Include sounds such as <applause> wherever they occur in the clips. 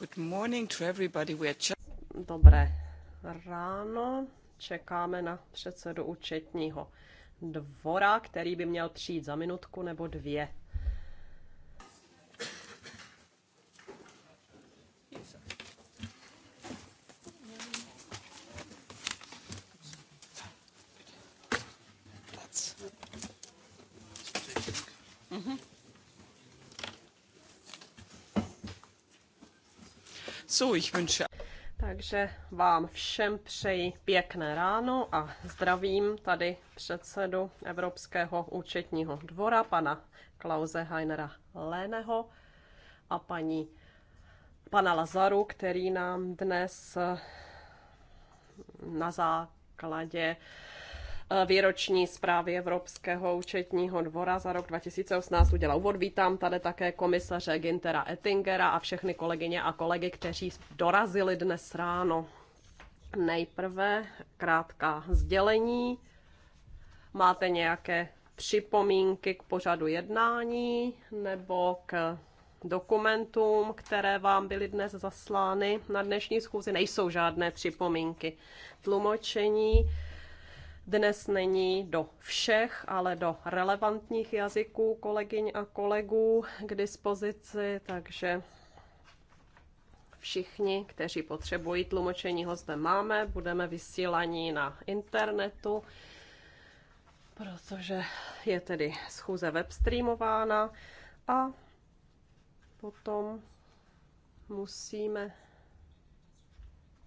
Good morning to everybody. We are just... Dobré ráno. Čekáme na předsedu účetního dvora, který by měl přijít za minutku nebo dvě. So, ich wünsche... Takže vám všem přeji pěkné ráno a zdravím tady předsedu Evropského účetního dvora, pana Klause Heinera Léneho a paní pana Lazaru, který nám dnes na základě Eh, výroční zprávy Evropského účetního dvora za rok 2018 udělal úvod. Vítám tady také komisaře Gintera Ettingera a všechny kolegyně a kolegy, kteří dorazili dnes ráno. Nejprve krátká sdělení. Máte nějaké připomínky k pořadu jednání nebo k dokumentům, které vám byly dnes zaslány na dnešní schůzi, nejsou žádné připomínky. Tlumočení dnes není do všech, ale do relevantních jazyků kolegyň a kolegů k dispozici, takže všichni, kteří potřebují tlumočení, ho zde máme. Budeme vysílaní na internetu, protože je tedy schůze webstreamována a potom musíme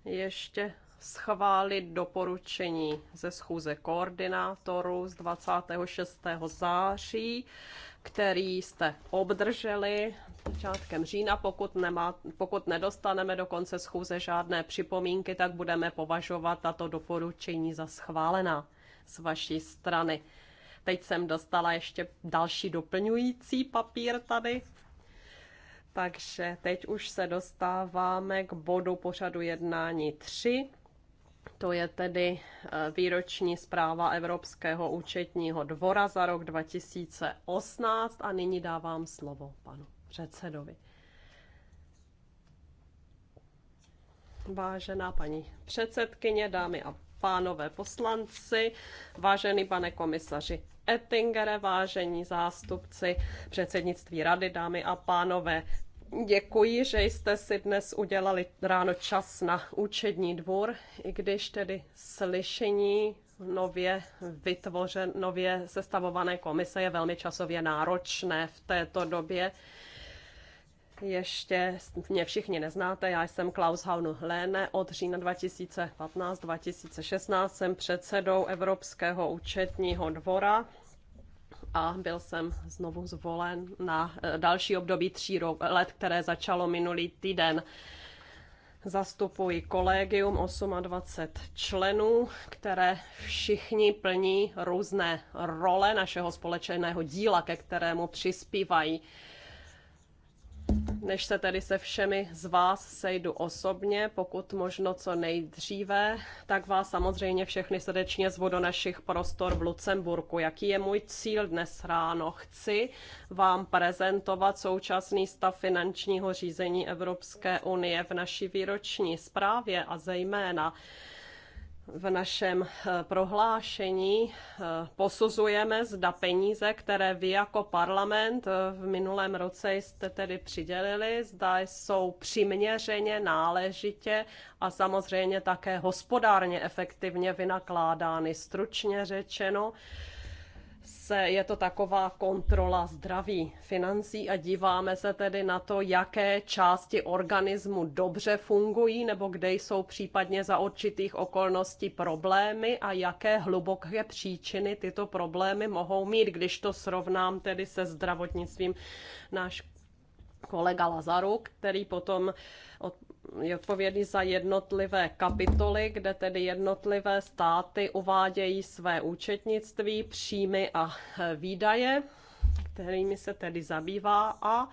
ještě schválit doporučení ze schůze koordinátorů z 26. září, který jste obdrželi začátkem října. Pokud, nemá, pokud nedostaneme do konce schůze žádné připomínky, tak budeme považovat tato doporučení za schválená z vaší strany. Teď jsem dostala ještě další doplňující papír tady. Takže teď už se dostáváme k bodu pořadu jednání 3 to je tedy eh, výroční zpráva Evropského účetního dvora za rok 2018 a nyní dávám slovo panu předsedovi. Vážená paní předsedkyně, dámy a pánové poslanci, vážený pane komisaři Ettingere, vážení zástupci předsednictví rady, dámy a pánové, Děkuji, že jste si dnes udělali ráno čas na účetní dvůr, i když tedy slyšení nově vytvořen, nově sestavované komise je velmi časově náročné v této době. Ještě mě všichni neznáte, já jsem Klaus Haunu Hlene od října 2015-2016 jsem předsedou Evropského účetního dvora a byl jsem znovu zvolen na e, další období tří let, které začalo minulý týden. Zastupuji kolegium 28 členů, které všichni plní různé role našeho společného díla, ke kterému přispívají než se tedy se všemi z vás sejdu osobně, pokud možno co nejdříve, tak vás samozřejmě všechny srdečně zvu do našich prostor v Lucemburku. Jaký je můj cíl dnes ráno? Chci vám prezentovat současný stav finančního řízení Evropské unie v naší výroční zprávě a zejména v našem eh, prohlášení eh, posuzujeme, zda peníze, které vy jako parlament eh, v minulém roce jste tedy přidělili, zda jsou přiměřeně, náležitě a samozřejmě také hospodárně efektivně vynakládány. Stručně řečeno, se, je to taková kontrola zdraví financí a díváme se tedy na to, jaké části organismu dobře fungují nebo kde jsou případně za určitých okolností problémy a jaké hluboké příčiny tyto problémy mohou mít, když to srovnám tedy se zdravotnictvím. Náš kolega Lazaru, který potom je odpovědný za jednotlivé kapitoly, kde tedy jednotlivé státy uvádějí své účetnictví, příjmy a e, výdaje, kterými se tedy zabývá a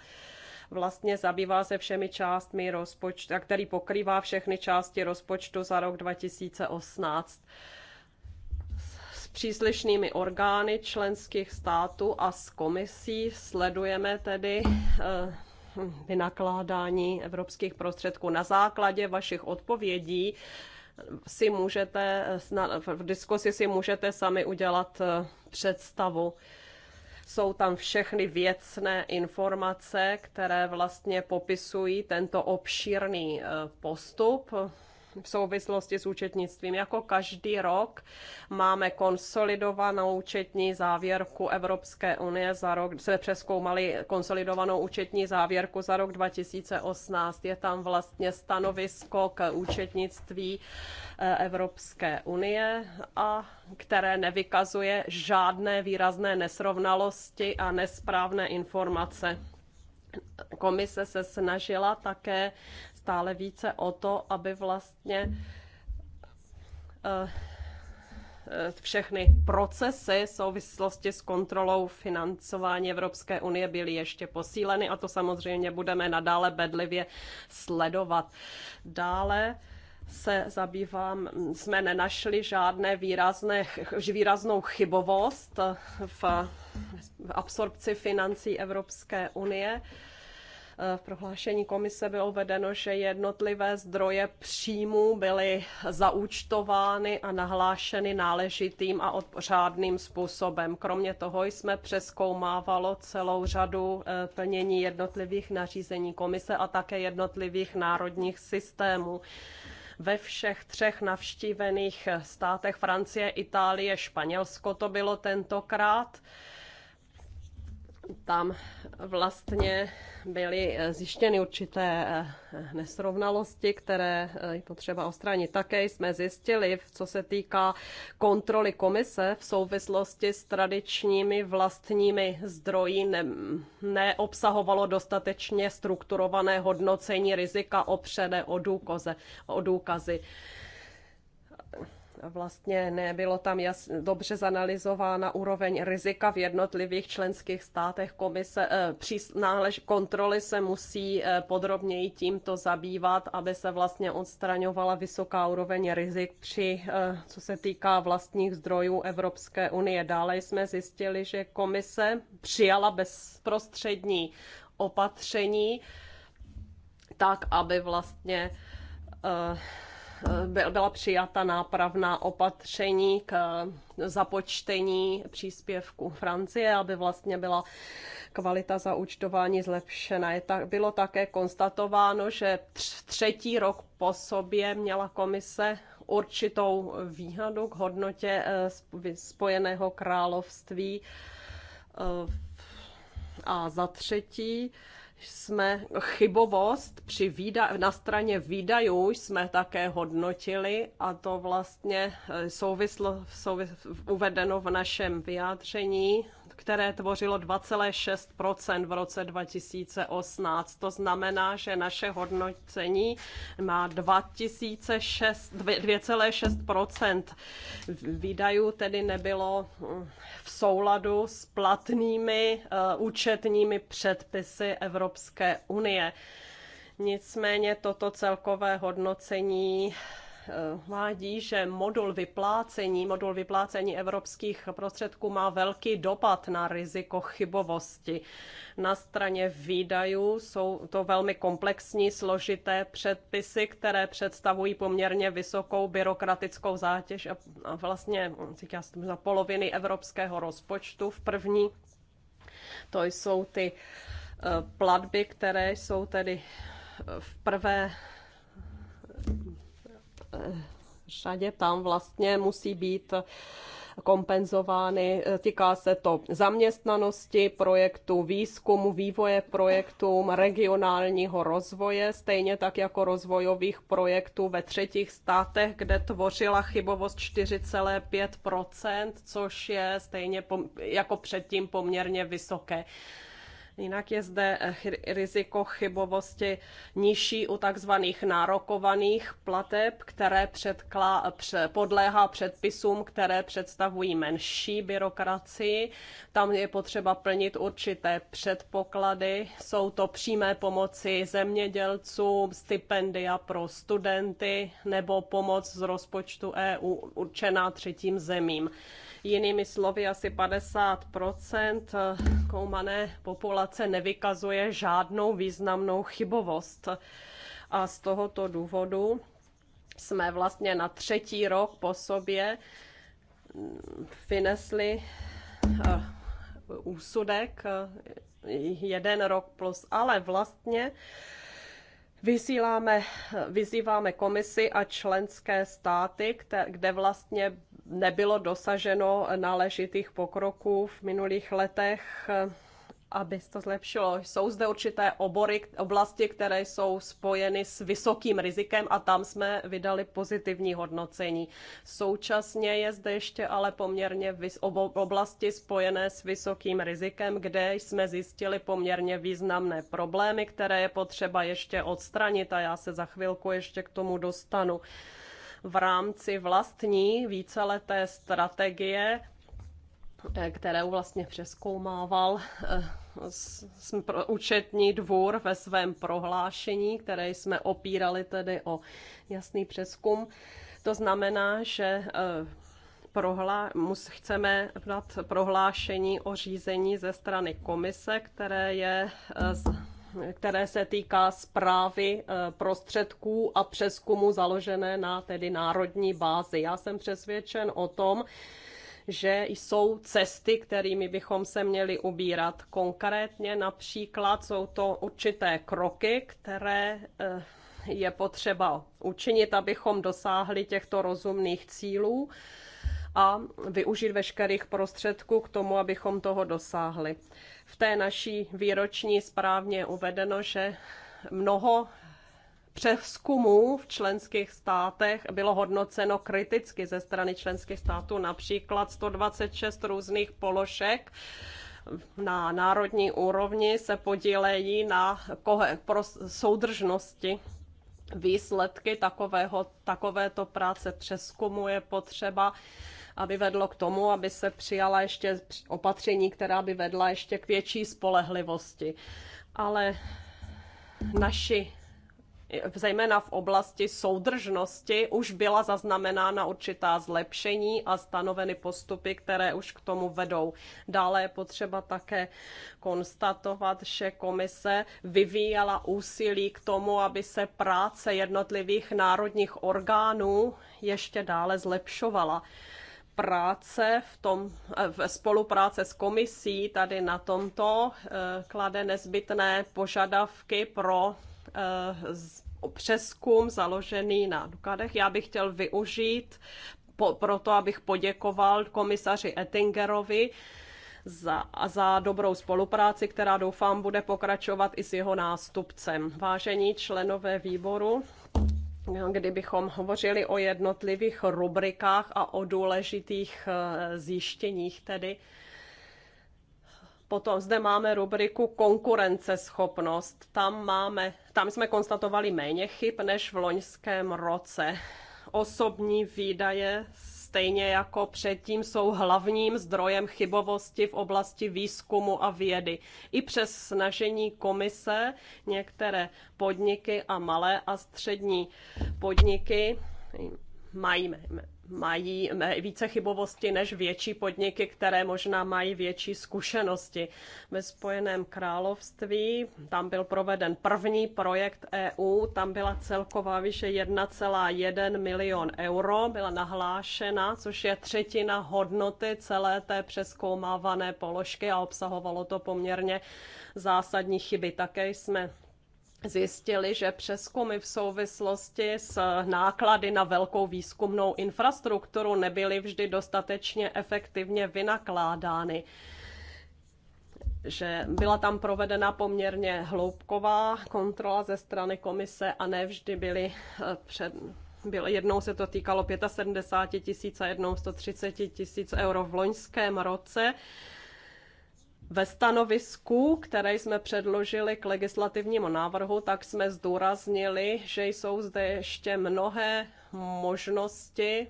vlastně zabývá se všemi částmi rozpočtu, a který pokrývá všechny části rozpočtu za rok 2018 s příslušnými orgány členských států a s komisí sledujeme tedy e, vynakládání evropských prostředků. Na základě vašich odpovědí si můžete, v diskusi si můžete sami udělat eh, představu. Jsou tam všechny věcné informace, které vlastně popisují tento obšírný eh, postup v souvislosti s účetnictvím. Jako každý rok máme konsolidovanou účetní závěrku Evropské unie za rok, jsme přeskoumali konsolidovanou účetní závěrku za rok 2018. Je tam vlastně stanovisko k účetnictví eh, Evropské unie a které nevykazuje žádné výrazné nesrovnalosti a nesprávné informace. Komise se snažila také stále více o to, aby vlastně eh, eh, všechny procesy v souvislosti s kontrolou financování Evropské unie byly ještě posíleny a to samozřejmě budeme nadále bedlivě sledovat. Dále se zabývám, jsme nenašli žádné výrazné, výraznou chybovost v absorpci financí Evropské unie. Eh, v prohlášení komise bylo uvedeno, že jednotlivé zdroje příjmů byly zaúčtovány a nahlášeny náležitým a odpořádným způsobem. Kromě toho jsme přeskoumávalo celou řadu eh, plnění jednotlivých nařízení komise a také jednotlivých národních systémů ve všech třech navštívených státech Francie, Itálie, Španělsko to bylo tentokrát tam vlastně byly eh, zjištěny určité eh, nesrovnalosti, které eh, je potřeba ostranit. Také jsme zjistili, co se týká kontroly komise v souvislosti s tradičními vlastními zdroji, ne, neobsahovalo dostatečně strukturované hodnocení rizika opřené o, důkoze, o důkazy vlastně nebylo tam jas, dobře zanalizována úroveň rizika v jednotlivých členských státech. Komise eh, při nálež kontroly se musí eh, podrobněji tímto zabývat, aby se vlastně odstraňovala vysoká úroveň rizik při, eh, co se týká vlastních zdrojů Evropské unie. Dále jsme zjistili, že komise přijala bezprostřední opatření, tak aby vlastně Eh, byla přijata nápravná opatření k eh, započtení příspěvku Francie, aby vlastně byla kvalita zaučtování zlepšena. Je tak, bylo také konstatováno, že třetí rok po sobě měla komise určitou výhadu k hodnotě eh, Spojeného království. A za třetí, jsme chybovost při výda, na straně výdajů jsme také hodnotili a to vlastně eh, souvislo, souvis, uvedeno v našem vyjádření které tvořilo 2,6 v roce 2018. To znamená, že naše hodnocení má 2,6 výdajů, tedy nebylo hm, v souladu s platnými eh, účetními předpisy Evropské unie. Nicméně toto celkové hodnocení Eh, uvádí, že modul vyplácení, modul vyplácení evropských prostředků má velký dopad na riziko chybovosti. Na straně výdajů jsou to velmi komplexní, složité předpisy, které představují poměrně vysokou byrokratickou zátěž a, vlastně říká se na poloviny evropského rozpočtu v první. To jsou ty eh, platby, které jsou tedy eh, v prvé Eh, řadě tam vlastně musí být kompenzovány. Týká se to zaměstnanosti projektu, výzkumu, vývoje projektů, regionálního rozvoje, stejně tak jako rozvojových projektů ve třetích státech, kde tvořila chybovost 4,5%, což je stejně jako předtím poměrně vysoké. Jinak je zde eh, riziko chybovosti nižší u tzv. nárokovaných plateb, které předklá, eh, podléhá předpisům, které představují menší byrokracii. Tam je potřeba plnit určité předpoklady. Jsou to přímé pomoci zemědělcům, stipendia pro studenty nebo pomoc z rozpočtu EU určená třetím zemím. Jinými slovy, asi 50 eh, koumané populace nevykazuje žádnou významnou chybovost. A z tohoto důvodu jsme vlastně na třetí rok po sobě mm, vynesli eh, úsudek eh, jeden rok plus, ale vlastně Vysíláme, vyzýváme komisi a členské státy, kde, kde vlastně nebylo dosaženo náležitých pokroků v minulých letech aby se to zlepšilo. Jsou zde určité obory, oblasti, které jsou spojeny s vysokým rizikem a tam jsme vydali pozitivní hodnocení. Současně je zde ještě ale poměrně oblasti spojené s vysokým rizikem, kde jsme zjistili poměrně významné problémy, které je potřeba ještě odstranit a já se za chvilku ještě k tomu dostanu v rámci vlastní víceleté strategie Eh, kterou vlastně přeskoumával eh, účetní dvůr ve svém prohlášení, které jsme opírali tedy o jasný přeskum. To znamená, že eh, prohlá, mus, chceme dát prohlášení o řízení ze strany komise, které je které se týká zprávy prostředků a přeskumu založené na tedy národní bázi. Já jsem přesvědčen o tom, že jsou cesty, kterými bychom se měli ubírat. Konkrétně například jsou to určité kroky, které eh, je potřeba učinit, abychom dosáhli těchto rozumných cílů a využít veškerých prostředků k tomu, abychom toho dosáhli. V té naší výroční správně je uvedeno, že mnoho přeskumů v členských státech bylo hodnoceno kriticky ze strany členských států, například 126 různých položek na národní úrovni se podílejí na soudržnosti výsledky takového, takovéto práce přeskumu je potřeba, aby vedlo k tomu, aby se přijala ještě opatření, která by vedla ještě k větší spolehlivosti. Ale naši zejména v oblasti soudržnosti, už byla zaznamenána určitá zlepšení a stanoveny postupy, které už k tomu vedou. Dále je potřeba také konstatovat, že komise vyvíjela úsilí k tomu, aby se práce jednotlivých národních orgánů ještě dále zlepšovala práce v tom, v spolupráce s komisí tady na tomto eh, klade nezbytné požadavky pro Eh, přeskum založený na dokladech. Já bych chtěl využít po, proto, abych poděkoval komisaři Ettingerovi za, za dobrou spolupráci, která doufám bude pokračovat i s jeho nástupcem. Vážení členové výboru, kdybychom hovořili o jednotlivých rubrikách a o důležitých eh, zjištěních tedy, Potom zde máme rubriku konkurenceschopnost. Tam, máme, tam jsme konstatovali méně chyb než v loňském roce. Osobní výdaje stejně jako předtím jsou hlavním zdrojem chybovosti v oblasti výzkumu a vědy. I přes snažení komise některé podniky a malé a střední podniky mají mají více chybovosti než větší podniky, které možná mají větší zkušenosti. Ve Spojeném království tam byl proveden první projekt EU, tam byla celková výše 1,1 milion euro, byla nahlášena, což je třetina hodnoty celé té přeskoumávané položky a obsahovalo to poměrně zásadní chyby. Také jsme zjistili, že přeskumy v souvislosti s náklady na velkou výzkumnou infrastrukturu nebyly vždy dostatečně efektivně vynakládány že byla tam provedena poměrně hloubková kontrola ze strany komise a ne vždy byly eh, před, byl, jednou se to týkalo 75 tisíc a jednou 130 tisíc euro v loňském roce. Ve stanovisku, které jsme předložili k legislativnímu návrhu, tak jsme zdůraznili, že jsou zde ještě mnohé možnosti,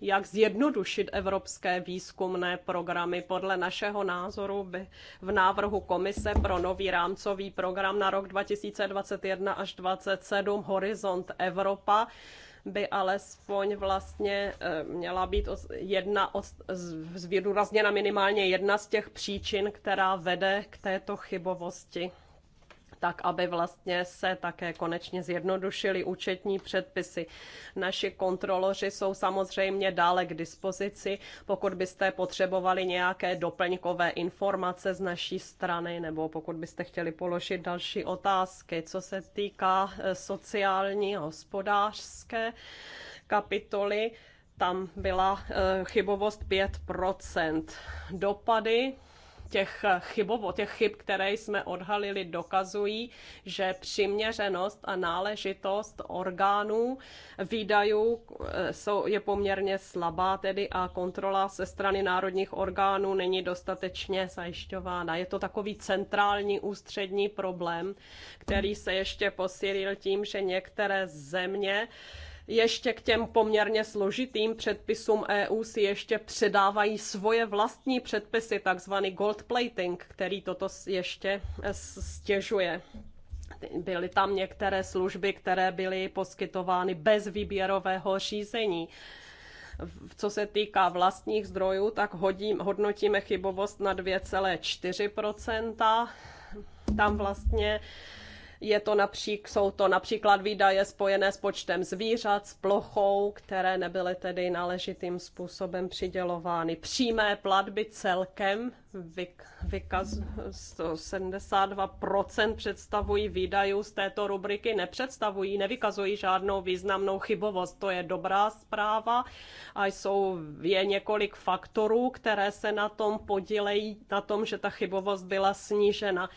jak zjednodušit evropské výzkumné programy. Podle našeho názoru by v návrhu Komise pro nový rámcový program na rok 2021 až 2027 Horizont Evropa by alespoň vlastně eh, měla být jedna zvýrazněna minimálně jedna z těch příčin, která vede k této chybovosti tak aby vlastně se také konečně zjednodušily účetní předpisy. Naši kontroloři jsou samozřejmě dále k dispozici, pokud byste potřebovali nějaké doplňkové informace z naší strany nebo pokud byste chtěli položit další otázky, co se týká eh, sociální a hospodářské kapitoly tam byla eh, chybovost 5 Dopady těch chybovo, těch chyb, které jsme odhalili, dokazují, že přiměřenost a náležitost orgánů výdajů eh, jsou, je poměrně slabá tedy a kontrola se strany národních orgánů není dostatečně zajišťována. Je to takový centrální ústřední problém, který se ještě posílil tím, že některé země ještě k těm poměrně složitým předpisům EU si ještě předávají svoje vlastní předpisy, takzvaný gold plating, který toto ještě e, stěžuje. Byly tam některé služby, které byly poskytovány bez výběrového řízení co se týká vlastních zdrojů, tak hodím, hodnotíme chybovost na 2,4 Tam vlastně je to napřík, jsou to například výdaje spojené s počtem zvířat, s plochou, které nebyly tedy náležitým způsobem přidělovány. Přímé platby celkem vyk, vykaz 172% představují výdajů z této rubriky, nepředstavují, nevykazují žádnou významnou chybovost. To je dobrá zpráva a jsou, je několik faktorů, které se na tom podílejí, na tom, že ta chybovost byla snížena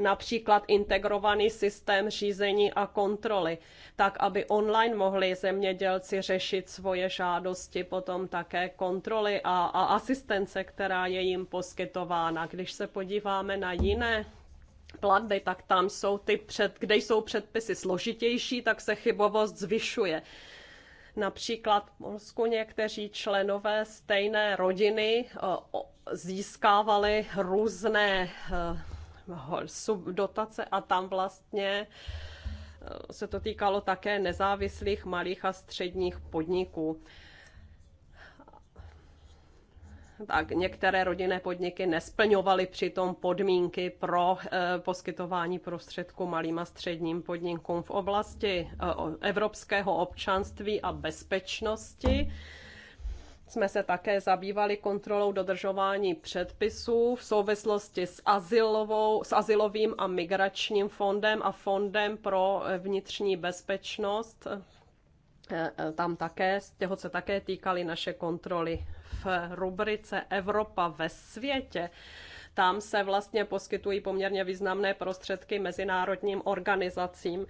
například integrovaný systém řízení a kontroly, tak aby online mohli zemědělci řešit svoje žádosti, potom také kontroly a, a asistence, která je jim poskytována. Když se podíváme na jiné platby, tak tam jsou ty před, kde jsou předpisy složitější, tak se chybovost zvyšuje. Například v Polsku někteří členové stejné rodiny eh, získávali různé eh, dotace a tam vlastně eh, se to týkalo také nezávislých malých a středních podniků tak některé rodinné podniky nesplňovaly přitom podmínky pro eh, poskytování prostředků malým a středním podnikům v oblasti eh, evropského občanství a bezpečnosti jsme se také zabývali kontrolou dodržování předpisů v souvislosti s, azylovou, s azylovým a migračním fondem a fondem pro eh, vnitřní bezpečnost. Eh, eh, tam také, z těho se také týkaly naše kontroly v rubrice Evropa ve světě. Tam se vlastně poskytují poměrně významné prostředky mezinárodním organizacím,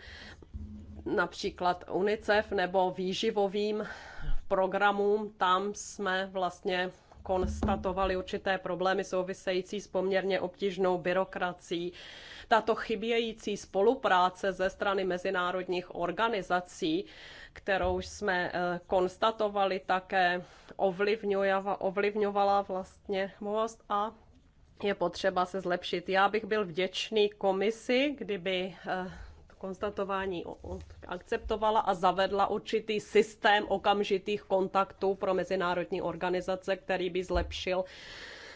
například UNICEF nebo výživovým programům, tam jsme vlastně konstatovali určité problémy související s poměrně obtížnou byrokracií. Tato chybějící spolupráce ze strany mezinárodních organizací, kterou jsme eh, konstatovali, také ovlivňovala vlastně most a je potřeba se zlepšit. Já bych byl vděčný komisi, kdyby eh, konstatování akceptovala a zavedla určitý systém okamžitých kontaktů pro mezinárodní organizace, který by zlepšil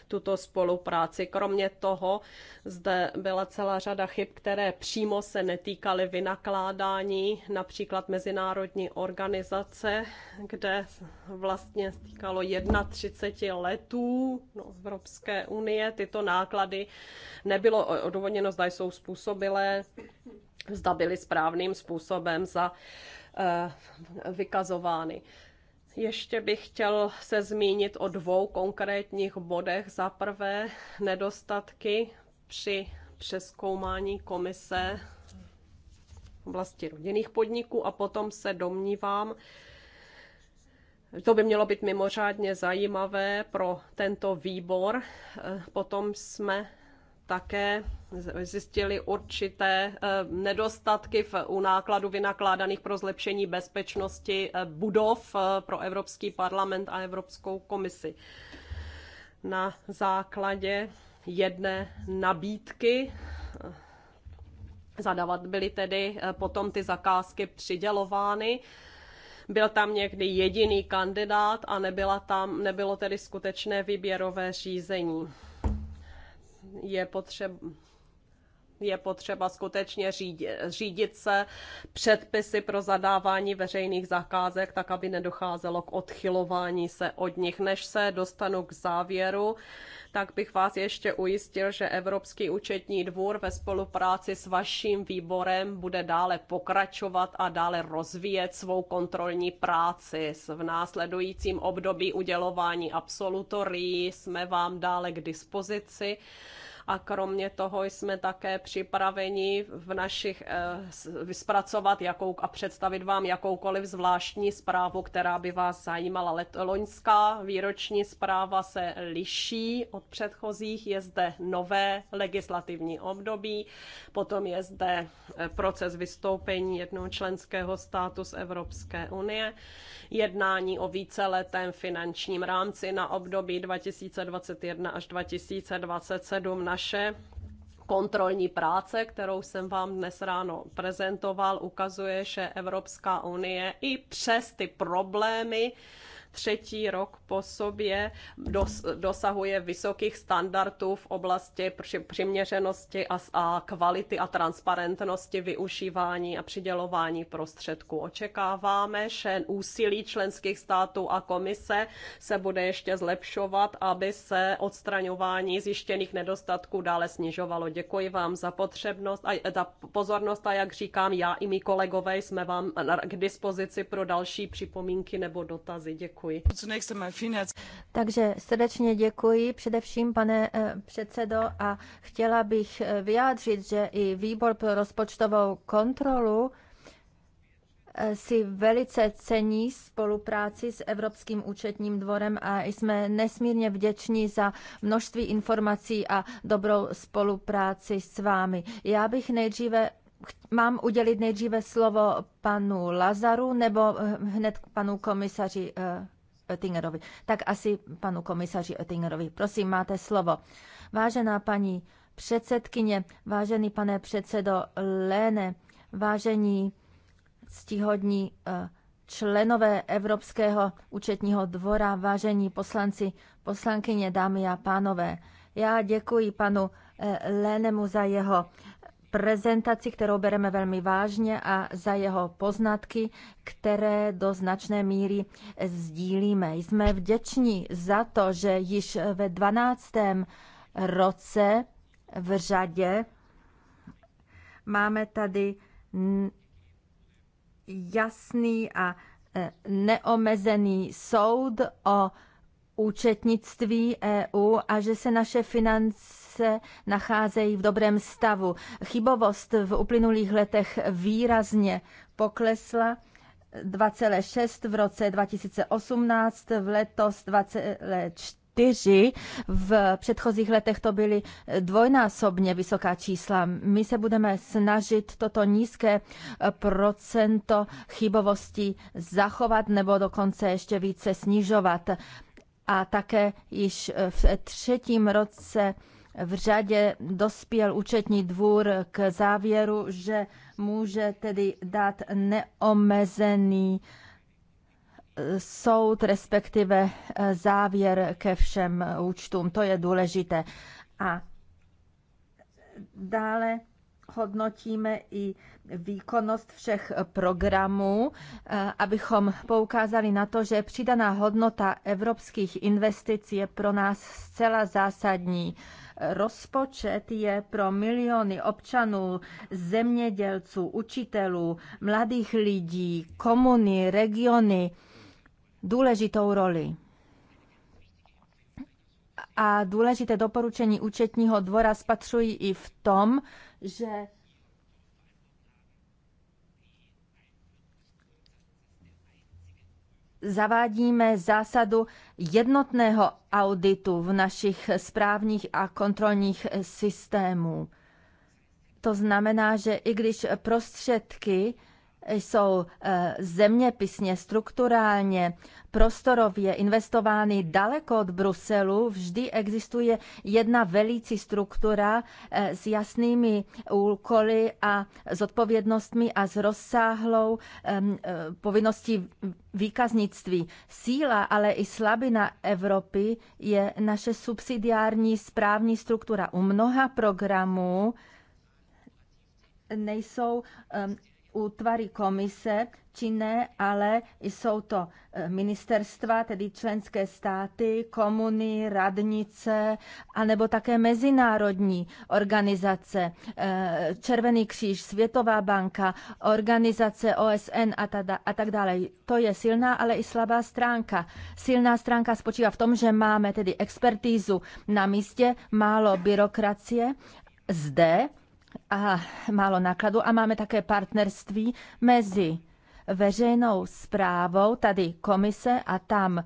tuto spolupráci. Kromě toho zde byla celá řada chyb, které přímo se netýkaly vynakládání, například mezinárodní organizace, kde vlastně týkalo 31 letů no, Evropské unie. Tyto náklady nebylo odvodněno, zda jsou způsobilé zda byly správným způsobem za eh, vykazovány. Ještě bych chtěl se zmínit o dvou konkrétních bodech. Za prvé nedostatky při přeskoumání komise oblasti rodinných podniků a potom se domnívám, to by mělo být mimořádně zajímavé pro tento výbor. Eh, potom jsme také zjistili určité eh, nedostatky v, u nákladu vynakládaných pro zlepšení bezpečnosti eh, budov eh, pro Evropský parlament a Evropskou komisi. Na základě jedné nabídky zadavat byly tedy potom ty zakázky přidělovány byl tam někdy jediný kandidát a nebyla tam, nebylo tedy skutečné výběrové řízení je potřeba je potřeba skutečně řídit, řídit se předpisy pro zadávání veřejných zakázek, tak aby nedocházelo k odchylování se od nich. Než se dostanu k závěru, tak bych vás ještě ujistil, že Evropský účetní dvůr ve spolupráci s vaším výborem bude dále pokračovat a dále rozvíjet svou kontrolní práci. V následujícím období udělování absolutorií jsme vám dále k dispozici a kromě toho jsme také připraveni v našich eh, vyspracovat jakou, a představit vám jakoukoliv zvláštní zprávu, která by vás zajímala. loňská výroční zpráva se liší od předchozích, je zde nové legislativní období, potom je zde eh, proces vystoupení jednoho členského státu z Evropské unie, jednání o víceletém finančním rámci na období 2021 až 2027 na naše kontrolní práce, kterou jsem vám dnes ráno prezentoval, ukazuje, že Evropská unie i přes ty problémy, třetí rok po sobě dos, dosahuje vysokých standardů v oblasti při, přiměřenosti a, a kvality a transparentnosti využívání a přidělování prostředků. Očekáváme, že úsilí členských států a komise se bude ještě zlepšovat, aby se odstraňování zjištěných nedostatků dále snižovalo. Děkuji vám za potřebnost a za pozornost a jak říkám, já i mý kolegové jsme vám k dispozici pro další připomínky nebo dotazy. Děkuji. Děkuji. Takže srdečně děkuji především, pane eh, předsedo, a chtěla bych eh, vyjádřit, že i výbor pro rozpočtovou kontrolu eh, si velice cení spolupráci s Evropským účetním dvorem a jsme nesmírně vděční za množství informací a dobrou spolupráci s vámi. Já bych nejdříve mám udělit nejdříve slovo panu Lazaru nebo hned panu komisaři Oettingerovi. Tak asi panu komisaři Oettingerovi. Prosím, máte slovo. Vážená paní předsedkyně, vážený pane předsedo Léne, vážení ctihodní eh, členové Evropského účetního dvora, vážení poslanci, poslankyně, dámy a pánové. Já děkuji panu eh, Lénemu za jeho prezentaci, kterou bereme velmi vážně a za jeho poznatky, které do značné míry sdílíme. Jsme vděční za to, že již ve 12. roce v řadě máme tady jasný a e, neomezený soud o účetnictví EU a že se naše finance se nacházejí v dobrém stavu. Chybovost v uplynulých letech výrazně poklesla. 2,6 v roce 2018, v letos 2,4 v předchozích letech to byly dvojnásobně vysoká čísla. My se budeme snažit toto nízké procento chybovosti zachovat nebo dokonce ještě více snižovat. A také již v třetím roce v řadě dospěl účetní dvůr k závěru, že může tedy dát neomezený eh, soud, respektive eh, závěr ke všem účtům. To je důležité. A dále hodnotíme i výkonnost všech programů, eh, abychom poukázali na to, že přidaná hodnota evropských investic je pro nás zcela zásadní Rozpočet je pro miliony občanů, zemědělců, učitelů, mladých lidí, komuny, regiony důležitou roli a důležité doporučení účetního dvora spatřují i v tom, že zavádíme zásadu jednotného auditu v našich správních a kontrolních systémů. To znamená, že i když prostředky jsou eh, zeměpisně, strukturálně, prostorově investovány daleko od Bruselu, vždy existuje jedna velící struktura eh, s jasnými úkoly a s odpovědnostmi a s rozsáhlou eh, povinností výkaznictví. Síla, ale i slabina Evropy je naše subsidiární správní struktura. U mnoha programů nejsou útvary komise činné, ale jsou to e, ministerstva, tedy členské státy, komuny, radnice, anebo také mezinárodní organizace, e, Červený kříž, Světová banka, organizace OSN a, tada, a tak dále. To je silná, ale i slabá stránka. Silná stránka spočívá v tom, že máme tedy expertízu na místě, málo byrokracie zde a málo nákladu a máme také partnerství mezi veřejnou zprávou, tady komise a tam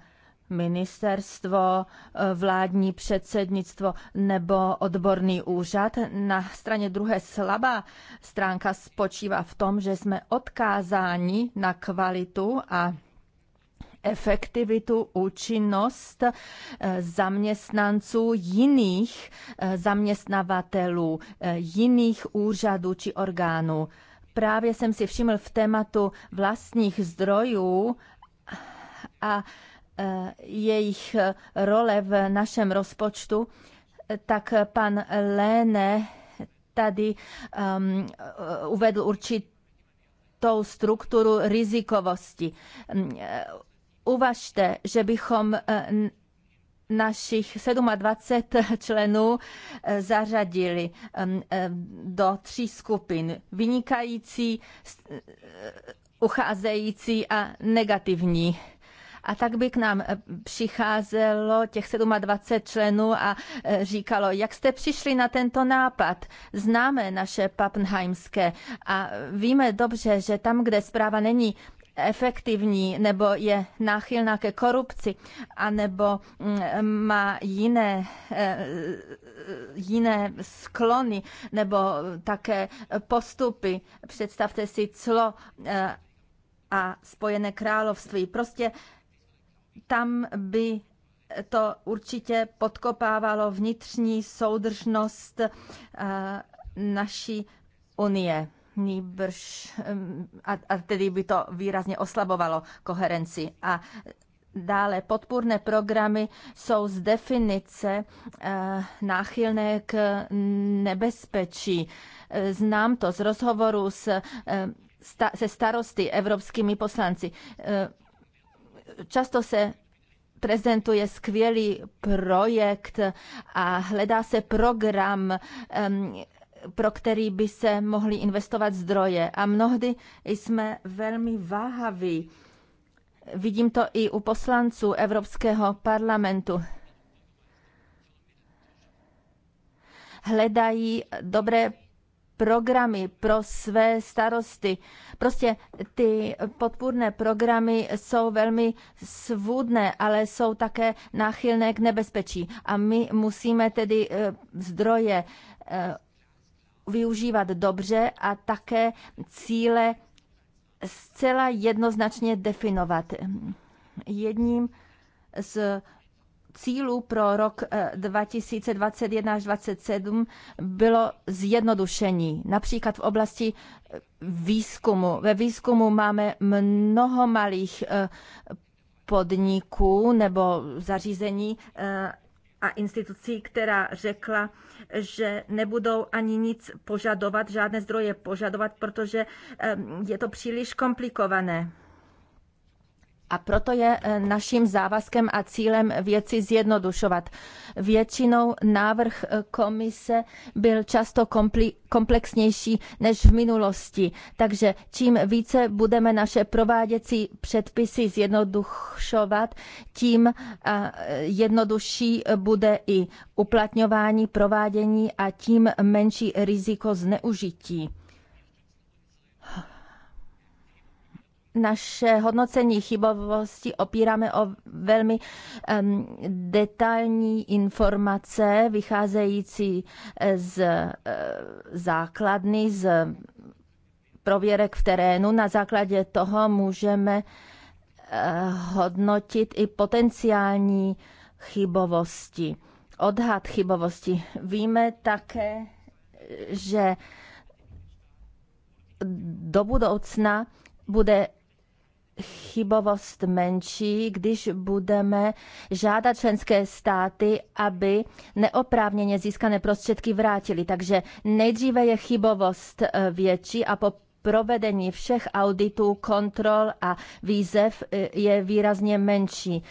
ministerstvo, vládní předsednictvo nebo odborný úřad. Na straně druhé slabá stránka spočívá v tom, že jsme odkázáni na kvalitu a efektivitu, účinnost eh, zaměstnanců jiných eh, zaměstnavatelů, eh, jiných úřadů či orgánů. Právě jsem si všiml v tématu vlastních zdrojů a jejich role v našem rozpočtu, tak pan Léne tady um, uvedl určitou strukturu rizikovosti. Ehm, uvažte, že bychom eh, našich 27 členů eh, zařadili ehm, ehm, do tří skupin. Vynikající, eh, ucházející a negativní. A tak by k nám přicházelo těch 27 členů a říkalo, jak jste přišli na tento nápad. Známe naše Papenheimské a víme dobře, že tam, kde zpráva není efektivní nebo je náchylná ke korupci, anebo mm, má jiné, eh, jiné sklony nebo také postupy. Představte si clo eh, a Spojené království. Prostě tam by to určitě podkopávalo vnitřní soudržnost eh, naší unie. Nýbrž, a, a tedy by to výrazně oslabovalo koherenci. A Dále podpůrné programy jsou z definice e, náchylné k nebezpečí. Eh, znám to z rozhovoru s, e, sta, se starosty evropskými poslanci. E, často se prezentuje skvělý projekt a hledá se program, pro který by se mohly investovat zdroje. A mnohdy jsme velmi váhaví. Vidím to i u poslanců Evropského parlamentu. Hledají dobré programy pro své starosty. Prostě ty podpůrné programy jsou velmi svůdné, ale jsou také náchylné k nebezpečí. A my musíme tedy eh, zdroje eh, využívat dobře a také cíle zcela jednoznačně definovat. Jedním z cílů pro rok 2021 eh, až 2027 bylo zjednodušení. Například v oblasti eh, výzkumu. Ve výzkumu máme mnoho malých eh, podniků nebo zařízení a institucí, která řekla, že nebudou ani nic požadovat, žádné zdroje požadovat, protože ehm, je to příliš komplikované. A proto je eh, naším závazkem a cílem věci zjednodušovat. Většinou návrh eh, komise byl často komplexnější než v minulosti, takže čím více budeme naše prováděcí předpisy zjednodušovat, tím eh, jednodušší bude i uplatňování, provádění a tím menší riziko zneužití. naše hodnocení chybovosti opíráme o velmi um, detailní informace vycházející eh, z uh, základny, z prověrek v terénu. Na základě toho můžeme uh, hodnotit i potenciální chybovosti, odhad chybovosti. Víme také, že do budoucna bude chybovost menší, když budeme žádat členské státy, aby neoprávněně získané prostředky vrátili. Takže nejdříve je chybovost eh, větší a po provedení všech auditů, kontrol a výzev eh, je výrazně menší.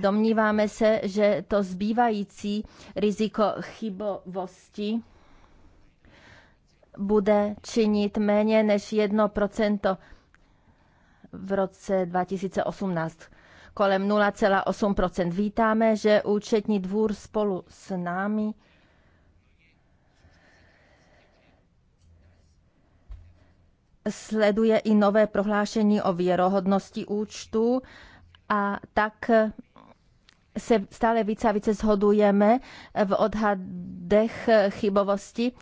Domníváme se, že to zbývající riziko chybovosti bude činit méně než 1 v roce 2018 kolem 0,8 Vítáme, že účetní dvůr spolu s námi sleduje i nové prohlášení o věrohodnosti účtu a tak se stále více a více shodujeme v odhadech chybovosti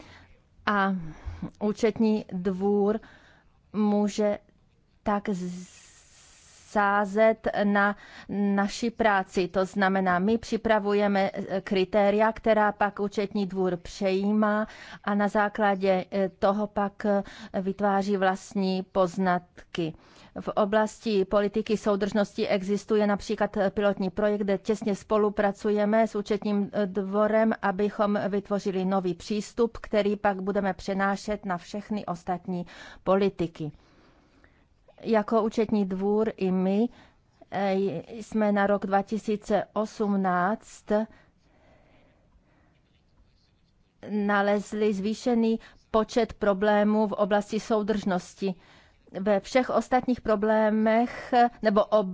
a účetní dvůr může tak sázet na naši práci. To znamená, my připravujeme e, kritéria, která pak účetní dvůr přejímá a na základě e, toho pak e, vytváří vlastní poznatky. V oblasti politiky soudržnosti existuje například pilotní projekt, kde těsně spolupracujeme s účetním dvorem, abychom vytvořili nový přístup, který pak budeme přenášet na všechny ostatní politiky. Jako účetní dvůr i my eh, jsme na rok 2018 nalezli zvýšený počet problémů v oblasti soudržnosti. Ve všech ostatních problémech nebo ob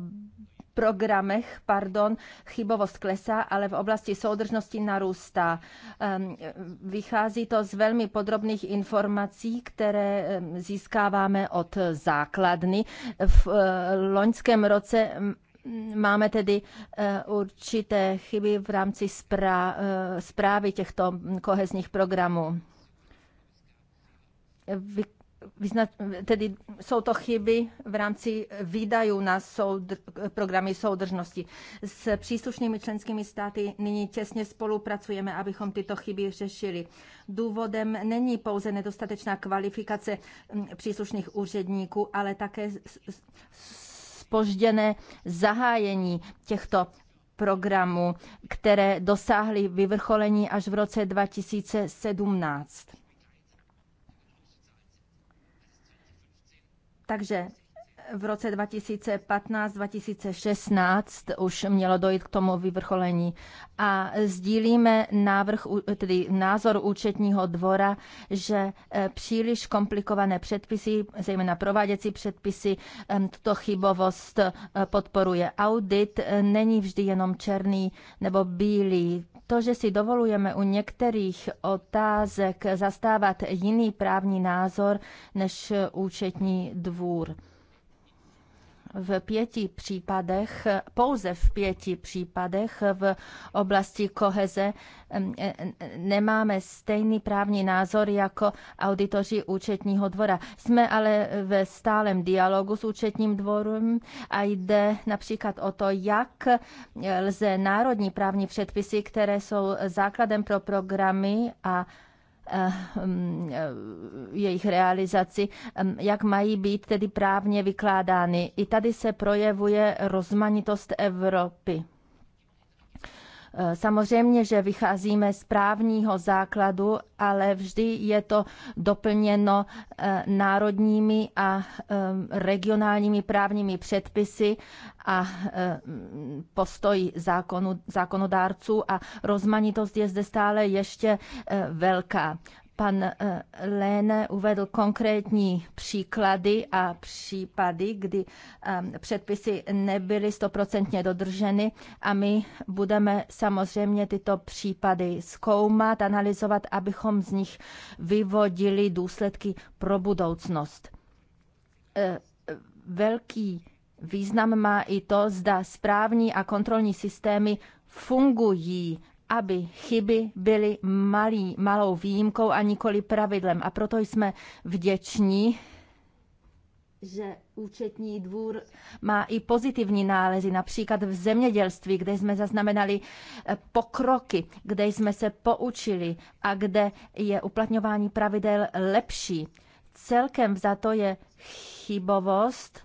programech pardon, chybovost klesá, ale v oblasti soudržnosti narůstá. Ehm, vychází to z velmi podrobných informací, které ehm, získáváme od základny. V eh, loňském roce máme tedy eh, určité chyby v rámci zprávy eh, těchto kohezních programů tedy jsou to chyby v rámci výdajů na soudr, programy soudržnosti. S příslušnými členskými státy nyní těsně spolupracujeme, abychom tyto chyby řešili. Důvodem není pouze nedostatečná kvalifikace mm, příslušných úředníků, ale také spožděné zahájení těchto programů, které dosáhly vyvrcholení až v roce 2017. Takže v roce 2015-2016 už mělo dojít k tomu vyvrcholení. A sdílíme návrh, tedy názor účetního dvora, že eh, příliš komplikované předpisy, zejména prováděcí předpisy, tuto chybovost eh, podporuje. Audit eh, není vždy jenom černý nebo bílý. To, že si dovolujeme u některých otázek zastávat jiný právní názor než účetní dvůr v pěti případech, pouze v pěti případech v oblasti koheze e, nemáme stejný právní názor jako auditoři účetního dvora. Jsme ale ve stálem dialogu s účetním dvorem a jde například o to, jak lze národní právní předpisy, které jsou základem pro programy a Eh, eh, jejich realizaci, eh, jak mají být tedy právně vykládány. I tady se projevuje rozmanitost Evropy. Samozřejmě, že vycházíme z právního základu, ale vždy je to doplněno eh, národními a eh, regionálními právními předpisy a eh, postoj zákonu, zákonodárců a rozmanitost je zde stále ještě velká. Pan eh, Léne uvedl konkrétní příklady a případy, kdy ehm, předpisy nebyly stoprocentně dodrženy a my budeme samozřejmě tyto případy zkoumat, analyzovat, abychom z nich vyvodili důsledky pro budoucnost. Eh, velký význam má i to, zda správní a kontrolní systémy fungují aby chyby byly malý, malou výjimkou a nikoli pravidlem. A proto jsme vděční, že účetní dvůr má i pozitivní nálezy, například v zemědělství, kde jsme zaznamenali eh, pokroky, kde jsme se poučili a kde je uplatňování pravidel lepší. Celkem za to je chybovost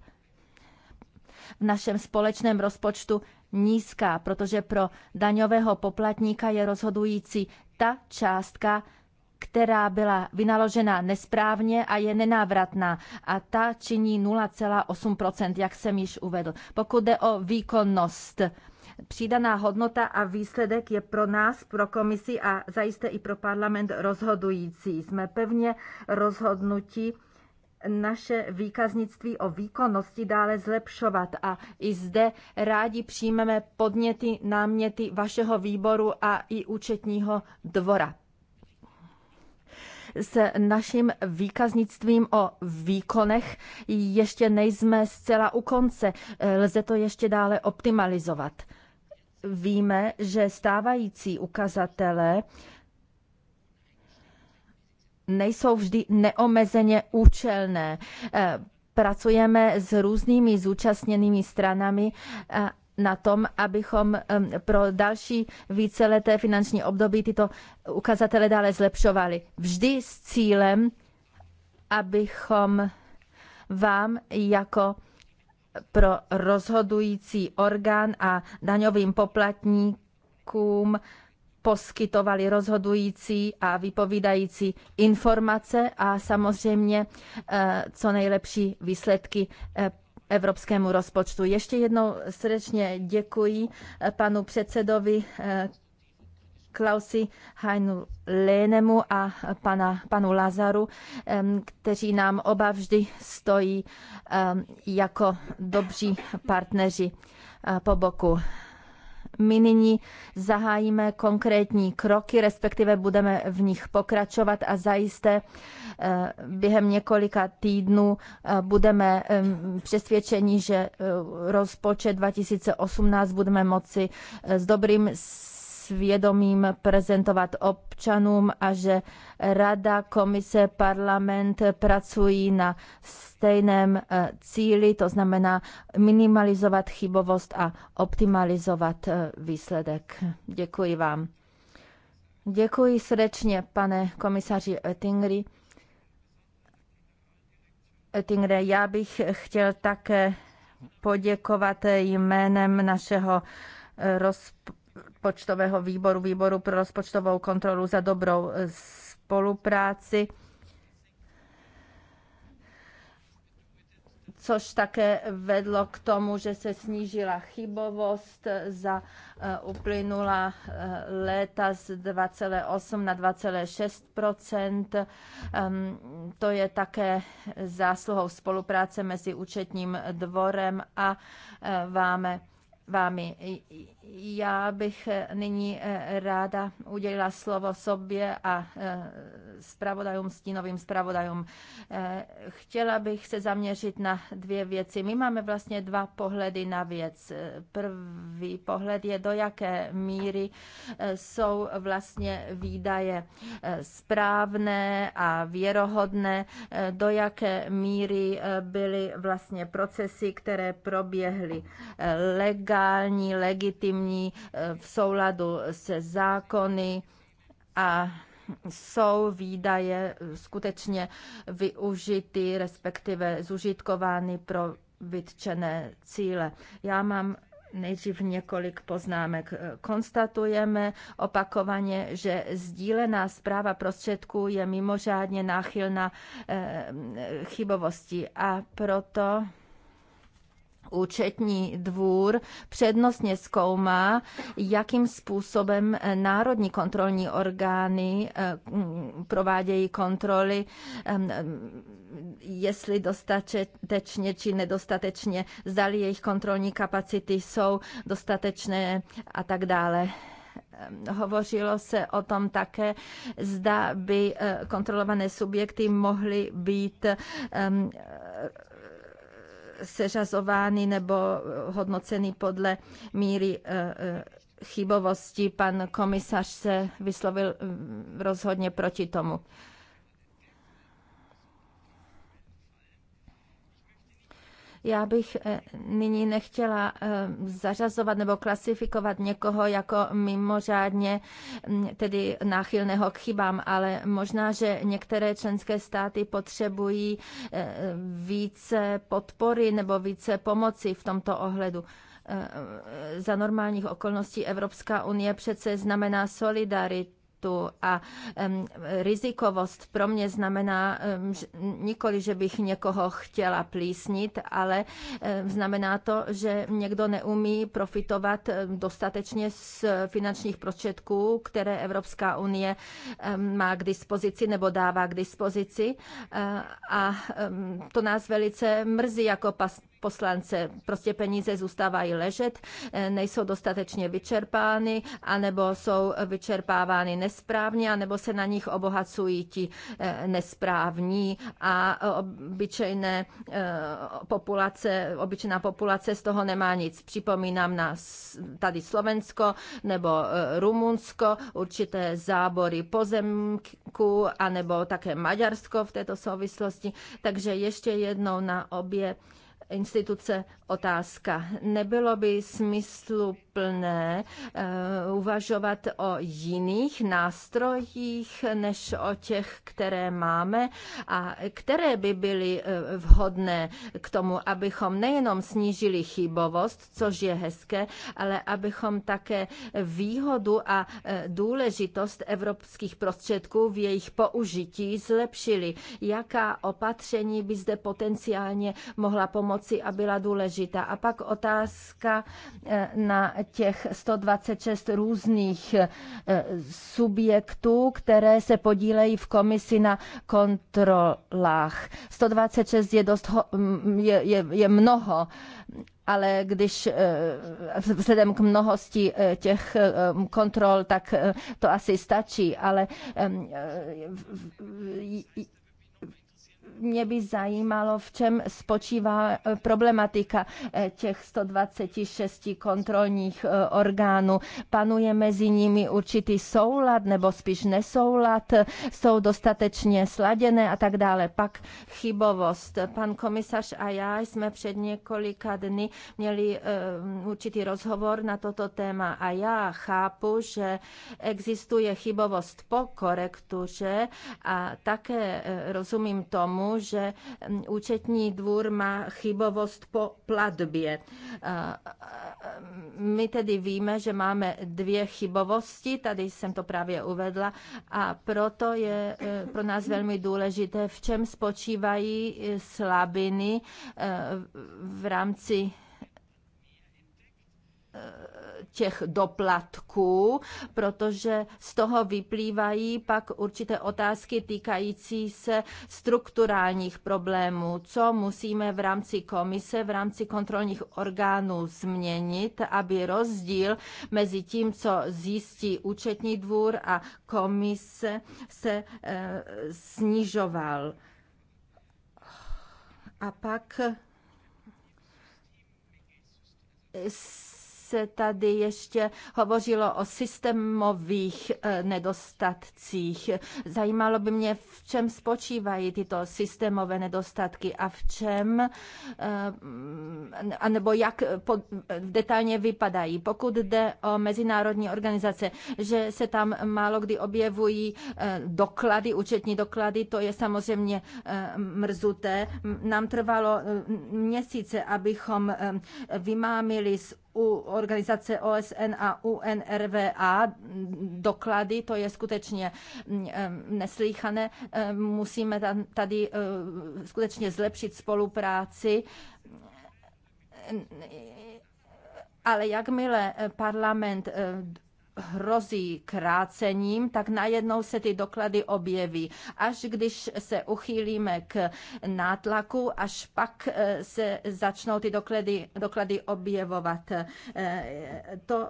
v našem společném rozpočtu nízká, protože pro daňového poplatníka je rozhodující ta částka, která byla vynaložena nesprávně a je nenávratná a ta činí 0,8%, jak jsem již uvedl. Pokud jde o výkonnost, přidaná hodnota a výsledek je pro nás, pro komisi a zajisté i pro parlament rozhodující. Jsme pevně rozhodnutí naše výkaznictví o výkonnosti dále zlepšovat a i zde rádi přijmeme podněty, náměty vašeho výboru a i účetního dvora s naším výkaznictvím o výkonech ještě nejsme zcela u konce. Lze to ještě dále optimalizovat. Víme, že stávající ukazatele nejsou vždy neomezeně účelné. Eh, pracujeme s různými zúčastněnými stranami eh, na tom, abychom pro další víceleté finanční období tyto ukazatele dále zlepšovali. Vždy s cílem, abychom vám jako pro rozhodující orgán a daňovým poplatníkům poskytovali rozhodující a vypovídající informace a samozřejmě eh, co nejlepší výsledky eh, evropskému rozpočtu. Ještě jednou srdečně děkuji eh, panu předsedovi Klausi Heinu Lénemu a pana, panu Lazaru, kteří nám oba vždy stojí jako dobří partneři po boku. My nyní zahájíme konkrétní kroky, respektive budeme v nich pokračovat a zajisté eh, během několika týdnů eh, budeme přesvědčeni, že eh, rozpočet 2018 budeme moci s dobrým svědomím prezentovat občanům a že Rada, Komise, Parlament pracují na stejném eh, cíli, to znamená minimalizovat chybovost a optimalizovat eh, výsledek. Děkuji vám. Děkuji srdečně, pane komisaři Oettingeri. Oettingere, já bych chtěl také poděkovat jménem našeho eh, rozpočtu rozpočtového výboru, výboru pro rozpočtovou kontrolu za dobrou eh, spolupráci. což také vedlo k tomu, že se snížila chybovost za eh, uplynula eh, léta z 2,8 na 2,6 ehm, To je také zásluhou spolupráce mezi účetním dvorem a vámi. vámi. Já bych eh, nyní eh, ráda udělila slovo sobě a spravodajům, eh, stínovým spravodajům. Chtěla bych se zaměřit na dvě věci. My máme vlastně dva pohledy na věc. První pohled je, do jaké míry jsou vlastně výdaje správné a věrohodné, do jaké míry byly vlastně procesy, které proběhly legální, legitimní, legitimní eh, v souladu se zákony a jsou výdaje skutečně využity, respektive zužitkovány pro vytčené cíle. Já mám Nejdřív několik poznámek. Konstatujeme opakovaně, že sdílená zpráva prostředků je mimořádně náchylná eh, chybovosti a proto Účetní dvůr přednostně zkoumá, jakým způsobem národní kontrolní orgány eh, mm, provádějí kontroly, ehm, ehm, jestli dostatečně či nedostatečně, zdali jejich kontrolní kapacity jsou dostatečné a tak dále. Ehm, hovořilo se o tom také, zda by eh, kontrolované subjekty mohly být seřazovány nebo eh, hodnoceny podle míry eh, eh, chybovosti. Pan komisař se vyslovil mm, rozhodně proti tomu. Já bych eh, nyní nechtěla eh, zařazovat nebo klasifikovat někoho jako mimořádně mm, tedy náchylného k chybám, ale možná, že některé členské státy potřebují eh, více podpory nebo více pomoci v tomto ohledu za normálních okolností Evropská unie přece znamená solidaritu sportu a rizikovost pro mě znamená nikoli, že bych někoho chtěla plísnit, ale znamená to, že někdo neumí profitovat dostatečně z finančních prostředků, které Evropská unie má k dispozici nebo dává k dispozici a to nás velice mrzí jako poslance. Prostě peníze zůstávají ležet, eh, nejsou dostatečně vyčerpány, anebo jsou vyčerpávány nesprávně, anebo se na nich obohacují ti eh, nesprávní a eh, obyčejné populace, obyčejná populace z toho nemá nic. Připomínám na tady Slovensko nebo Rumunsko, určité zábory pozemku, anebo také Maďarsko v této souvislosti. Takže ještě jednou na obě instituce otázka. Nebylo by smyslu smysluplné eh, uvažovat o jiných nástrojích než o těch, které máme a které by byly eh, vhodné k tomu, abychom nejenom snížili chybovost, což je hezké, ale abychom také výhodu a eh, důležitost evropských prostředků v jejich použití zlepšili. Jaká opatření by zde potenciálně mohla pomoci a byla důležitá? A pak otázka na těch 126 různých eh, subjektů, které se podílejí v komisi na kontrolách. 126 je, dost, je, je, je mnoho ale když eh, vzhledem k mnohosti eh, těch kontrol, tak to asi stačí, ale mě by zajímalo, v čem spočívá e, problematika e, těch 126 kontrolních e, orgánů. Panuje mezi nimi určitý soulad nebo spíš nesoulad, jsou dostatečně sladěné a tak dále. Pak chybovost. Pan komisař a já jsme před několika dny měli určitý rozhovor na toto téma a já chápu, že existuje chybovost po korektuře a také rozumím tomu, že mm, účetní dvůr má chybovost po platbě. My tedy víme, že máme dvě chybovosti, tady jsem to právě uvedla, a proto je e, pro nás velmi důležité, v čem spočívají e, slabiny e, v rámci těch doplatků, protože z toho vyplývají pak určité otázky týkající se strukturálních problémů, co musíme v rámci komise, v rámci kontrolních orgánů změnit, aby rozdíl mezi tím, co zjistí účetní dvůr a komise, se e, snižoval. A pak se tady ještě hovořilo o systémových eh, nedostatcích. Zajímalo by mě, v čem spočívají tyto systémové nedostatky a v čem, eh, anebo jak detailně vypadají. Pokud jde o mezinárodní organizace, že se tam málo kdy objevují eh, doklady, účetní doklady, to je samozřejmě mrzuté. Nám trvalo měsíce, abychom vymámili z u organizace OSN a UNRWA doklady, to je skutečně mm, neslýchané Musíme tady eh, skutečně zlepšit spolupráci ale jakmile eh, parlament eh, hrozí krácením, tak najednou se ty doklady objeví. Až když se uchýlíme k nátlaku, až pak eh, se začnou ty doklady, doklady objevovat. Eh, to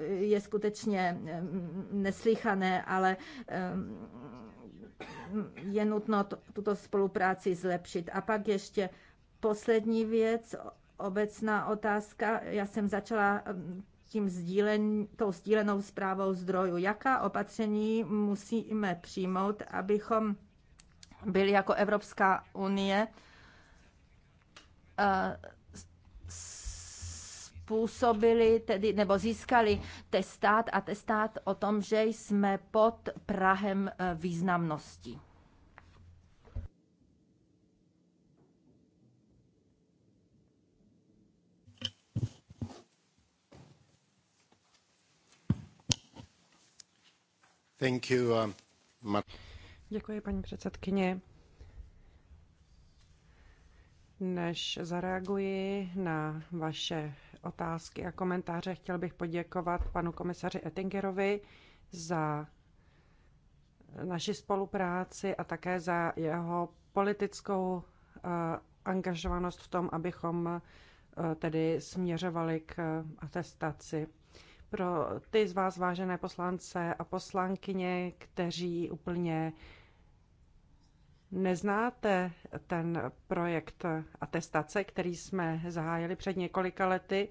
eh, je skutečně mm, neslychané, ale je nutno tuto spolupráci zlepšit. A pak ještě poslední věc, obecná otázka. Já jsem začala mm, tím sdílen, tou sdílenou zprávou zdrojů. Jaká opatření musíme přijmout, abychom byli jako Evropská unie eh, způsobili, tedy, nebo získali testát a testát o tom, že jsme pod Prahem eh, významnosti. Um, Děkuji, paní předsedkyně. Než zareaguji na vaše otázky a komentáře, chtěl bych poděkovat panu komisaři Ettingerovi za naši spolupráci a také za jeho politickou eh, angažovanost v tom, abychom eh, tedy směřovali k eh, atestaci pro ty z vás, vážené poslance a poslankyně, kteří úplně neznáte ten projekt atestace, který jsme zahájili před několika lety.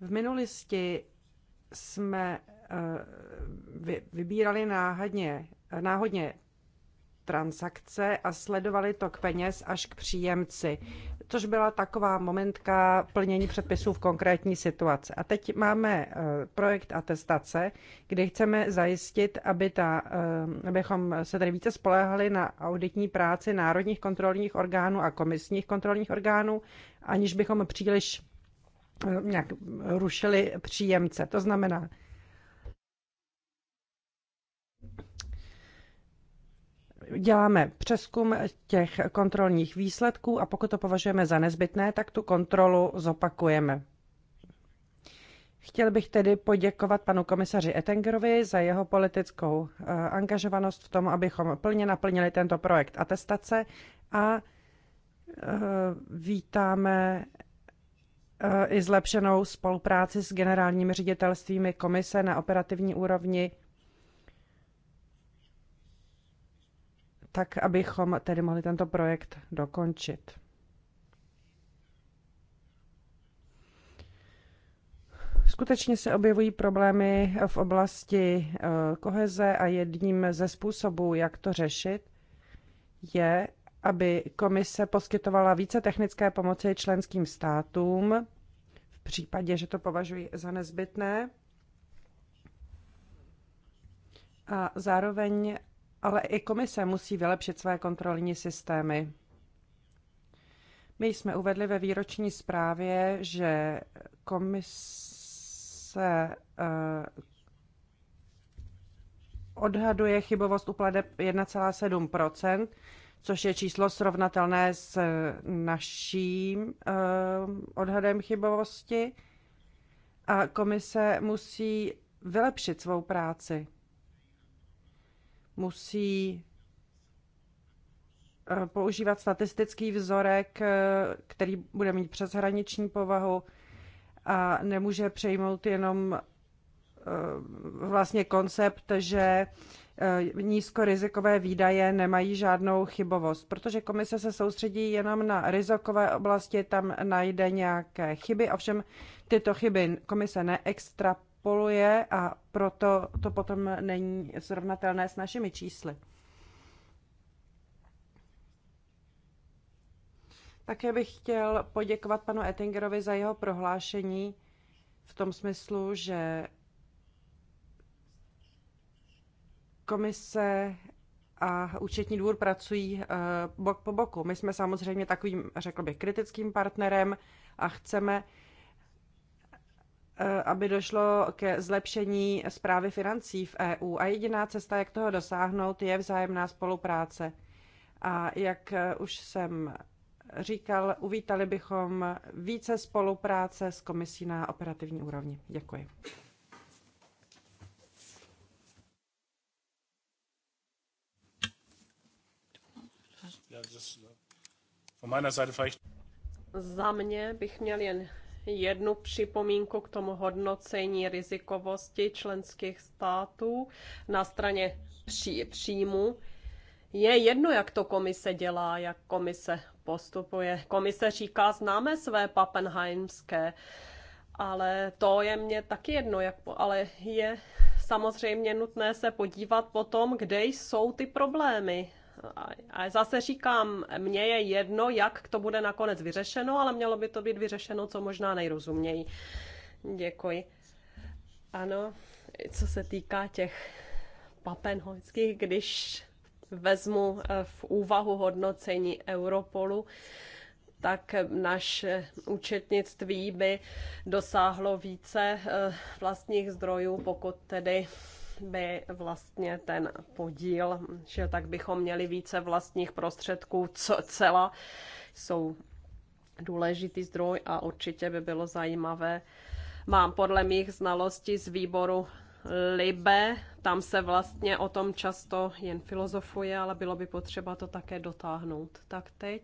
V minulosti jsme eh, vybírali náhodně, náhodně transakce a sledovali tok peněz až k příjemci což byla taková momentka plnění předpisů v konkrétní situaci. A teď máme eh, projekt atestace, kde chceme zajistit, aby ta, eh, abychom se tady více spolehali na auditní práci národních kontrolních orgánů a komisních kontrolních orgánů, aniž bychom příliš eh, nějak rušili příjemce. To znamená, děláme přeskum těch kontrolních výsledků a pokud to považujeme za nezbytné, tak tu kontrolu zopakujeme. Chtěl bych tedy poděkovat panu komisaři Ettingerovi za jeho politickou eh, angažovanost v tom, abychom plně naplnili tento projekt atestace a eh, vítáme eh, i zlepšenou spolupráci s generálními ředitelstvími komise na operativní úrovni tak abychom tedy mohli tento projekt dokončit. Skutečně se objevují problémy v oblasti eh, koheze a jedním ze způsobů, jak to řešit, je, aby komise poskytovala více technické pomoci členským státům v případě, že to považují za nezbytné. A zároveň, ale i komise musí vylepšit své kontrolní systémy. My jsme uvedli ve výroční zprávě, že komise eh, odhaduje chybovost u pladeb 1,7 což je číslo srovnatelné s eh, naším eh, odhadem chybovosti. A komise musí vylepšit svou práci musí eh, používat statistický vzorek, eh, který bude mít přeshraniční povahu a nemůže přejmout jenom eh, vlastně koncept, že nízkorizikové výdaje nemají žádnou chybovost, protože komise se soustředí jenom na rizikové oblasti, tam najde nějaké chyby, ovšem tyto chyby komise neextra extrapoluje a proto to potom není srovnatelné s našimi čísly. Také bych chtěl poděkovat panu Ettingerovi za jeho prohlášení v tom smyslu, že komise a účetní dvůr pracují eh, bok po boku. My jsme samozřejmě takovým, řekl bych, kritickým partnerem a chceme Eh, aby došlo ke zlepšení zprávy financí v EU. A jediná cesta, jak toho dosáhnout, je vzájemná spolupráce. A jak eh, už jsem říkal, uvítali bychom více spolupráce s komisí na operativní úrovni. Děkuji. Za mě bych měl jen jednu připomínku k tomu hodnocení rizikovosti členských států na straně pří, příjmu. Je jedno, jak to komise dělá, jak komise postupuje. Komise říká, známe své papenheimské, ale to je mně taky jedno, jak, ale je samozřejmě nutné se podívat potom, kde jsou ty problémy, a zase říkám, mně je jedno, jak to bude nakonec vyřešeno, ale mělo by to být vyřešeno co možná nejrozuměji. Děkuji. Ano, co se týká těch papenhojských, když vezmu eh, v úvahu hodnocení Europolu, tak naše účetnictví by dosáhlo více eh, vlastních zdrojů, pokud tedy by vlastně ten podíl, že tak bychom měli více vlastních prostředků, co cela jsou důležitý zdroj a určitě by bylo zajímavé. Mám podle mých znalostí z výboru Libe, tam se vlastně o tom často jen filozofuje, ale bylo by potřeba to také dotáhnout. Tak teď,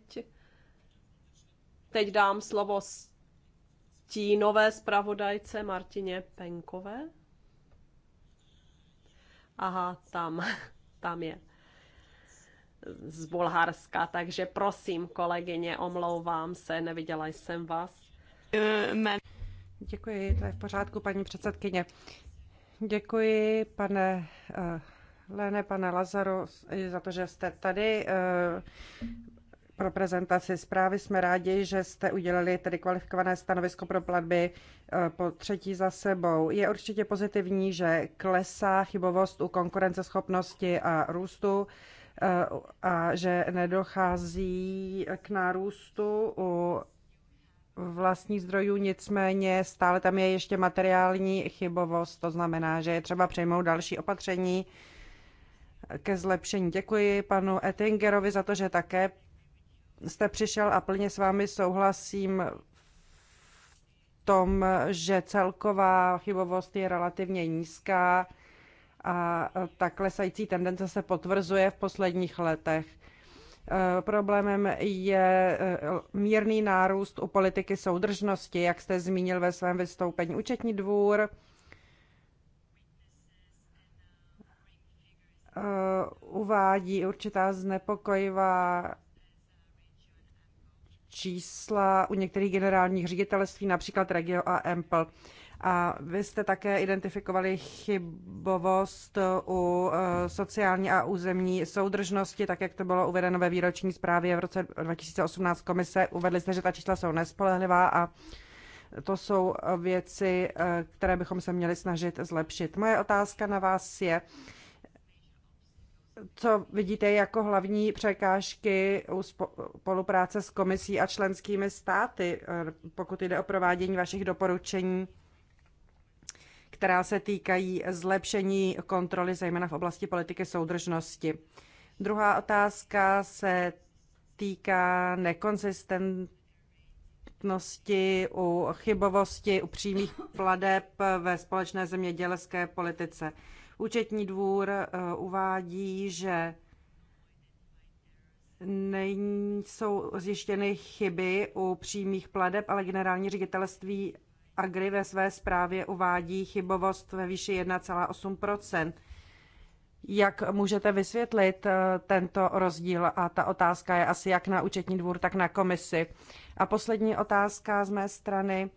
teď dám slovo stínové zpravodajce Martině Penkové. Aha, tam, <laughs> tam je z Bulharska, takže prosím, kolegyně, omlouvám se, neviděla jsem vás. Děkuji, to je v pořádku, paní předsedkyně. Děkuji, pane eh, Lene, pane Lazaro, za to, že jste tady. Eh, pro prezentaci zprávy. Jsme rádi, že jste udělali tedy kvalifikované stanovisko pro platby e, po třetí za sebou. Je určitě pozitivní, že klesá chybovost u konkurenceschopnosti a růstu e, a že nedochází k nárůstu u vlastních zdrojů, nicméně stále tam je ještě materiální chybovost, to znamená, že je třeba přejmout další opatření ke zlepšení. Děkuji panu Ettingerovi za to, že také jste přišel a plně s vámi souhlasím v tom, že celková chybovost je relativně nízká a ta klesající tendence se potvrzuje v posledních letech. Problémem je eh, mírný nárůst u politiky soudržnosti, jak jste zmínil ve svém vystoupení. Účetní dvůr eh, uvádí určitá znepokojivá čísla u některých generálních ředitelství, například Regio a Empl. A vy jste také identifikovali chybovost u eh, sociální a územní soudržnosti, tak jak to bylo uvedeno ve výroční zprávě v roce 2018 komise. Uvedli jste, že ta čísla jsou nespolehlivá a to jsou eh, věci, eh, které bychom se měli snažit zlepšit. Moje otázka na vás je, co vidíte jako hlavní překážky u spolupráce s komisí a členskými státy, eh, pokud jde o provádění vašich doporučení, která se týkají zlepšení kontroly, zejména v oblasti politiky soudržnosti. Druhá otázka se týká nekonzistentnosti u chybovosti, u přímých pladeb ve společné zemědělské politice. Účetní dvůr eh, uvádí, že nejsou zjištěny chyby u přímých pladeb, ale generální ředitelství Agri ve své zprávě uvádí chybovost ve výši 1,8 Jak můžete vysvětlit eh, tento rozdíl? A ta otázka je asi jak na účetní dvůr, tak na komisi. A poslední otázka z mé strany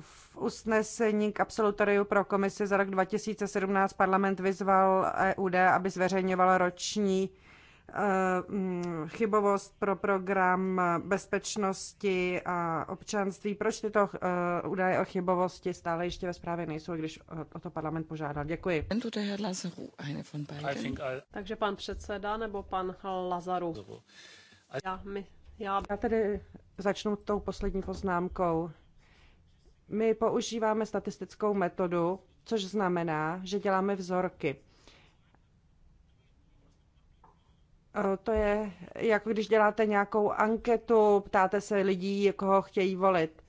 V usnesení k absolutoriu pro komisi za rok 2017 parlament vyzval EUD, aby zveřejňoval roční eh, mm, chybovost pro program bezpečnosti a občanství. Proč tyto eh, údaje o chybovosti stále ještě ve zprávě nejsou, když eh, o to parlament požádal? Děkuji. Takže pan předseda nebo pan Lazaru? Já, my, já... já tedy začnu tou poslední poznámkou. My používáme statistickou metodu, což znamená, že děláme vzorky. E, to je jako když děláte nějakou anketu, ptáte se lidí, koho chtějí volit.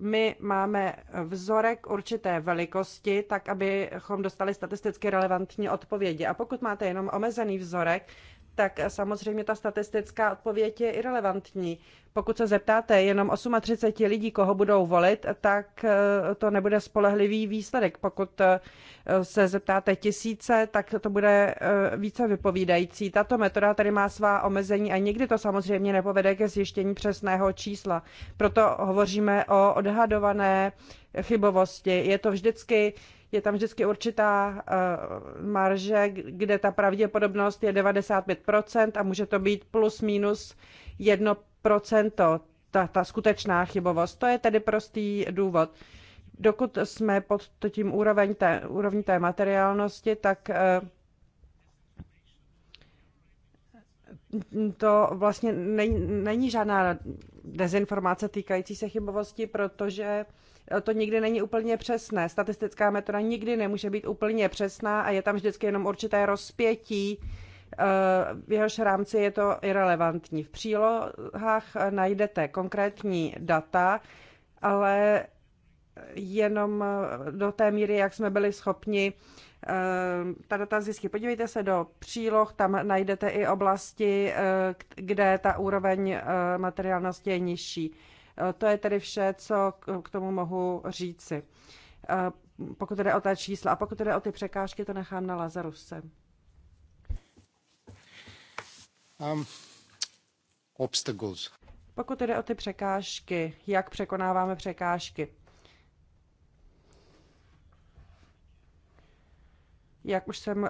My máme vzorek určité velikosti, tak abychom dostali statisticky relevantní odpovědi. A pokud máte jenom omezený vzorek, tak samozřejmě ta statistická odpověď je irrelevantní. Pokud se zeptáte jenom 38 lidí, koho budou volit, tak eh, to nebude spolehlivý výsledek. Pokud eh, se zeptáte tisíce, tak to bude eh, více vypovídající. Tato metoda tady má svá omezení a nikdy to samozřejmě nepovede ke zjištění přesného čísla. Proto hovoříme o odhadované chybovosti. Je to vždycky je tam vždycky určitá eh, marže, kde ta pravděpodobnost je 95% a může to být plus minus 1% ta, ta skutečná chybovost. To je tedy prostý důvod. Dokud jsme pod tím úroveň té, úrovní té materiálnosti, tak eh, to vlastně není, není žádná dezinformace týkající se chybovosti, protože Eh, to nikdy není úplně přesné. Statistická metoda nikdy nemůže být úplně přesná a je tam vždycky jenom určité rozpětí. Eh, v jehož rámci je to irrelevantní. V přílohách najdete konkrétní data, ale jenom eh, do té míry, jak jsme byli schopni ta data zjistit. Podívejte se do příloh, tam najdete i oblasti, kde ta úroveň materiálnosti je nižší. To je tedy vše, co k tomu mohu říci. E, pokud jde o ta čísla a pokud jde o ty překážky, to nechám na Lazaruse. Um, obstacles. Pokud jde o ty překážky, jak překonáváme překážky? Jak už jsem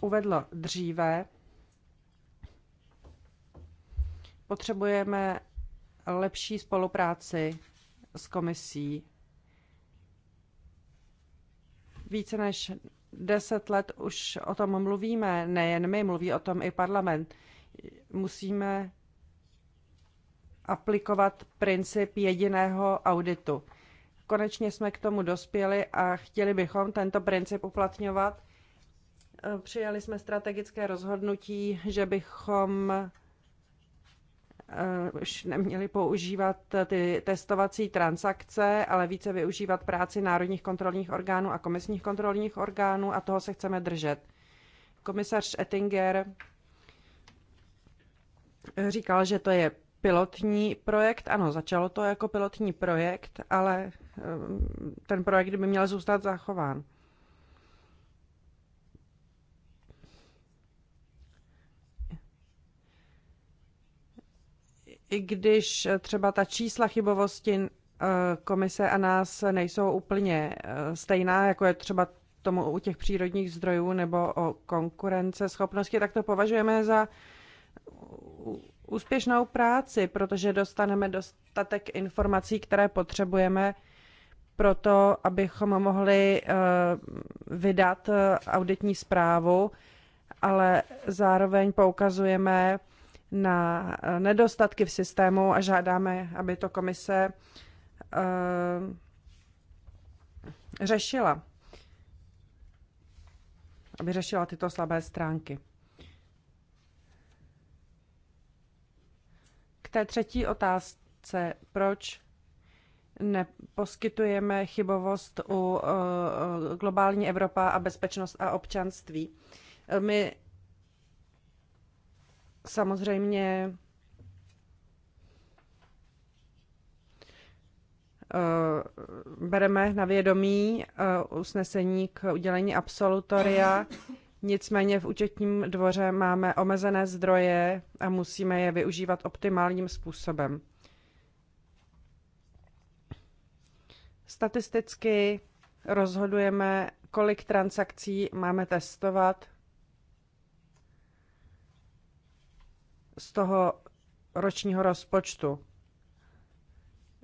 uvedla dříve, potřebujeme lepší spolupráci s komisí. Více než deset let už o tom mluvíme, nejen my, mluví o tom i parlament. Musíme aplikovat princip jediného auditu. Konečně jsme k tomu dospěli a chtěli bychom tento princip uplatňovat. Přijali jsme strategické rozhodnutí, že bychom Eh, už neměli používat ty testovací transakce, ale více využívat práci národních kontrolních orgánů a komisních kontrolních orgánů a toho se chceme držet. Komisař Ettinger říkal, že to je pilotní projekt. Ano, začalo to jako pilotní projekt, ale eh, ten projekt by měl zůstat zachován. i když třeba ta čísla chybovosti eh, komise a nás nejsou úplně eh, stejná, jako je třeba tomu u těch přírodních zdrojů nebo o konkurence schopnosti, tak to považujeme za úspěšnou práci, protože dostaneme dostatek informací, které potřebujeme pro to, abychom mohli eh, vydat auditní zprávu, ale zároveň poukazujeme na eh, nedostatky v systému a žádáme, aby to komise eh, řešila. Aby řešila tyto slabé stránky. K té třetí otázce, proč neposkytujeme chybovost u eh, globální Evropa a bezpečnost a občanství. My samozřejmě eh, bereme na vědomí eh, usnesení k udělení absolutoria, nicméně v účetním dvoře máme omezené zdroje a musíme je využívat optimálním způsobem. Statisticky rozhodujeme, kolik transakcí máme testovat z toho ročního rozpočtu,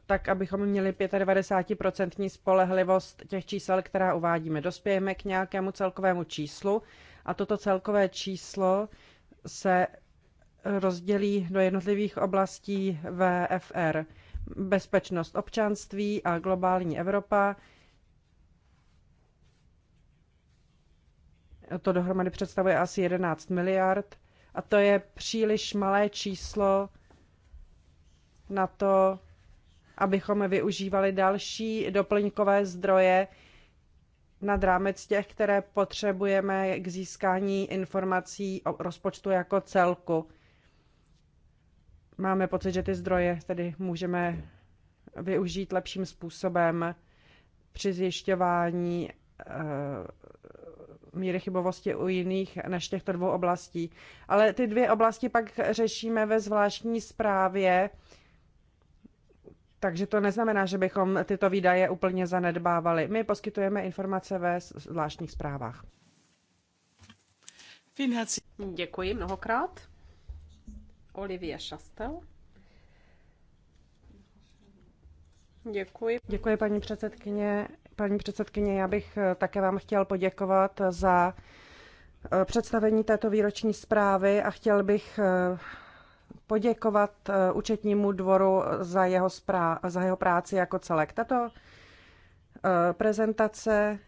tak abychom měli 95% spolehlivost těch čísel, která uvádíme. Dospějeme k nějakému celkovému číslu a toto celkové číslo se rozdělí do jednotlivých oblastí VFR. Bezpečnost občanství a globální Evropa. To dohromady představuje asi 11 miliard a to je příliš malé číslo na to, abychom využívali další doplňkové zdroje nad rámec těch, které potřebujeme k získání informací o rozpočtu jako celku. Máme pocit, že ty zdroje tedy můžeme využít lepším způsobem při zjišťování eh, míry chybovosti u jiných než těchto dvou oblastí. Ale ty dvě oblasti pak řešíme ve zvláštní zprávě, takže to neznamená, že bychom tyto výdaje úplně zanedbávali. My poskytujeme informace ve zvláštních zprávách. Děkuji mnohokrát. Olivie Šastel. Děkuji. Děkuji, paní předsedkyně paní předsedkyně. Já bych eh, také vám chtěl poděkovat za eh, představení této výroční zprávy a chtěl bych eh, poděkovat účetnímu dvoru za jeho, za jeho práci jako celek. Tato prezentace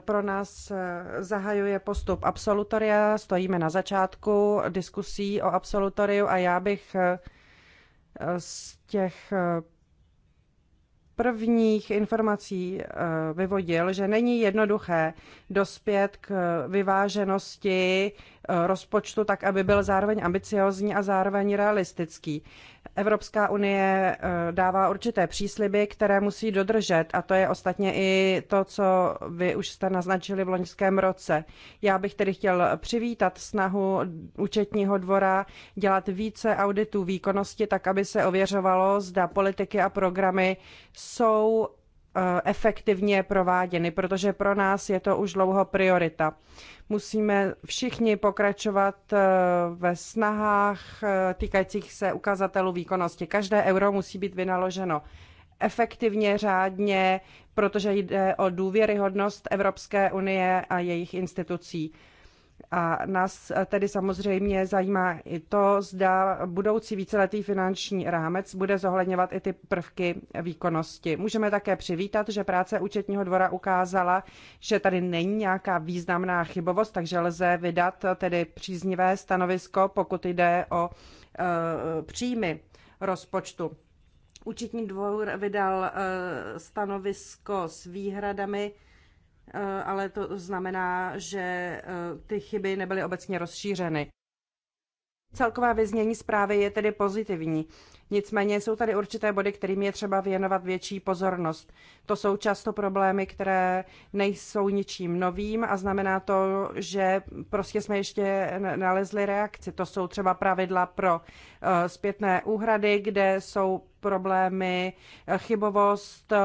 pro nás zahajuje postup absolutoria. Stojíme na začátku diskusí o absolutoriu a já bych z těch prvních informací eh, vyvodil, že není jednoduché dospět k vyváženosti eh, rozpočtu tak, aby byl zároveň ambiciozní a zároveň realistický. Evropská unie eh, dává určité přísliby, které musí dodržet a to je ostatně i to, co vy už jste naznačili v loňském roce. Já bych tedy chtěl přivítat snahu účetního dvora dělat více auditů výkonnosti, tak aby se ověřovalo, zda politiky a programy jsou Eh, efektivně prováděny, protože pro nás je to už dlouho priorita. Musíme všichni pokračovat eh, ve snahách eh, týkajících se ukazatelů výkonnosti. Každé euro musí být vynaloženo efektivně, řádně, protože jde o důvěryhodnost Evropské unie a jejich institucí. A nás tedy samozřejmě zajímá i to, zda budoucí víceletý finanční rámec bude zohledňovat i ty prvky výkonnosti. Můžeme také přivítat, že práce účetního dvora ukázala, že tady není nějaká významná chybovost, takže lze vydat tedy příznivé stanovisko, pokud jde o e, příjmy rozpočtu. Účetní dvor vydal e, stanovisko s výhradami Eh, ale to znamená, že eh, ty chyby nebyly obecně rozšířeny. Celková vyznění zprávy je tedy pozitivní. Nicméně jsou tady určité body, kterým je třeba věnovat větší pozornost. To jsou často problémy, které nejsou ničím novým a znamená to, že prostě jsme ještě nalezli reakci. To jsou třeba pravidla pro eh, zpětné úhrady, kde jsou problémy, eh, chybovost eh,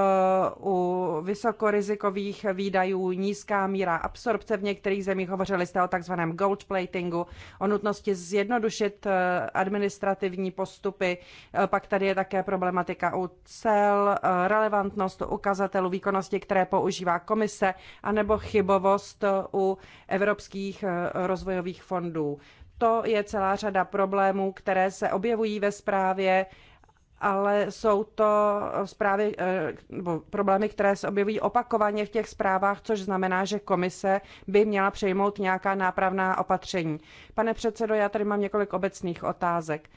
u vysokorizikových výdajů, nízká míra absorpce v některých zemích. Hovořili jste o takzvaném gold platingu, o nutnosti zjednodušit administrativní postupy, Eh, pak tady je také problematika u cel, eh, relevantnost ukazatelů výkonnosti, které používá komise, anebo chybovost eh, u evropských rozvojových fondů. To je celá řada problémů, které se objevují ve zprávě ale jsou to zprávy, nebo problémy, které se objevují opakovaně v těch zprávách, což znamená, že komise by měla přejmout nějaká nápravná opatření. Pane předsedo, já tady mám několik obecných otázek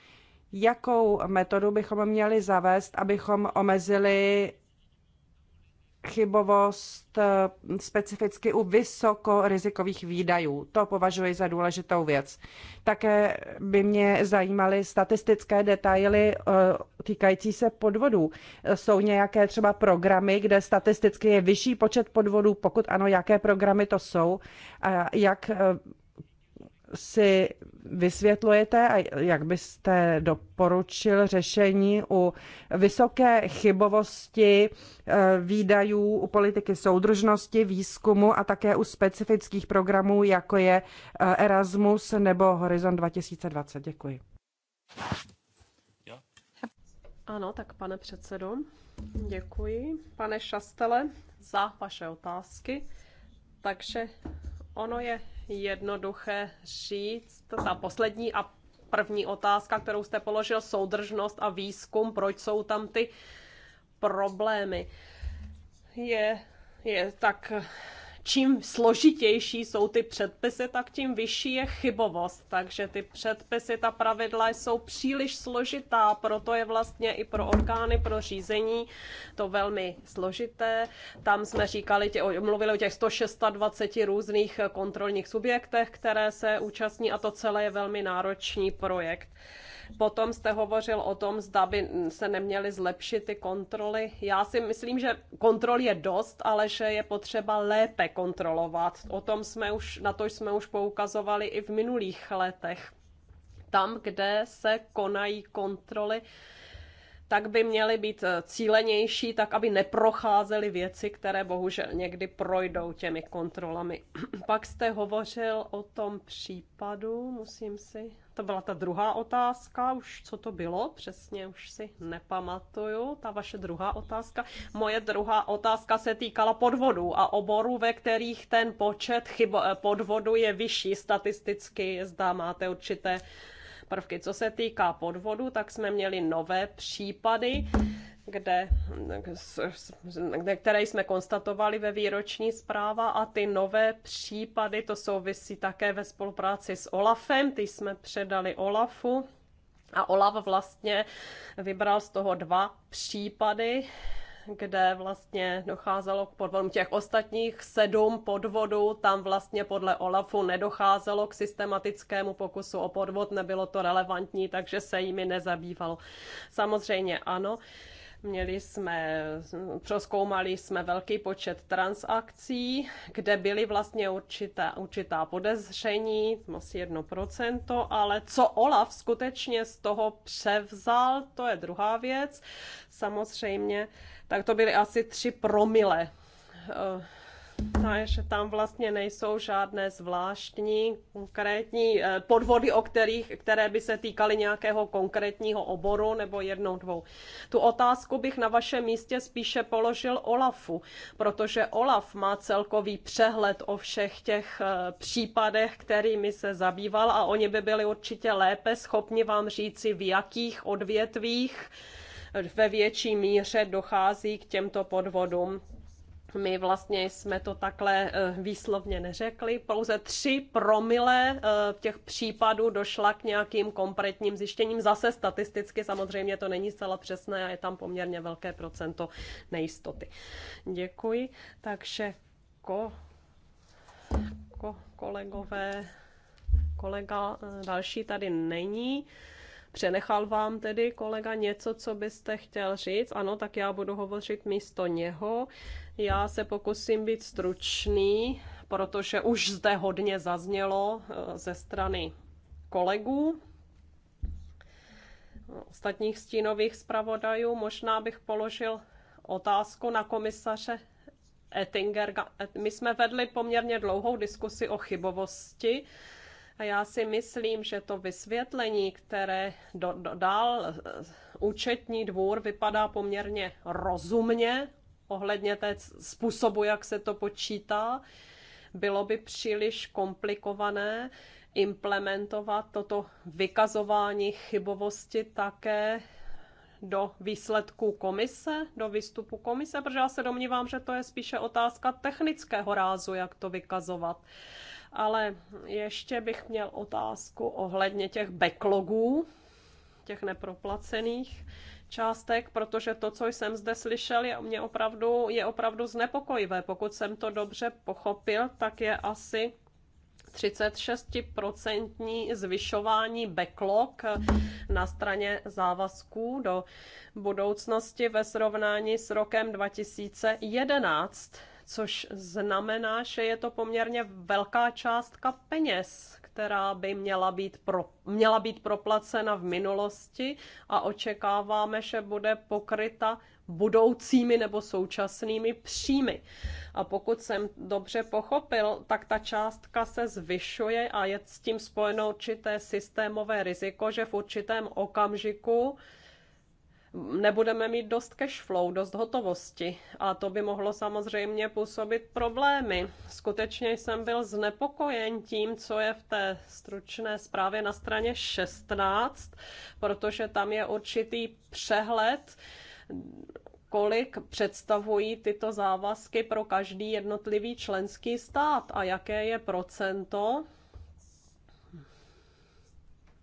jakou metodu bychom měli zavést, abychom omezili chybovost eh, specificky u vysokorizikových výdajů. To považuji za důležitou věc. Také by mě zajímaly statistické detaily eh, týkající se podvodů. Jsou nějaké třeba programy, kde statisticky je vyšší počet podvodů? Pokud ano, jaké programy to jsou? A jak eh, si vysvětlujete a jak byste doporučil řešení u vysoké chybovosti eh, výdajů u politiky soudržnosti, výzkumu a také u specifických programů, jako je eh, Erasmus nebo Horizon 2020? Děkuji. Ano, tak pane předsedo, děkuji. Pane Šastele, za vaše otázky. Takže ono je jednoduché říct. Ta poslední a první otázka, kterou jste položil, soudržnost a výzkum, proč jsou tam ty problémy. Je, je tak čím složitější jsou ty předpisy, tak tím vyšší je chybovost. Takže ty předpisy, ta pravidla jsou příliš složitá, proto je vlastně i pro orgány, pro řízení to velmi složité. Tam jsme říkali, tě, mluvili o těch 126 různých kontrolních subjektech, které se účastní a to celé je velmi náročný projekt. Potom jste hovořil o tom, zda by se neměly zlepšit ty kontroly. Já si myslím, že kontrol je dost, ale že je potřeba lépe kontrolovat. O tom jsme už, na to jsme už poukazovali i v minulých letech. Tam, kde se konají kontroly, tak by měly být cílenější, tak aby neprocházely věci, které bohužel někdy projdou těmi kontrolami. <clears throat> Pak jste hovořil o tom případu, musím si to byla ta druhá otázka, už co to bylo, přesně už si nepamatuju, ta vaše druhá otázka. Moje druhá otázka se týkala podvodů a oborů, ve kterých ten počet chyb, eh, podvodu je vyšší statisticky, zda máte určité prvky. Co se týká podvodu, tak jsme měli nové případy kde, které jsme konstatovali ve výroční zpráva a ty nové případy, to souvisí také ve spolupráci s OLAFem, ty jsme předali OLAFu a OLAF vlastně vybral z toho dva případy, kde vlastně docházelo k podvodům. Těch ostatních sedm podvodů tam vlastně podle OLAFu nedocházelo k systematickému pokusu o podvod, nebylo to relevantní, takže se jimi nezabývalo. Samozřejmě ano. Uh, Měli jsme, přeskoumali jsme velký počet transakcí, kde byly vlastně určitá, určitá podezření, asi jedno procento, ale co Olaf skutečně z toho převzal, to je druhá věc. Samozřejmě, tak to byly asi tři promile eh, že no tam vlastně nejsou žádné zvláštní konkrétní eh, podvody, o kterých, které by se týkaly nějakého konkrétního oboru nebo jednou, dvou. Tu otázku bych na vašem místě spíše položil Olafu, protože Olaf má celkový přehled o všech těch eh, případech, kterými se zabýval a oni by byli určitě lépe schopni vám říci, v jakých odvětvích eh, ve větší míře dochází k těmto podvodům my vlastně jsme to takhle eh, výslovně neřekli, pouze tři promile eh, těch případů došla k nějakým konkrétním zjištěním. Zase statisticky samozřejmě to není zcela přesné a je tam poměrně velké procento nejistoty. Děkuji. Takže ko, ko, kolegové, kolega eh, další tady není. Přenechal vám tedy kolega něco, co byste chtěl říct? Ano, tak já budu hovořit místo něho. Já se pokusím být stručný, protože už zde hodně zaznělo eh, ze strany kolegů, ostatních stínových zpravodajů. Možná bych položil otázku na komisaře Ettinger. My jsme vedli poměrně dlouhou diskusi o chybovosti a já si myslím, že to vysvětlení, které do, do, dal eh, účetní dvůr, vypadá poměrně rozumně ohledně té způsobu, jak se to počítá. Bylo by příliš komplikované implementovat toto vykazování chybovosti také do výsledků komise, do výstupu komise, protože já se domnívám, že to je spíše otázka technického rázu, jak to vykazovat. Ale ještě bych měl otázku ohledně těch backlogů, těch neproplacených částek, protože to, co jsem zde slyšel, je, mě opravdu, je opravdu znepokojivé. Pokud jsem to dobře pochopil, tak je asi 36% zvyšování backlog na straně závazků do budoucnosti ve srovnání s rokem 2011 což znamená, že je to poměrně velká částka peněz, která by měla být, pro, měla být proplacena v minulosti a očekáváme, že bude pokryta budoucími nebo současnými příjmy. A pokud jsem dobře pochopil, tak ta částka se zvyšuje a je s tím spojeno určité systémové riziko, že v určitém okamžiku nebudeme mít dost cash flow, dost hotovosti a to by mohlo samozřejmě působit problémy. Skutečně jsem byl znepokojen tím, co je v té stručné zprávě na straně 16, protože tam je určitý přehled kolik představují tyto závazky pro každý jednotlivý členský stát a jaké je procento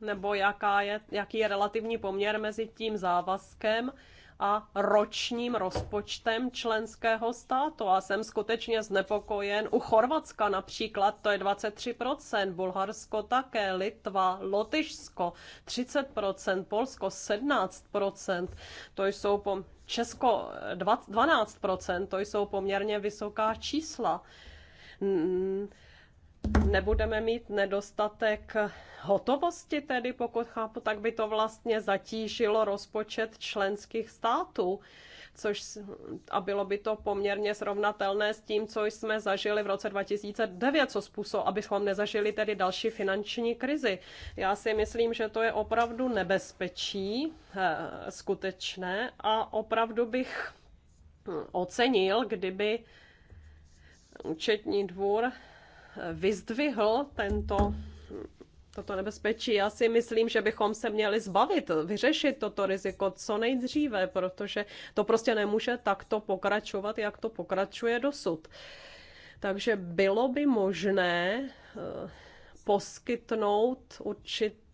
nebo jaká je, jaký je relativní poměr mezi tím závazkem a ročním rozpočtem členského státu. A jsem skutečně znepokojen. U Chorvatska například to je 23%, Bulharsko také, Litva, Lotyšsko 30%, Polsko 17%. To jsou po... Česko 12%, to jsou poměrně vysoká čísla nebudeme mít nedostatek hotovosti, tedy pokud chápu, tak by to vlastně zatížilo rozpočet členských států což a bylo by to poměrně srovnatelné s tím, co jsme zažili v roce 2009, co způsob, abychom nezažili tedy další finanční krizi. Já si myslím, že to je opravdu nebezpečí eh, skutečné a opravdu bych hm, ocenil, kdyby účetní dvůr vyzdvihl tento toto nebezpečí. Já si myslím, že bychom se měli zbavit, vyřešit toto riziko co nejdříve, protože to prostě nemůže takto pokračovat, jak to pokračuje dosud. Takže bylo by možné eh, poskytnout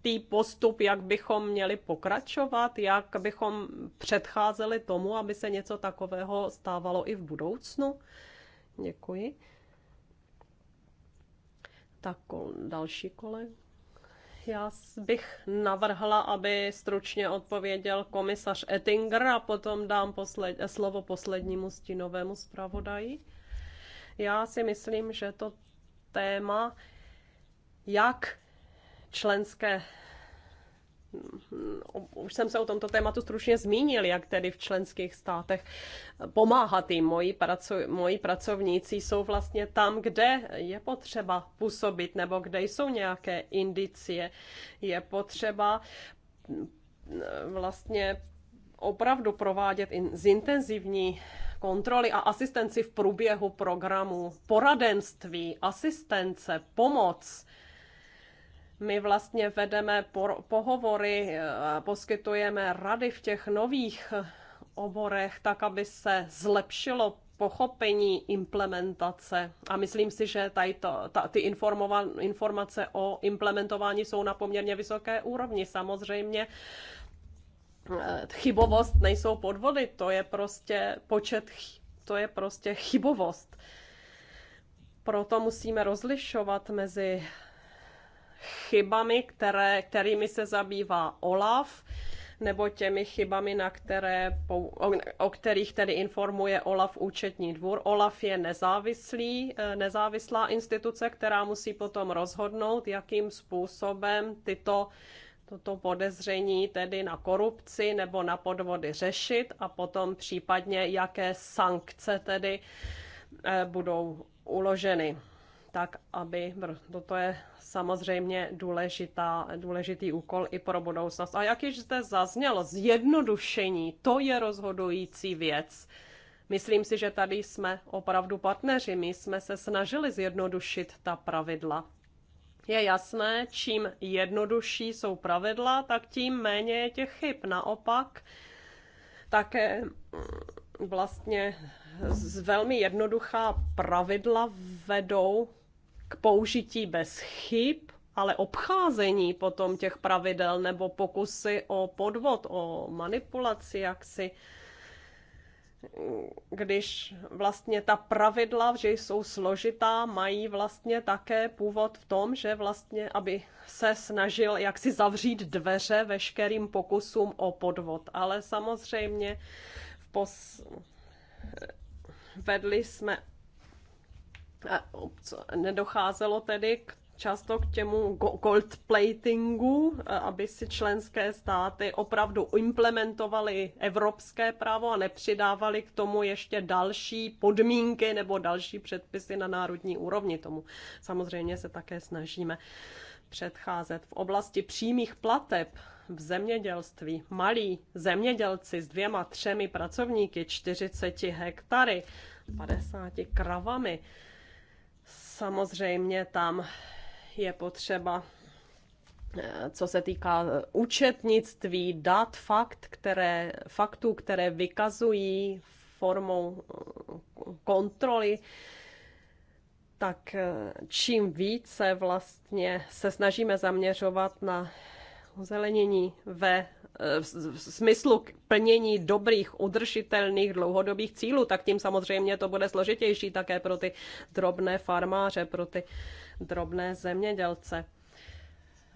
tý postup, jak bychom měli pokračovat, jak bychom předcházeli tomu, aby se něco takového stávalo i v budoucnu. Děkuji. Tak další kole. Já bych navrhla, aby stručně odpověděl komisař Ettinger a potom dám posled, slovo poslednímu stínovému zpravodaji. Já si myslím, že to téma, jak členské No, už jsem se o tomto tématu stručně zmínil, jak tedy v členských státech pomáhat jim. Moji, praco, moji pracovníci jsou vlastně tam, kde je potřeba působit nebo kde jsou nějaké indicie. Je potřeba mm, vlastně opravdu provádět in, zintenzivní kontroly a asistenci v průběhu programu, poradenství, asistence, pomoc my vlastně vedeme pohovory eh, a poskytujeme rady v těch nových eh, oborech, tak aby se zlepšilo pochopení implementace. A myslím si, že tady to, ta, ty informova, informace o implementování jsou na poměrně vysoké úrovni. Samozřejmě eh, chybovost nejsou podvody, to je prostě počet, to je prostě chybovost. Proto musíme rozlišovat mezi chybami, které, kterými se zabývá OLAF, nebo těmi chybami, na které, o, o kterých tedy informuje OLAF účetní dvůr. OLAF je nezávislý, eh, nezávislá instituce, která musí potom rozhodnout, jakým způsobem tyto toto podezření tedy na korupci nebo na podvody řešit a potom případně jaké sankce tedy eh, budou uloženy tak aby, toto je samozřejmě důležitá, důležitý úkol i pro budoucnost. A jak již zde zaznělo, zjednodušení, to je rozhodující věc. Myslím si, že tady jsme opravdu partneři, my jsme se snažili zjednodušit ta pravidla. Je jasné, čím jednodušší jsou pravidla, tak tím méně je těch chyb. Naopak, také mm, vlastně z velmi jednoduchá pravidla vedou k použití bez chyb, ale obcházení potom těch pravidel nebo pokusy o podvod, o manipulaci, jak si když vlastně ta pravidla, že jsou složitá, mají vlastně také původ v tom, že vlastně, aby se snažil jaksi zavřít dveře veškerým pokusům o podvod. Ale samozřejmě v pos... vedli jsme Nedocházelo tedy k často k těmu gold platingu, aby si členské státy opravdu implementovaly evropské právo a nepřidávaly k tomu ještě další podmínky nebo další předpisy na národní úrovni. Tomu samozřejmě se také snažíme předcházet. V oblasti přímých plateb v zemědělství malí zemědělci s dvěma, třemi pracovníky, 40 hektary, 50 kravami, Samozřejmě tam je potřeba eh, co se týká účetnictví, dat, fakt, které, faktů, které vykazují formou eh, kontroly, tak eh, čím více vlastně se snažíme zaměřovat na uzelenění ve Eh, v smyslu k plnění dobrých, udržitelných dlouhodobých cílů, tak tím samozřejmě to bude složitější také pro ty drobné farmáře, pro ty drobné zemědělce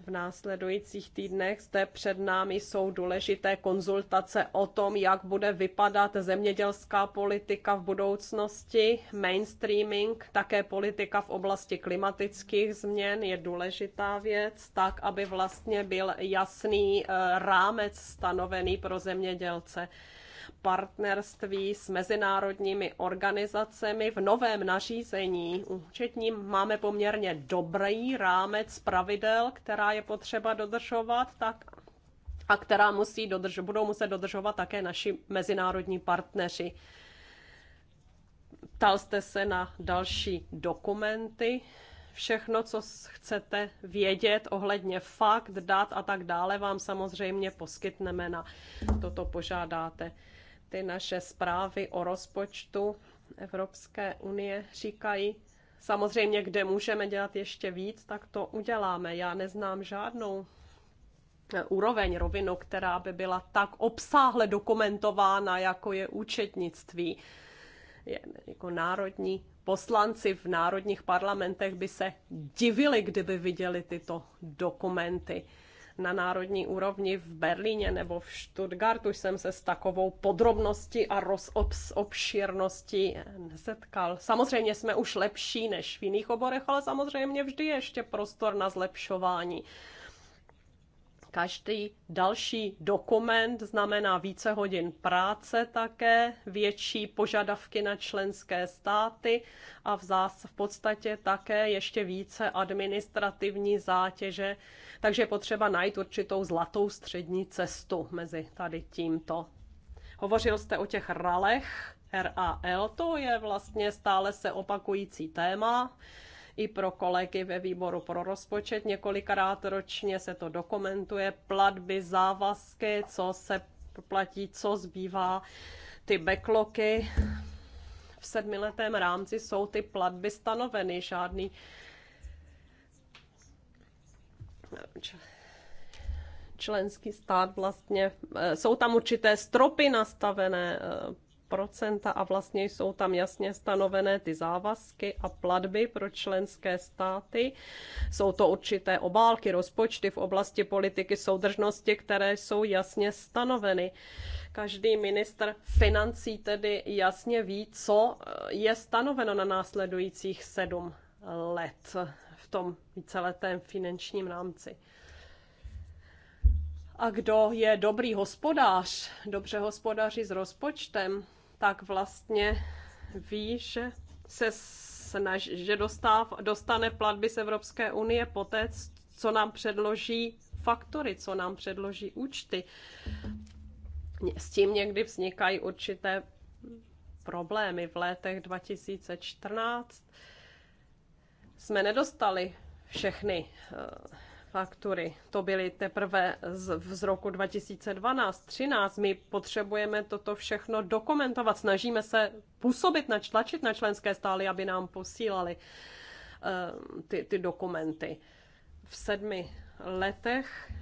v následujících týdnech zde před námi jsou důležité konzultace o tom, jak bude vypadat zemědělská politika v budoucnosti, mainstreaming, také politika v oblasti klimatických změn je důležitá věc, tak aby vlastně byl jasný eh, rámec stanovený pro zemědělce partnerství s mezinárodními organizacemi v novém nařízení účetním máme poměrně dobrý rámec pravidel, která je potřeba dodržovat, tak a která musí dodrž- budou muset dodržovat také naši mezinárodní partneři. Ptal jste se na další dokumenty, všechno, co chcete vědět ohledně fakt, dat a tak dále, vám samozřejmě poskytneme na toto požádáte ty naše zprávy o rozpočtu Evropské unie říkají, samozřejmě, kde můžeme dělat ještě víc, tak to uděláme. Já neznám žádnou eh, úroveň, rovinu, která by byla tak obsáhle dokumentována, jako je účetnictví. Je, jako národní poslanci v národních parlamentech by se divili, kdyby viděli tyto dokumenty na národní úrovni v Berlíně nebo v Stuttgartu jsem se s takovou podrobností a rozobširností nesetkal. Samozřejmě jsme už lepší než v jiných oborech, ale samozřejmě vždy ještě prostor na zlepšování. Každý další dokument znamená více hodin práce také, větší požadavky na členské státy a v, zás, v podstatě také ještě více administrativní zátěže. Takže je potřeba najít určitou zlatou střední cestu mezi tady tímto. Hovořil jste o těch ralech, RAL, to je vlastně stále se opakující téma i pro kolegy ve výboru pro rozpočet. Několikrát ročně se to dokumentuje, platby, závazky, co se platí, co zbývá, ty backlogy. V sedmiletém rámci jsou ty platby stanoveny, žádný členský stát vlastně, eh, jsou tam určité stropy nastavené eh, procenta a vlastně jsou tam jasně stanovené ty závazky a platby pro členské státy. Jsou to určité obálky, rozpočty v oblasti politiky soudržnosti, které jsou jasně stanoveny každý minister financí tedy jasně ví, co eh, je stanoveno na následujících sedm let v tom víceletém finančním rámci. A kdo je dobrý hospodář, dobře hospodaří s rozpočtem, tak vlastně ví, že se snaž, že dostáv, dostane platby z Evropské unie poté, co nám předloží faktory, co nám předloží účty. S tím někdy vznikají určité problémy. V letech 2014 jsme nedostali všechny eh, faktury. To byly teprve z, z roku 2012-13. My potřebujeme toto všechno dokumentovat. Snažíme se působit, tlačit na členské stály, aby nám posílali uh, ty, ty dokumenty. V sedmi letech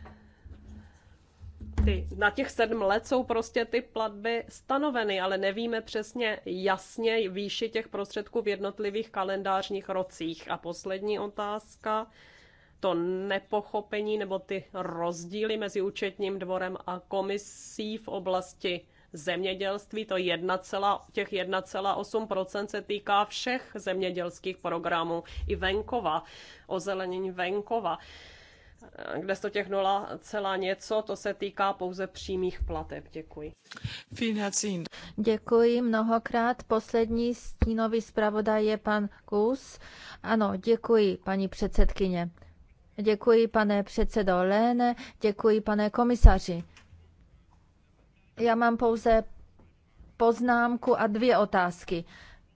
ty, na těch sedm let jsou prostě ty platby stanoveny, ale nevíme přesně jasně výši těch prostředků v jednotlivých kalendářních rocích. A poslední otázka to nepochopení nebo ty rozdíly mezi účetním dvorem a komisí v oblasti zemědělství, to 1, těch 1,8% se týká všech zemědělských programů, i venkova, ozelenění venkova, kde to těch 0, něco, to se týká pouze přímých plateb. Děkuji. Děkuji mnohokrát. Poslední stínový zpravodaj je pan Kus. Ano, děkuji, paní předsedkyně. Děkuji, pane předsedo Lene, děkuji, pane komisaři. Já mám pouze poznámku a dvě otázky.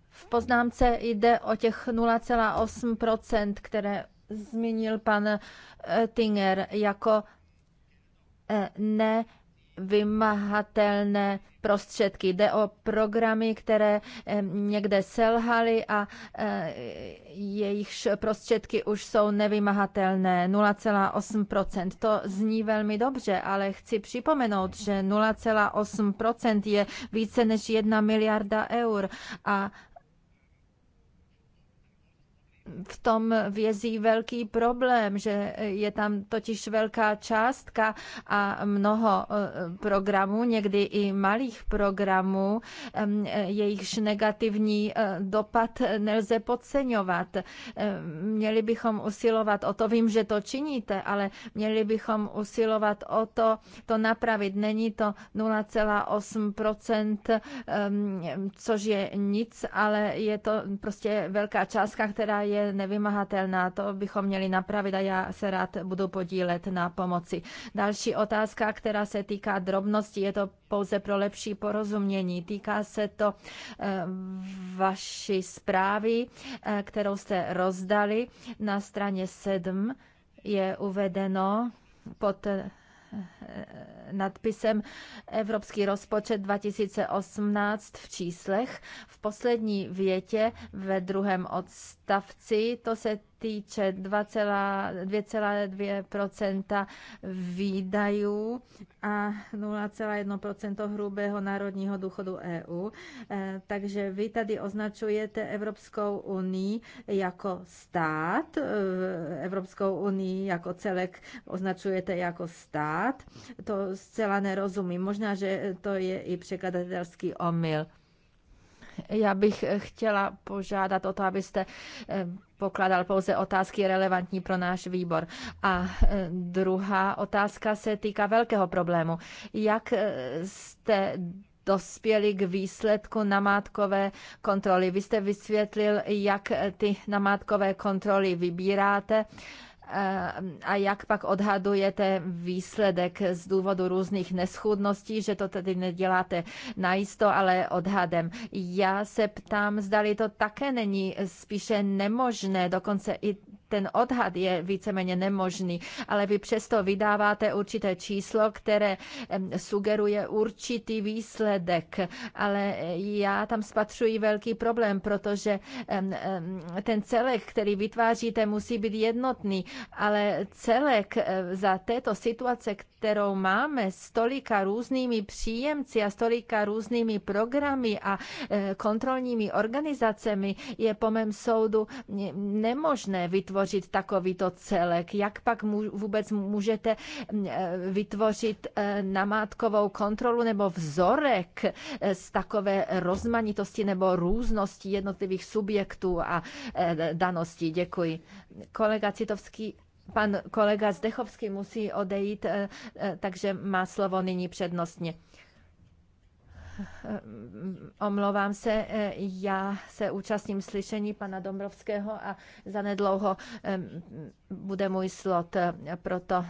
V poznámce jde o těch 0,8%, které zmínil pan eh, Tinger jako eh, ne vymahatelné prostředky. Jde o programy, které někde selhaly a e, jejichž prostředky už jsou nevymahatelné. 0,8%. To zní velmi dobře, ale chci připomenout, že 0,8% je více než 1 miliarda eur a v tom vězí velký problém, že je tam totiž velká částka a mnoho eh, programů, někdy i malých programů, jejichž negativní eh, dopad nelze podceňovat. Eh, měli bychom usilovat o to, vím, že to činíte, ale měli bychom usilovat o to, to napravit. Není to 0,8%, což je nic, ale je to prostě velká částka, která je je nevymahatelná. To bychom měli napravit a já se rád budu podílet na pomoci. Další otázka, která se týká drobnosti, je to pouze pro lepší porozumění. Týká se to eh, vaší zprávy, eh, kterou jste rozdali. Na straně 7 je uvedeno pod Eh, nadpisem Evropský rozpočet 2018 v číslech. V poslední větě ve druhém odstavci to se týče 2,2 výdajů a 0,1 hrubého národního důchodu EU. E, takže vy tady označujete Evropskou unii jako stát, e, Evropskou unii jako celek označujete jako stát. To zcela nerozumím. Možná, že to je i překladatelský omyl. Já bych eh, chtěla požádat o to, abyste eh, pokládal pouze otázky relevantní pro náš výbor. A eh, druhá otázka se týká velkého problému. Jak jste dospěli k výsledku namátkové kontroly. Vy jste vysvětlil, jak ty namátkové kontroly vybíráte a jak pak odhadujete výsledek z důvodu různých neschudností, že to tedy neděláte najisto, ale odhadem. Já se ptám, zdali to také není spíše nemožné, dokonce i ten odhad je víceméně nemožný, ale vy přesto vydáváte určité číslo, které sugeruje určitý výsledek, ale eh, já tam spatřuji velký problém, protože ten celek, který vytváříte, musí být jednotný, ale celek eh, za této situace, kterou máme s tolika různými příjemci a s tolika různými programy a eh, kontrolními organizacemi, je po mém soudu hm, nemožné vytvořit vytvořit takovýto celek? Jak pak vůbec můžete e, vytvořit e, namátkovou kontrolu nebo vzorek e, z takové rozmanitosti nebo různosti jednotlivých subjektů a daností? Děkuji. Kolega Citovský pan kolega Zdechovský musí odejít, takže má slovo nyní přednostně. Eh, omlouvám se, eh, já se účastním slyšení pana Dombrovského a zanedlouho eh, bude můj slot, proto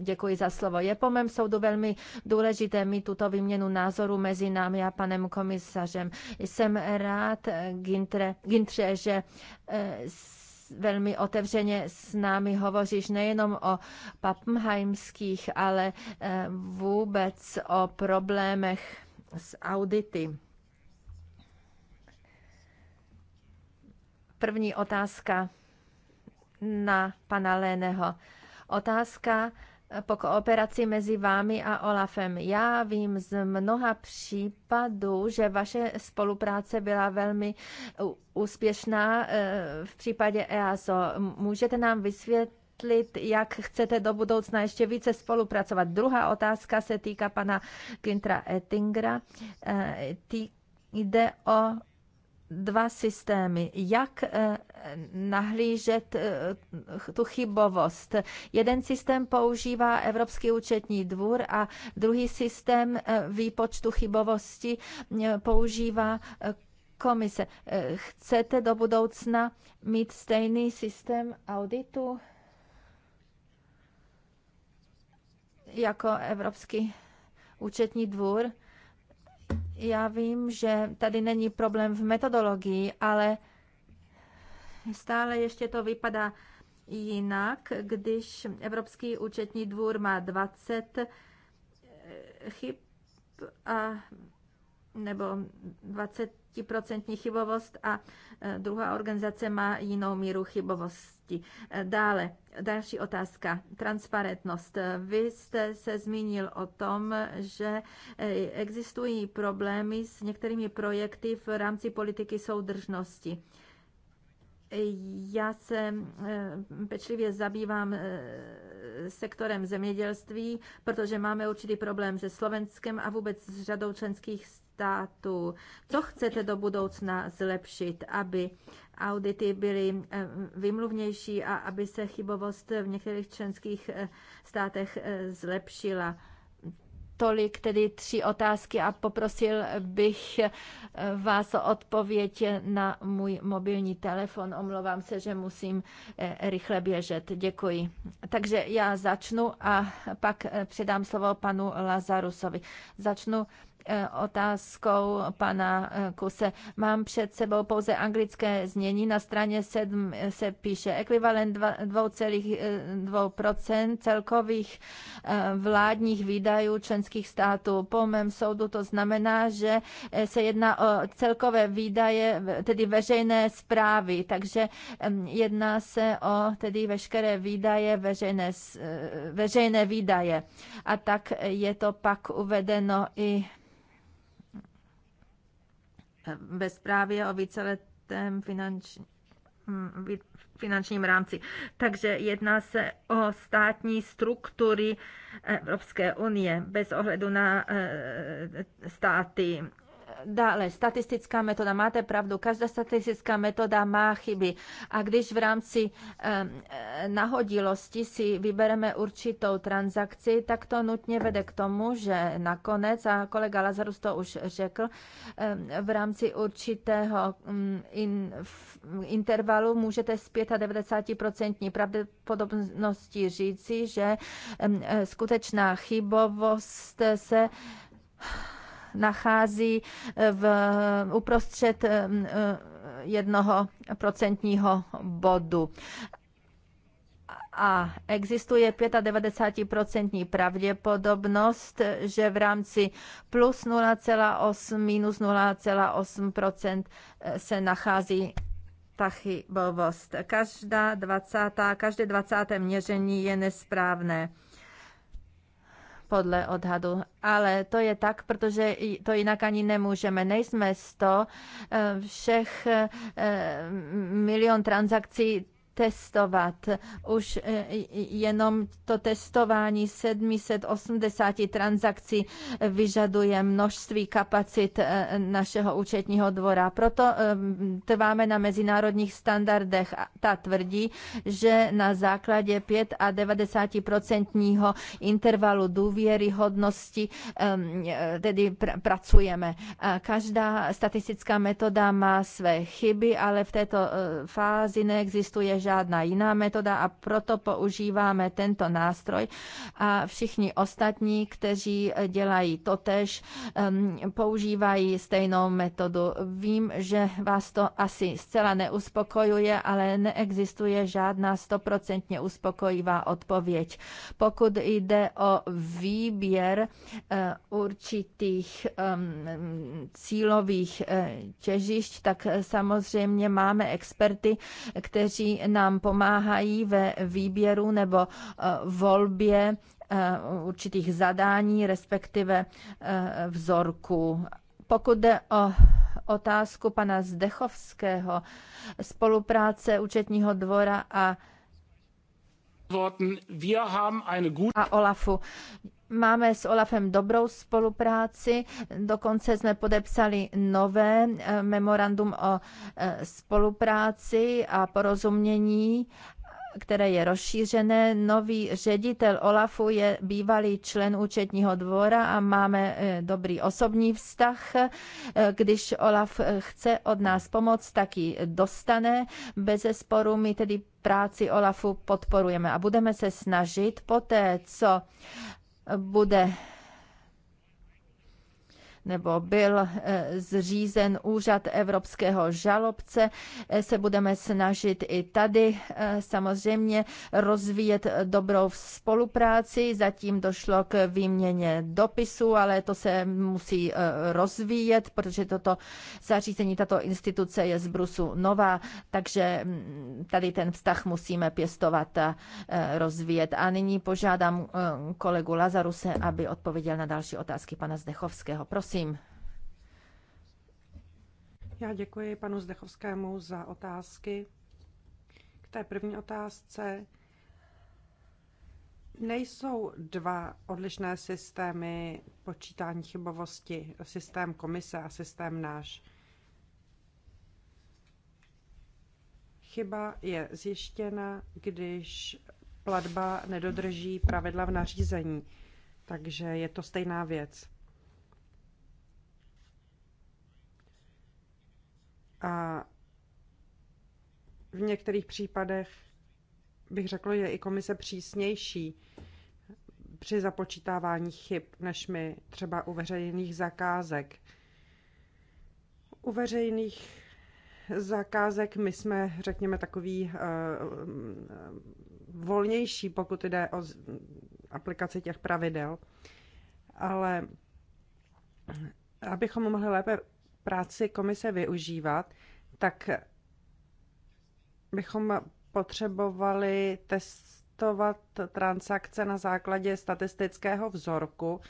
děkuji za slovo. Je po mém soudu velmi důležité mít tuto výměnu názoru mezi námi a panem komisařem. Jsem rád, Gintre, Gintře, že velmi otevřeně s námi hovoříš nejenom o papmheimských, ale vůbec o problémech s audity. První otázka na pana Léneho. Otázka eh, po kooperaci mezi vámi a Olafem. Já vím z mnoha případů, že vaše spolupráce byla velmi eh, úspěšná eh, v případě EASO. Můžete nám vysvětlit, vysvětlit, jak chcete do budoucna ještě více spolupracovat. Druhá otázka se týká pana Gintra Ettingera. Eh, jde o dva systémy. Jak eh, nahlížet eh, tu chybovost. Jeden systém používá Evropský účetní dvůr a druhý systém výpočtu chybovosti používá komise. Chcete do budoucna mít stejný systém auditu? jako Evropský účetní dvůr. Já vím, že tady není problém v metodologii, ale stále ještě to vypadá jinak, když Evropský účetní dvůr má 20 eh, chyb a, nebo 20% chybovost a eh, druhá organizace má jinou míru chybovost možností. Dále, další otázka, transparentnost. Vy jste se zmínil o tom, že e, existují problémy s některými projekty v rámci politiky soudržnosti. Já se e, pečlivě zabývám e, sektorem zemědělství, protože máme určitý problém se Slovenskem a vůbec s řadou členských Státu, Co chcete do budoucna zlepšit, aby audity byly eh, vymluvnější a aby se chybovost v některých členských eh, státech eh, zlepšila? Tolik tedy tři otázky a poprosil bych vás o odpověď na můj mobilní telefon. Omlouvám se, že musím rychle běžet. Děkuji. Takže já začnu a pak předám slovo panu Lazarusovi. Začnu Eh, otázkou pana eh, Kuse. Mám před sebou pouze anglické znění. Na straně 7 eh, se píše ekvivalent 2,2 celkových vládních výdajů členských států. Po mém soudu to znamená, že se jedná o celkové výdaje, tedy veřejné zprávy, takže jedná se o tedy veškeré výdaje, veřejné, veřejné výdaje. A tak je to pak uvedeno i ve zprávě o víceletém finančním finančním rámci. Takže jedná se o státní struktury Evropské unie bez ohledu na eh, státy Dále, statistická metoda. Máte pravdu, každá statistická metoda má chyby. A když v rámci eh, nahodilosti si vybereme určitou transakci, tak to nutně vede k tomu, že nakonec, a kolega Lazarus to už řekl, eh, v rámci určitého mm, in, v, intervalu můžete z 95% pravděpodobností říci, že eh, skutečná chybovost se nachází eh, v uprostřed eh, eh, jednoho procentního bodu a existuje 95% pravděpodobnost, že v rámci plus 0,8 minus 0,8% se nachází chybovost. Každá 20, každé 20. měření je nesprávné podle odhadu. Ale to je tak, protože to jinak ani nemůžeme. Nejsme 100 eh, všech eh, milion transakcí testovat. Už e, jenom to testování 780 transakcí vyžaduje množství kapacit e, našeho účetního dvora. Proto e, trváme na mezinárodních standardech. Ta tvrdí, že na základě 5 a 90% intervalu důvěryhodnosti tedy pr- pracujeme. Každá statistická metoda má své chyby, ale v této fázi neexistuje žádná žádná jiná metoda a proto používáme tento nástroj a všichni ostatní, kteří dělají totež, um, používají stejnou metodu. Vím, že vás to asi zcela neuspokojuje, ale neexistuje žádná stoprocentně uspokojivá odpověď. Pokud jde o výběr uh, určitých um, cílových uh, těžišť, tak samozřejmě máme experty, kteří nám pomáhají ve výběru nebo eh, volbě eh, určitých zadání, respektive eh, vzorků. Pokud jde o otázku pana Zdechovského, spolupráce účetního dvora a a Olafu. Máme s Olafem dobrou spolupráci, dokonce jsme podepsali nové eh, memorandum o eh, spolupráci a porozumění které je rozšířené. Nový ředitel Olafu je bývalý člen účetního dvora a máme eh, dobrý osobní vztah. Když Olaf chce od nás pomoc, tak ji dostane. Bez sporu my tedy práci Olafu podporujeme a budeme se snažit po té, co bude nebo byl eh, zřízen úřad evropského žalobce, eh, se budeme snažit i tady eh, samozřejmě rozvíjet dobrou spolupráci. Zatím došlo k výměně dopisů, ale to se musí rozvíjet, protože toto zařízení, tato instituce je z Brusu nová, takže mm, tady ten vztah musíme pěstovat a rozvíjet. A nyní požádám kolegu Lazaruse, aby odpověděl na další otázky pana Zdechovského. Prosím. Prosím. Já děkuji panu Zdechovskému za otázky. K té první otázce nejsou dva odlišné systémy počítání chybovosti, systém komise a systém náš. Chyba je zjištěna, když platba nedodrží pravidla v nařízení, takže je to stejná věc. A v některých případech bych řekl, že i komise přísnější při započítávání chyb, než my třeba u veřejných zakázek. U veřejných zakázek my jsme, řekněme, takový uh, volnější, pokud jde o aplikaci těch pravidel. Ale abychom mohli lépe práci komise využívat, tak bychom potřebovali testovat transakce na základě statistického vzorku,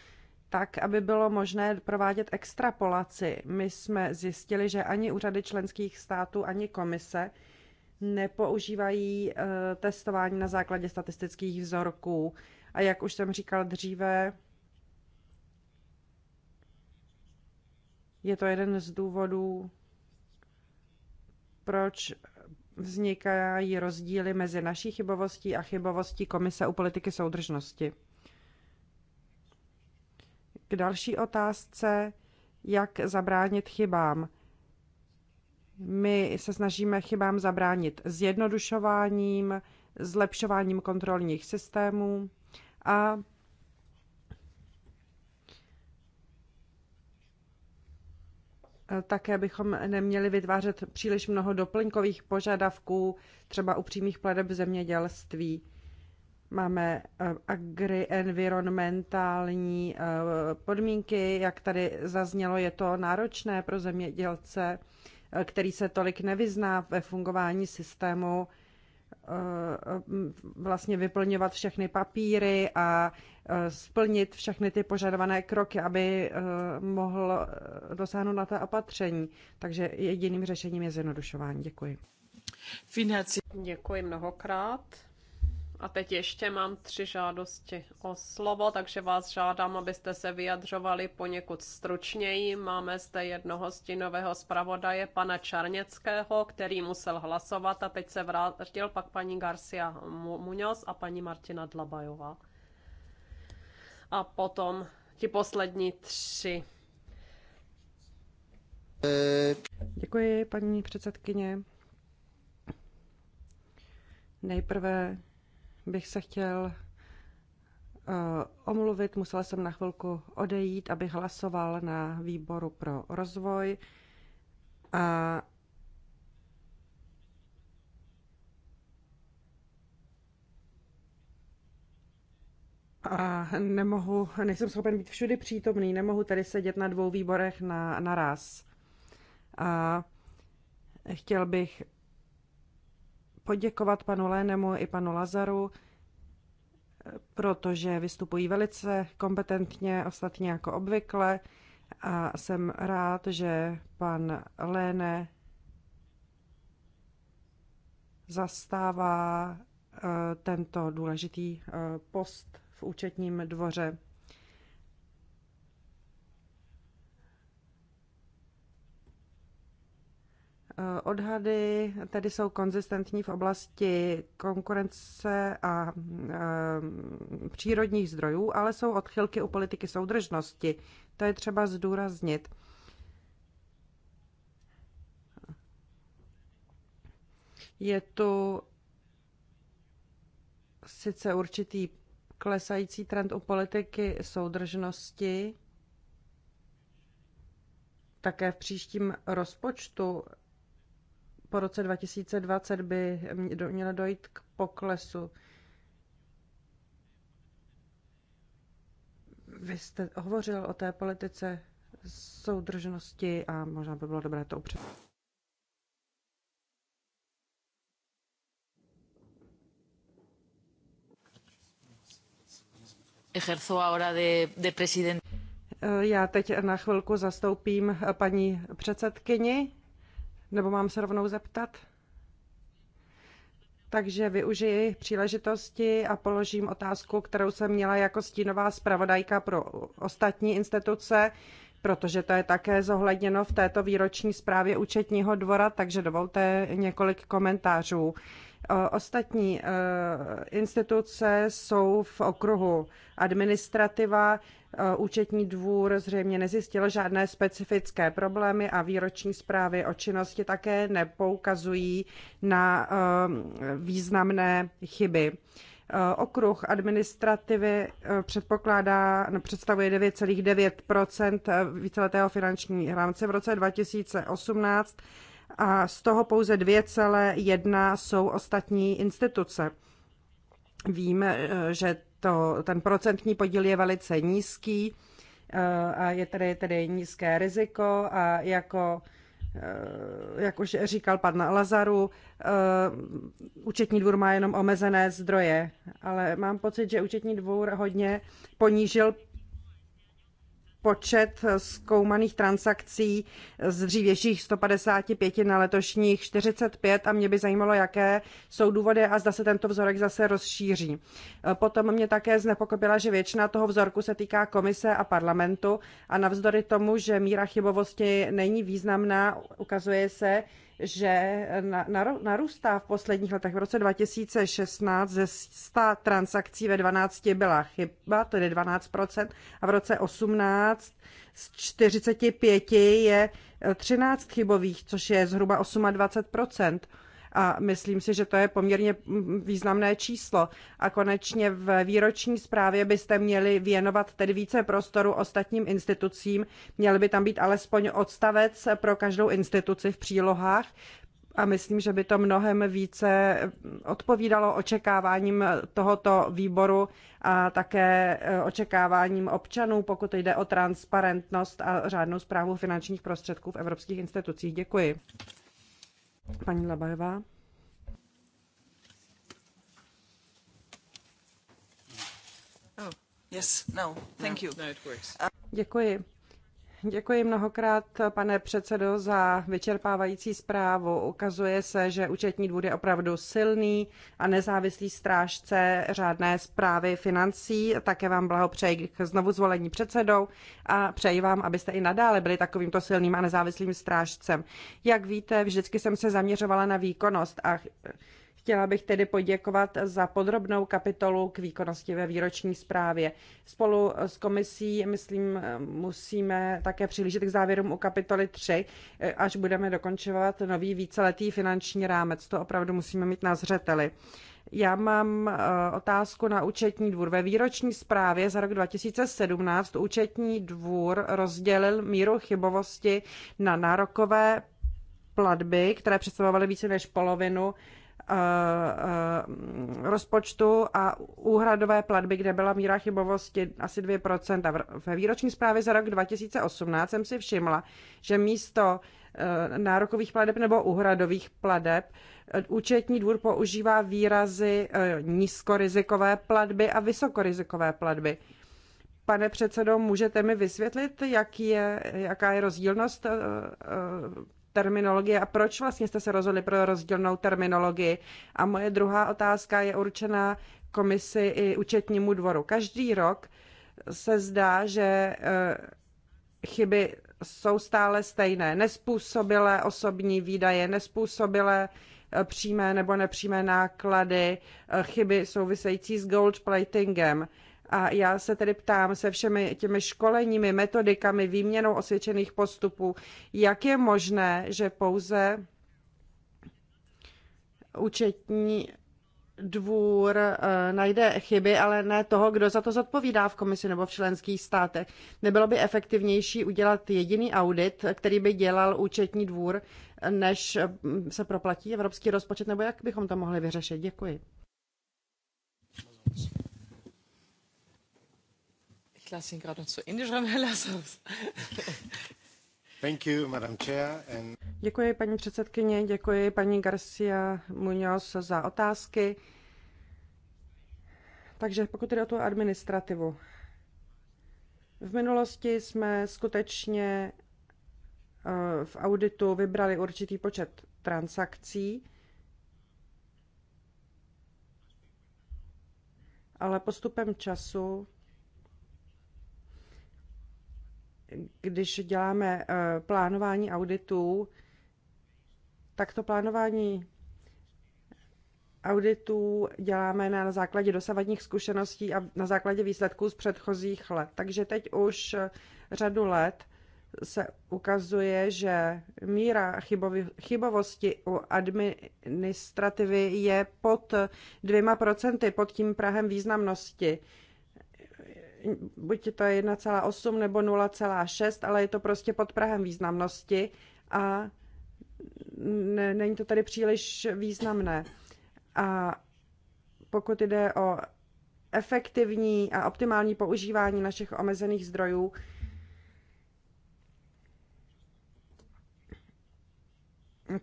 tak, aby bylo možné provádět extrapolaci. My jsme zjistili, že ani úřady členských států, ani komise nepoužívají eh, testování na základě statistických vzorků. A jak už jsem říkal dříve, Je to jeden z důvodů, proč vznikají rozdíly mezi naší chybovostí a chybovostí Komise u politiky soudržnosti. K další otázce, jak zabránit chybám. My se snažíme chybám zabránit zjednodušováním, zlepšováním kontrolních systémů a Také bychom neměli vytvářet příliš mnoho doplňkových požadavků, třeba u přímých pladeb zemědělství. Máme eh, agri-environmentální eh, podmínky, jak tady zaznělo, je to náročné pro zemědělce, eh, který se tolik nevyzná ve fungování systému Eh, eh, vlastně vyplňovat všechny papíry a eh, splnit všechny ty požadované kroky, aby mohl dosáhnout na ta opatření. Takže jediným řešením je zjednodušování. Děkuji. Financi. Děkuji mnohokrát. A teď ještě mám tři žádosti o slovo, takže vás žádám, abyste se vyjadřovali poněkud stručněji. Máme zde jednoho stínového zpravodaje, pana Čarněckého, který musel hlasovat a teď se vrátil pak paní Garcia Muñoz a paní Martina Dlabajová. A potom ti poslední tři. Děkuji, paní předsedkyně. Nejprve bych se chtěl eh, omluvit. Musela jsem na chvilku odejít, abych hlasoval na výboru pro rozvoj. A A nemohu, nejsem schopen být všudy přítomný, nemohu tady sedět na dvou výborech na, raz. A chtěl bych poděkovat panu Lénemu i panu Lazaru, protože vystupují velice kompetentně, ostatně jako obvykle. A jsem rád, že pan Léne zastává eh, tento důležitý eh, post v účetním dvoře. Odhady tedy jsou konzistentní v oblasti konkurence a eh, přírodních zdrojů, ale jsou odchylky u politiky soudržnosti. To je třeba zdůraznit. Je tu sice určitý klesající trend u politiky soudržnosti, také v příštím rozpočtu po roce 2020 by mělo dojít k poklesu. Vy jste hovořil o té politice soudržnosti a možná by bylo dobré to upřesnit. Ejerzo ahora de, de president. Já teď na chvilku zastoupím paní předsedkyni nebo mám se rovnou zeptat? Takže využiji příležitosti a položím otázku, kterou jsem měla jako stínová zpravodajka pro ostatní instituce, protože to je také zohledněno v této výroční zprávě účetního dvora, takže dovolte několik komentářů. Ostatní e, instituce jsou v okruhu administrativa, Eh, účetní dvůr zřejmě nezjistil žádné specifické problémy a výroční zprávy o činnosti také nepoukazují na ehm, významné chyby. Eh, okruh administrativy eh, předpokládá, no, představuje 9,9 víceletého finanční rámce v roce 2018 a z toho pouze 2,1 jsou ostatní instituce. víme že to, ten procentní podíl je velice nízký eh, a je tady tedy nízké riziko a jako eh, jak už říkal pan Lazaru, eh, účetní dvůr má jenom omezené zdroje, ale mám pocit, že účetní dvůr hodně ponížil počet zkoumaných transakcí z dřívějších 155 na letošních 45 a mě by zajímalo, jaké jsou důvody a zda se tento vzorek zase rozšíří. Potom mě také znepokojila, že většina toho vzorku se týká komise a parlamentu a navzdory tomu, že míra chybovosti není významná, ukazuje se, že narůstá v posledních letech. V roce 2016 ze 100 transakcí ve 12 byla chyba, tedy 12%, a v roce 18 z 45 je 13 eh, chybových, což je zhruba 28% a myslím si, že to je poměrně mm, mm, významné číslo. A konečně v výroční zprávě byste měli věnovat tedy více prostoru ostatním institucím. Měl by tam být alespoň odstavec pro každou instituci v přílohách, a myslím, že by to mnohem více mm, odpovídalo očekáváním tohoto výboru a také e, očekáváním občanů, pokud jde o transparentnost a řádnou zprávu finančních prostředků v evropských institucích. Děkuji. Paní Labajová. Oh, yes, no, thank you. No, no it works. Uh, Děkuji. Děkuji mnohokrát, pane předsedo, za vyčerpávající zprávu. Ukazuje se, že účetní dvůr je opravdu silný a nezávislý strážce řádné zprávy financí. Také vám blahopřeji k znovu zvolení předsedou a přeji vám, abyste i nadále byli takovýmto silným a nezávislým strážcem. Jak víte, vždycky jsem se zaměřovala na výkonnost a Chtěla bych tedy poděkovat za podrobnou kapitolu k výkonnosti ve výroční zprávě. Spolu s komisí, myslím, musíme také přihlížet k závěrům u kapitoly 3, až budeme dokončovat nový víceletý finanční rámec. To opravdu musíme mít na zřeteli. Já mám eh, otázku na účetní dvůr. Ve výroční zprávě za rok 2017 účetní dvůr rozdělil míru chybovosti na nárokové platby, které představovaly více než polovinu Eh, eh, rozpočtu a úhradové platby, kde byla míra chybovosti asi 2%. ve výroční zprávě za rok 2018 jsem si všimla, že místo eh, nárokových pladeb nebo úhradových pladeb účetní dvůr používá výrazy nízkorizikové platby a vysokorizikové platby. Pane předsedo, můžete mi vysvětlit, jak je, jaká je rozdílnost terminologie a proč vlastně jste se rozhodli pro rozdílnou terminologii. A moje druhá otázka je určená komisi i účetnímu dvoru. Každý rok se zdá, že eh, chyby jsou stále stejné. Nespůsobilé osobní výdaje, nespůsobilé eh, přímé nebo nepřímé náklady, eh, chyby související s gold platingem. A já se tedy ptám se všemi těmi školeními, metodikami, výměnou osvědčených postupů, jak je možné, že pouze účetní dvůr eh, najde chyby, ale ne toho, kdo za to zodpovídá v komisi nebo v členských státech. Nebylo by efektivnější udělat jediný audit, který by dělal účetní dvůr, než hm, se proplatí evropský rozpočet, nebo jak bychom to mohli vyřešit? Děkuji. lasse ihn gerade noch zu Ende schreiben, Herr Lassos. <laughs> Thank you, Madam Chair, and... Děkuji, paní předsedkyně, děkuji, paní Garcia Muñoz, za otázky. Takže pokud jde o tu administrativu, v minulosti jsme skutečně eh, v auditu vybrali určitý počet transakcí, ale postupem času když děláme eh, plánování auditů, tak to plánování auditů děláme na základě dosavadních zkušeností a na základě výsledků z předchozích let. Takže teď už eh, řadu let se ukazuje, že míra chybovosti u administrativy je pod dvěma procenty, pod tím prahem významnosti buď to je 1,8 nebo 0,6, ale je to prostě pod Prahem významnosti a ne, není to tady příliš významné. A pokud jde o efektivní a optimální používání našich omezených zdrojů,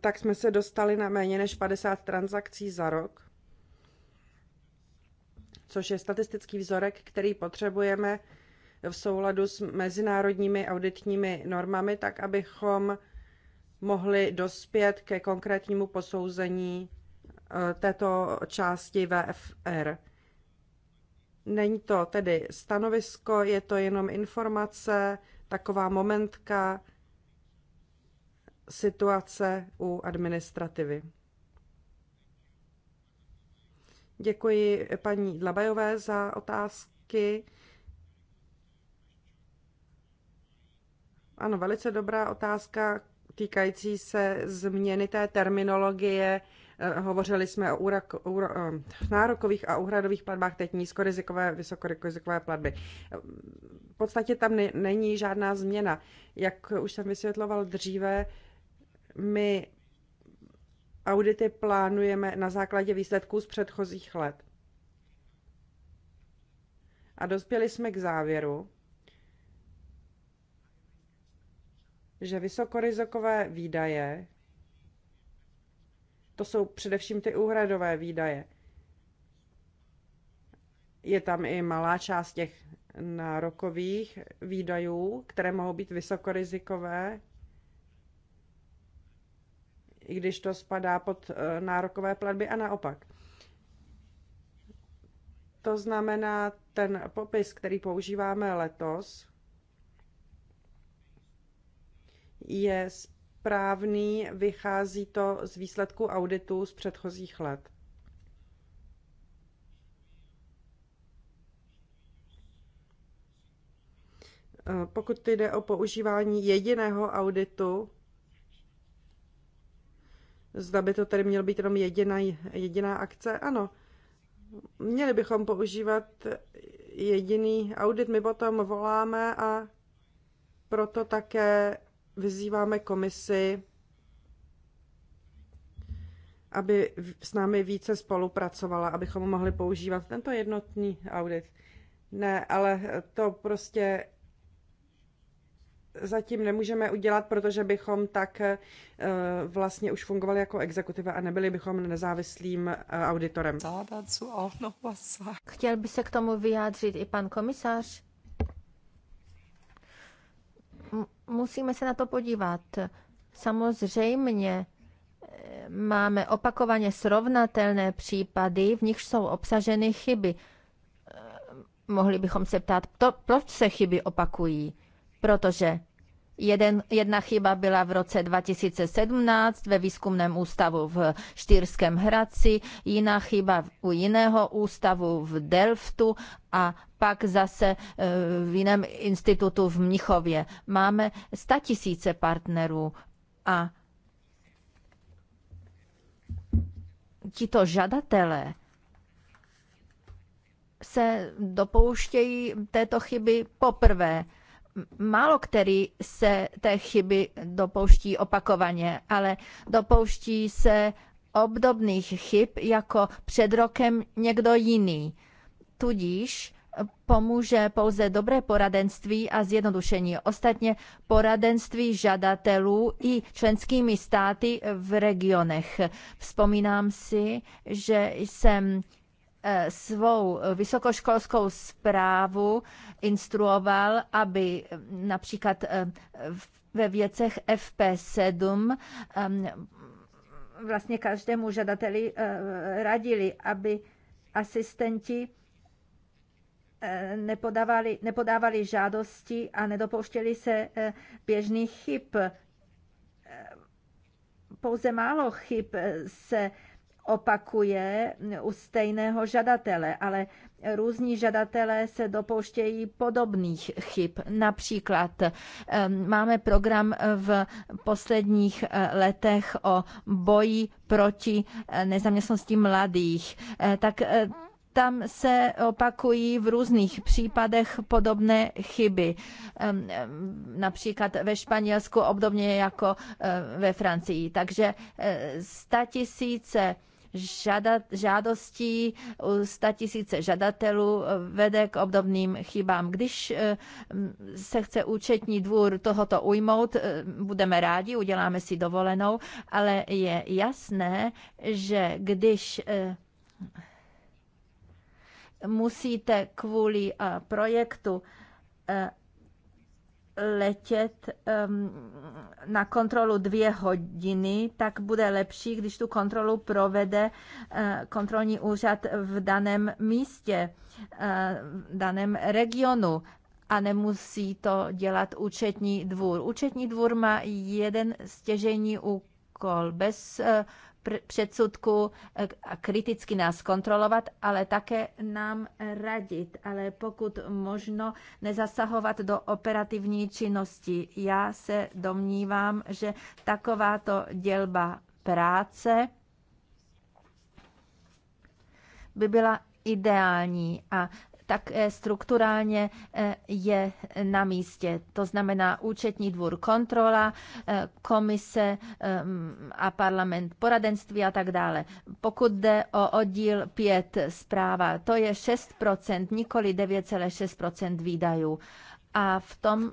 tak jsme se dostali na méně než 50 transakcí za rok což je statistický vzorek, který potřebujeme v souladu s mezinárodními auditními normami, tak abychom mohli dospět ke konkrétnímu posouzení eh, této části VFR. Není to tedy stanovisko, je to jenom informace, taková momentka situace u administrativy. Děkuji paní Dlabajové za otázky. Ano, velice dobrá otázka týkající se změny té terminologie. Eh, hovořili jsme o, úrak, úro, eh, nárokových a úhradových platbách, teď nízkorizikové, vysokorizikové platby. Eh, v podstatě tam není žádná změna. Jak už jsem vysvětloval dříve, my Audity plánujeme na základě výsledků z předchozích let. A dospěli jsme k závěru, že vysokorizikové výdaje, to jsou především ty úhradové výdaje, je tam i malá část těch nárokových výdajů, které mohou být vysokorizikové, i když to spadá pod eh, nárokové platby a naopak. To znamená, ten popis, který používáme letos, je správný, vychází to z výsledku auditu z předchozích let. Eh, pokud jde o používání jediného auditu, Zda by to tedy mělo být jenom jediná, jediná akce? Ano. Měli bychom používat jediný audit. My potom voláme a proto také vyzýváme komisi, aby s námi více spolupracovala, abychom mohli používat tento jednotný audit. Ne, ale to prostě zatím nemůžeme udělat, protože bychom tak eh, vlastně už fungovali jako exekutiva a nebyli bychom nezávislým eh, auditorem. Chtěl by se k tomu vyjádřit i pan komisař? Musíme se na to podívat. Samozřejmě eh, máme opakovaně srovnatelné případy, v nichž jsou obsaženy chyby. Mohli bychom se ptát, to, proč se chyby opakují? Protože Jeden, jedna chyba byla v roce 2017 ve výzkumném ústavu v Štýrském Hradci, jiná chyba u jiného ústavu v Delftu a pak zase eh, v jiném institutu v Mnichově. Máme tisíce partnerů a tito žadatelé se dopouštějí této chyby poprvé málo který se té chyby dopouští opakovaně, ale dopouští se obdobných chyb jako před rokem někdo jiný. Tudíž pomůže pouze dobré poradenství a zjednodušení. Ostatně poradenství žadatelů i členskými státy v regionech. Vzpomínám si, že jsem Eh, svou vysokoškolskou zprávu instruoval, aby eh, například eh, ve věcech FP7 vlastně každému žadateli radili, aby asistenti nepodávali, nepodávali žádosti a nedopouštěli se běžných chyb pouze málo chyb se opakuje u stejného žadatele, ale různí žadatelé se dopouštějí podobných chyb. Například máme program v posledních eh, letech o boji proti eh, nezaměstnosti mladých. Eh, tak tam se opakují v různých případech podobné chyby. Například ve Španělsku obdobně jako ve Francii. Takže statisíce žadat, žádostí u 100 žadatelů eh, vede k obdobným chybám. Když eh, se chce účetní dvůr tohoto ujmout, eh, budeme rádi, uděláme si dovolenou, ale je jasné, že když musíte kvůli projektu letět um, na kontrolu dvě hodiny, tak bude lepší, když tu kontrolu provede uh, kontrolní úřad v daném místě, uh, v daném regionu a nemusí to dělat účetní dvůr. Účetní dvůr má jeden stěžení úkol. Bez uh, předsudku eh, a kriticky nás kontrolovat, ale také nám radit, ale pokud možno nezasahovat do operativní činnosti. Já se domnívám, že takováto dělba práce by byla ideální a tak eh, strukturálně eh, je na místě. To znamená účetní dvůr kontrola, eh, komise a parlament poradenství a tak dále. Pokud jde o oddíl 5 zpráva, to je 6%, nikoli 9,6% výdajů. A v tom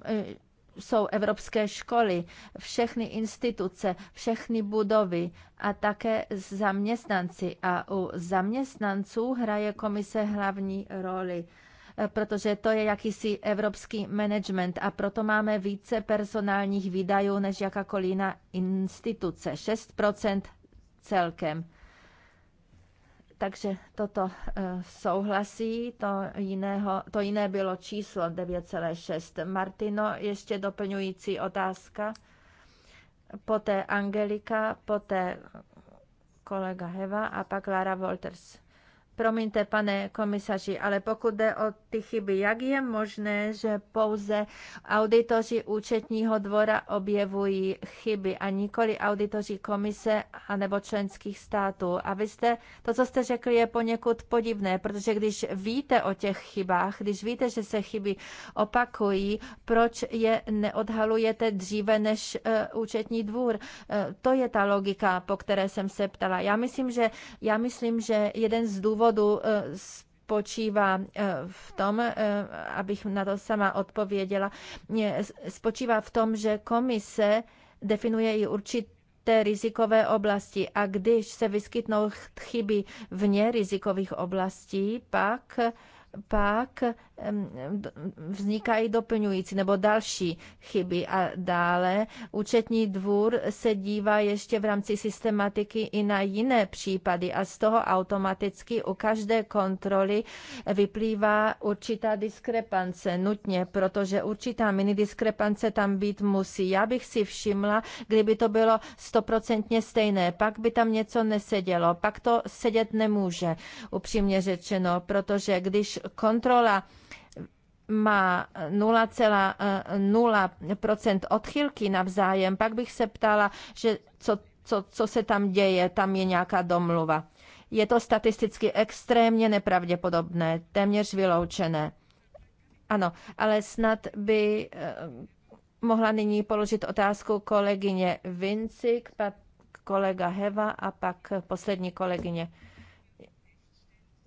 jsou evropské školy, všechny instituce, všechny budovy a také zaměstnanci. A u zaměstnanců hraje komise hlavní roli protože to je jakýsi evropský management a proto máme více personálních výdajů než jakákoliv jiná instituce, 6 celkem. Takže toto eh, souhlasí, to, jiného, to jiné bylo číslo 9,6. Martino, ještě doplňující otázka. Poté Angelika, poté kolega Heva a pak Lara Wolters. Promiňte, pane komisaři, ale pokud jde o ty chyby, jak je možné, že pouze auditoři účetního dvora objevují chyby a nikoli auditoři komise anebo členských států? A vy jste, to, co jste řekli, je poněkud podivné, protože když víte o těch chybách, když víte, že se chyby opakují, proč je neodhalujete dříve než uh, účetní dvůr? Uh, to je ta logika, po které jsem se ptala. Já myslím, že, já myslím, že jeden z důvodů, důvodu eh, spočívá eh, v tom, eh, abych na to sama odpověděla, spočívá v tom, že komise definuje i určitý té rizikové oblasti a když se vyskytnou chyby vně rizikových oblastí, pak pak vznikají doplňující nebo další chyby a dále účetní dvůr se dívá ještě v rámci systematiky i na jiné případy a z toho automaticky u každé kontroly vyplývá určitá diskrepance nutně, protože určitá mini diskrepance tam být musí. Já bych si všimla, kdyby to bylo stoprocentně stejné, pak by tam něco nesedělo, pak to sedět nemůže, upřímně řečeno, protože když kontrola má 0,0% odchylky navzájem, pak bych se ptala, že co, co, co se tam děje, tam je nějaká domluva. Je to statisticky extrémně nepravděpodobné, téměř vyloučené. Ano, ale snad by eh, mohla nyní položit otázku kolegyně Vincik, pak kolega Heva a pak poslední kolegyně.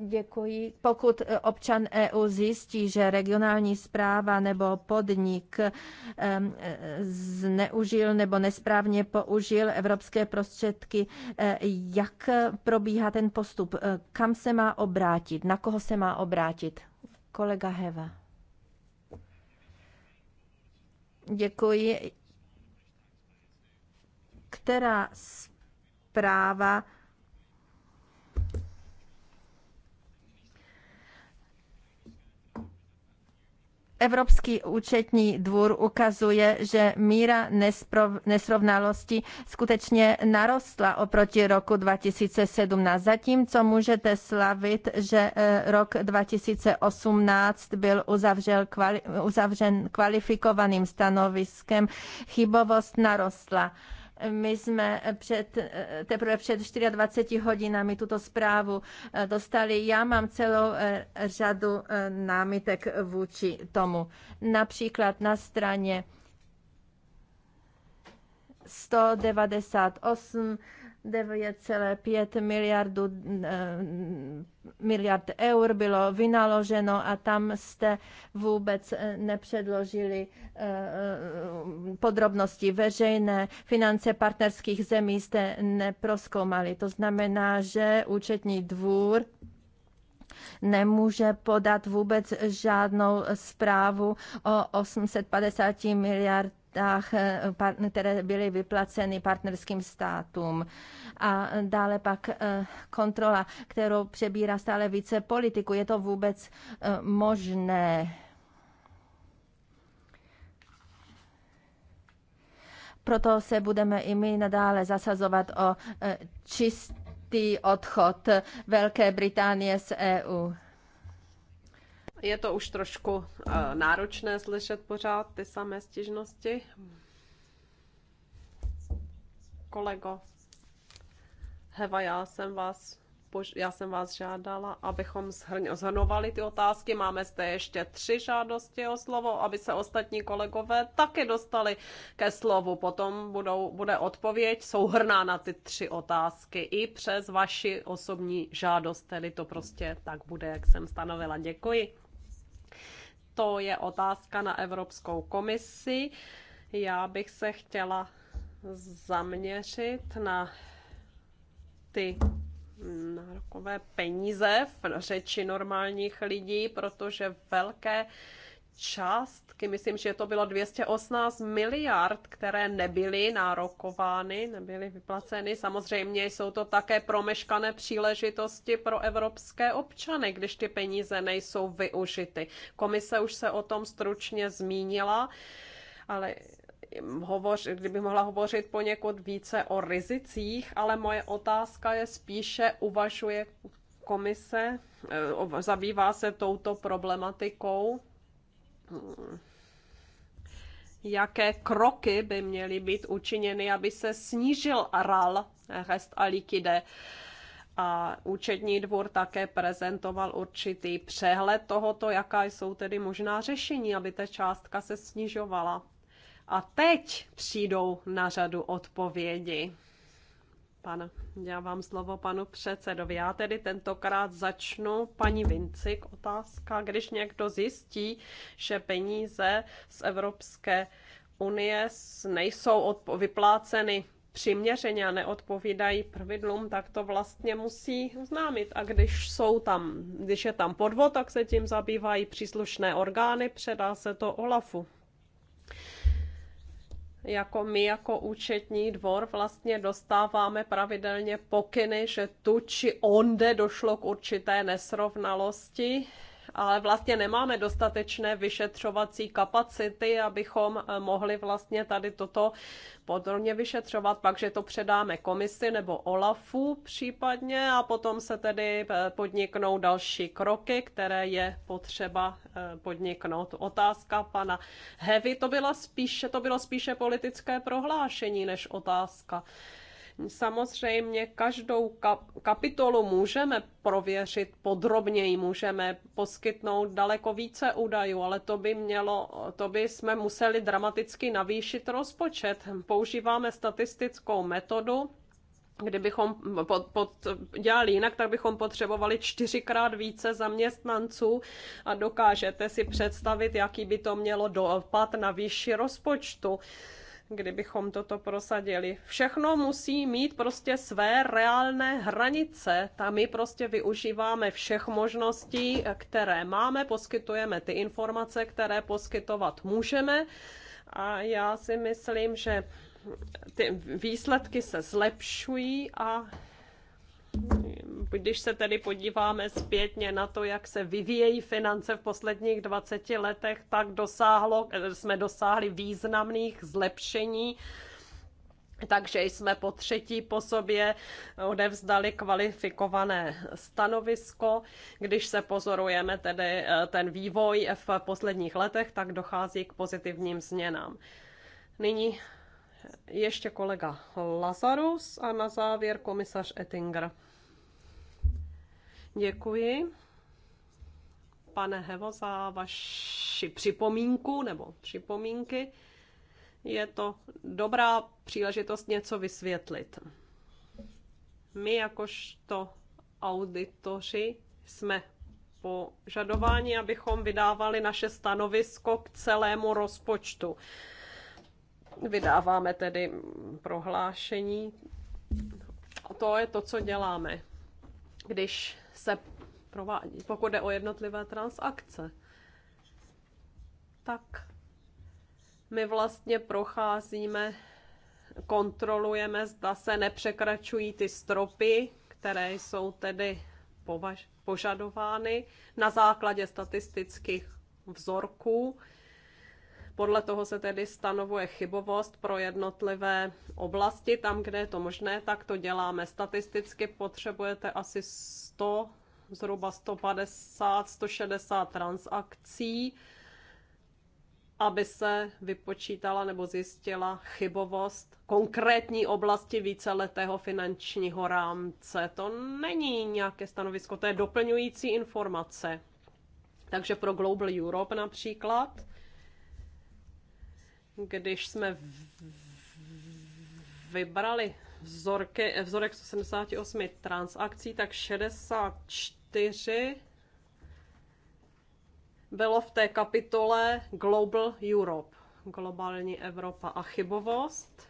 Děkuji. Pokud eh, občan EU zjistí, že regionální zpráva nebo podnik eh, eh, zneužil nebo nesprávně použil evropské prostředky, jak probíhá ten postup? Kam se má obrátit? Na koho se má obrátit? Kolega Heva. Děkuji. Která zpráva Evropský účetní dvůr ukazuje, že míra nesrovnalosti skutečně narostla oproti roku 2017, zatímco můžete slavit, že eh, rok 2018 byl uzavřen kvalifikovaným stanoviskem, chybovost narostla. My jsme před, teprve před 24 hodinami tuto zprávu eh, dostali. Já mám celou eh, řadu eh, námitek vůči tomu. Například na straně 198 9,5 miliardu, eh, miliard eur bylo vynaloženo a tam jste vůbec eh, nepředložili eh, podrobnosti veřejné. Finance partnerských zemí jste neproskoumali. To znamená, že účetní dvůr nemůže podat vůbec žádnou zprávu o 850 miliard platách, eh, které byly vyplaceny partnerským státům. A dále pak eh, kontrola, kterou přebírá stále více politiku. Je to vůbec eh, možné? Proto se budeme i my nadále zasazovat o čistý odchod Velké Británie z EU. Je to už trošku eh, náročné slyšet pořád ty samé stížnosti. Kolego, Heva, já jsem vás já jsem vás žádala, abychom zhrnovali ty otázky. Máme zde ještě tři žádosti o slovo, aby se ostatní kolegové taky dostali ke slovu. Potom budou, bude odpověď souhrná na ty tři otázky i přes vaši osobní žádost, tedy to prostě tak bude, jak jsem stanovila. Děkuji to je otázka na Evropskou komisi. Já bych se chtěla zaměřit na ty nárokové peníze v řeči normálních lidí, protože velké částky, myslím, že to bylo 218 miliard, které nebyly nárokovány, nebyly vyplaceny. Samozřejmě jsou to také promeškané příležitosti pro evropské občany, když ty peníze nejsou využity. Komise už se o tom stručně zmínila, ale hovoř, kdyby mohla hovořit poněkud více o rizicích, ale moje otázka je spíše, uvažuje komise, e, zabývá se touto problematikou jaké kroky by měly být učiněny, aby se snížil RAL, rest a likide. A účetní dvůr také prezentoval určitý přehled tohoto, jaká jsou tedy možná řešení, aby ta částka se snižovala. A teď přijdou na řadu odpovědi. Pane, já vám slovo panu předsedovi. Já tedy tentokrát začnu paní Vincik. Otázka, když někdo zjistí, že peníze z Evropské unie nejsou vypláceny přiměřeně a neodpovídají pravidlům, tak to vlastně musí známit. A když, jsou tam, když je tam podvod, tak se tím zabývají příslušné orgány, předá se to OLAFu jako my jako účetní dvor vlastně dostáváme pravidelně pokyny, že tu či onde došlo k určité nesrovnalosti ale vlastně nemáme dostatečné vyšetřovací kapacity, abychom eh, mohli vlastně tady toto podrobně vyšetřovat, pak, že to předáme komisi nebo OLAFu případně a potom se tedy eh, podniknou další kroky, které je potřeba eh, podniknout. Otázka pana Hevy, to, byla spíše, to bylo spíše politické prohlášení než otázka. Samozřejmě každou kapitolu můžeme prověřit podrobněji, můžeme poskytnout daleko více údajů, ale to by mělo, to by jsme museli dramaticky navýšit rozpočet. Používáme statistickou metodu, kdybychom pod, pod, dělali jinak, tak bychom potřebovali čtyřikrát více zaměstnanců a dokážete si představit, jaký by to mělo dopad na výši rozpočtu kdybychom toto prosadili. Všechno musí mít prostě své reálné hranice. Tam my prostě využíváme všech možností, které máme, poskytujeme ty informace, které poskytovat můžeme. A já si myslím, že ty výsledky se zlepšují a když se tedy podíváme zpětně na to, jak se vyvíjejí finance v posledních 20 letech, tak dosáhlo, jsme dosáhli významných zlepšení. Takže jsme po třetí po sobě odevzdali kvalifikované stanovisko. Když se pozorujeme tedy eh, ten vývoj v posledních letech, tak dochází k pozitivním změnám. Nyní ještě kolega Lazarus a na závěr komisař Ettinger. Děkuji, pane Hevo, za vaši připomínku nebo připomínky. Je to dobrá příležitost něco vysvětlit. My jakožto auditoři jsme požadováni, abychom vydávali naše stanovisko k celému rozpočtu. Vydáváme tedy prohlášení. A to je to, co děláme. Když se provádí, pokud jde o jednotlivé transakce, tak my vlastně procházíme, kontrolujeme, zda se nepřekračují ty stropy, které jsou tedy považ- požadovány na základě statistických vzorků. Podle toho se tedy stanovuje chybovost pro jednotlivé oblasti. Tam, kde je to možné, tak to děláme statisticky. Potřebujete asi 100, zhruba 150, 160 transakcí, aby se vypočítala nebo zjistila chybovost konkrétní oblasti víceletého finančního rámce. To není nějaké stanovisko, to je doplňující informace. Takže pro Global Europe například, když jsme vybrali vzorky, vzorek 178 transakcí, tak 64 bylo v té kapitole Global Europe, globální Evropa a chybovost.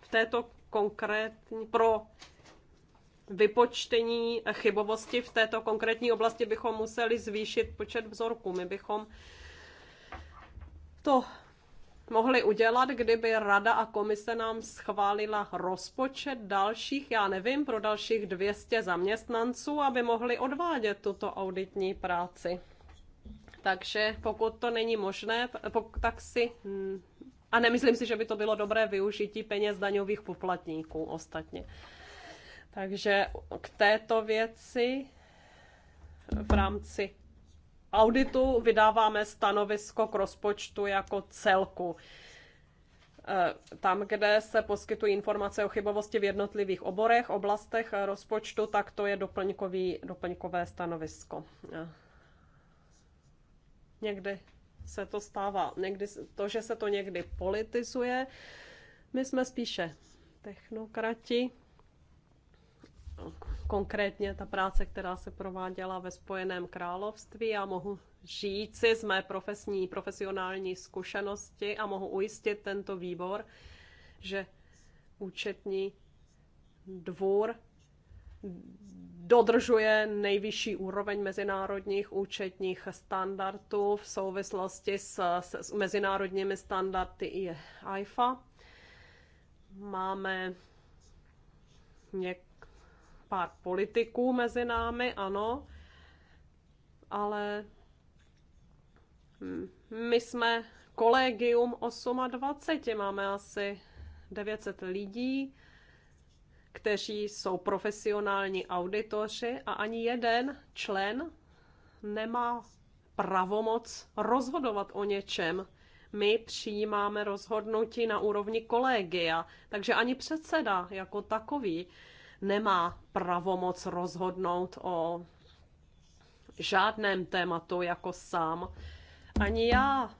V této konkrétní pro vypočtení chybovosti v této konkrétní oblasti bychom museli zvýšit počet vzorků. My bychom to mohli udělat, kdyby rada a komise nám schválila rozpočet dalších, já nevím, pro dalších 200 zaměstnanců, aby mohli odvádět tuto auditní práci. Takže pokud to není možné, tak si. Hm, a nemyslím si, že by to bylo dobré využití peněz daňových poplatníků ostatně. Takže k této věci v rámci auditu vydáváme stanovisko k rozpočtu jako celku. Eh, tam, kde se poskytují informace o chybovosti v jednotlivých oborech, oblastech rozpočtu, tak to je doplňkový, doplňkové stanovisko. Eh, někdy se to stává, někdy to, že se to někdy politizuje, my jsme spíše technokrati, konkrétně ta práce, která se prováděla ve Spojeném království a mohu říci z mé profesní, profesionální zkušenosti a mohu ujistit tento výbor, že účetní dvůr dodržuje nejvyšší úroveň mezinárodních účetních standardů v souvislosti s, s, s mezinárodními standardy i AIFa, Máme něk- pár politiků mezi námi, ano, ale my jsme kolegium 28, máme asi 900 lidí, kteří jsou profesionální auditoři a ani jeden člen nemá pravomoc rozhodovat o něčem. My přijímáme rozhodnutí na úrovni kolegia, takže ani předseda jako takový nemá pravomoc rozhodnout o žádném tématu jako sám. Ani já,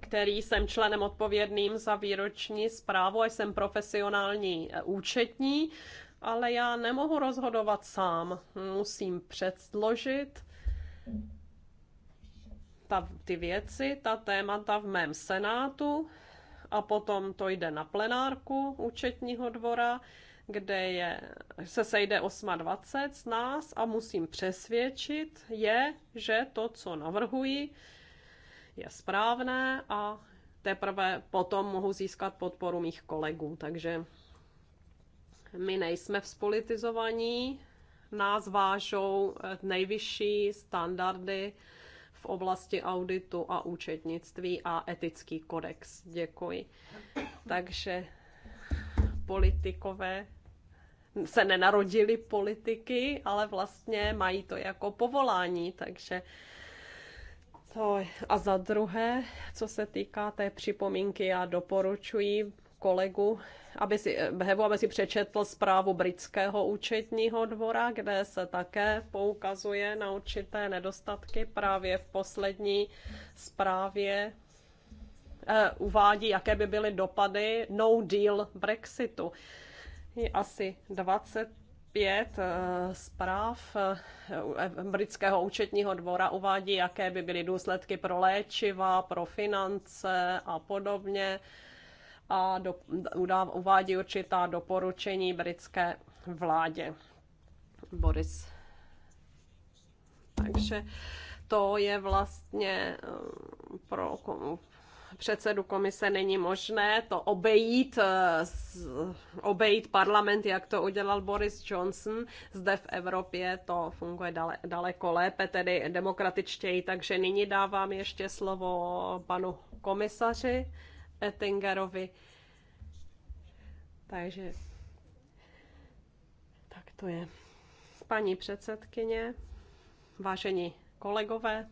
který jsem členem odpovědným za výroční zprávu a jsem profesionální eh, účetní, ale já nemohu rozhodovat sám. Musím předložit ta, ty věci, ta témata v mém senátu a potom to jde na plenárku účetního dvora kde je, se sejde 28 s nás a musím přesvědčit je, že to, co navrhuji, je správné a teprve potom mohu získat podporu mých kolegů. Takže my nejsme spolitizovaní, nás vážou nejvyšší standardy v oblasti auditu a účetnictví a etický kodex. Děkuji. Takže politikové se nenarodili politiky, ale vlastně mají to jako povolání, takže to a za druhé, co se týká té připomínky, já doporučuji kolegu, aby si, Hevo, aby si přečetl zprávu britského účetního dvora, kde se také poukazuje na určité nedostatky právě v poslední zprávě Eh, uvádí, jaké by byly dopady no deal Brexitu. Je asi 20 pět eh, zpráv eh, britského účetního dvora uvádí, jaké by byly důsledky pro léčiva, pro finance a podobně. A do, uvádí určitá doporučení britské vládě. Boris. Takže to je vlastně pro předsedu komise není možné to obejít, eh, obejít parlament, jak to udělal Boris Johnson. Zde v Evropě to funguje dale, daleko lépe, tedy demokratičtěji. Takže nyní dávám ještě slovo panu komisaři Ettingerovi. Takže tak to je. Paní předsedkyně, vážení kolegové,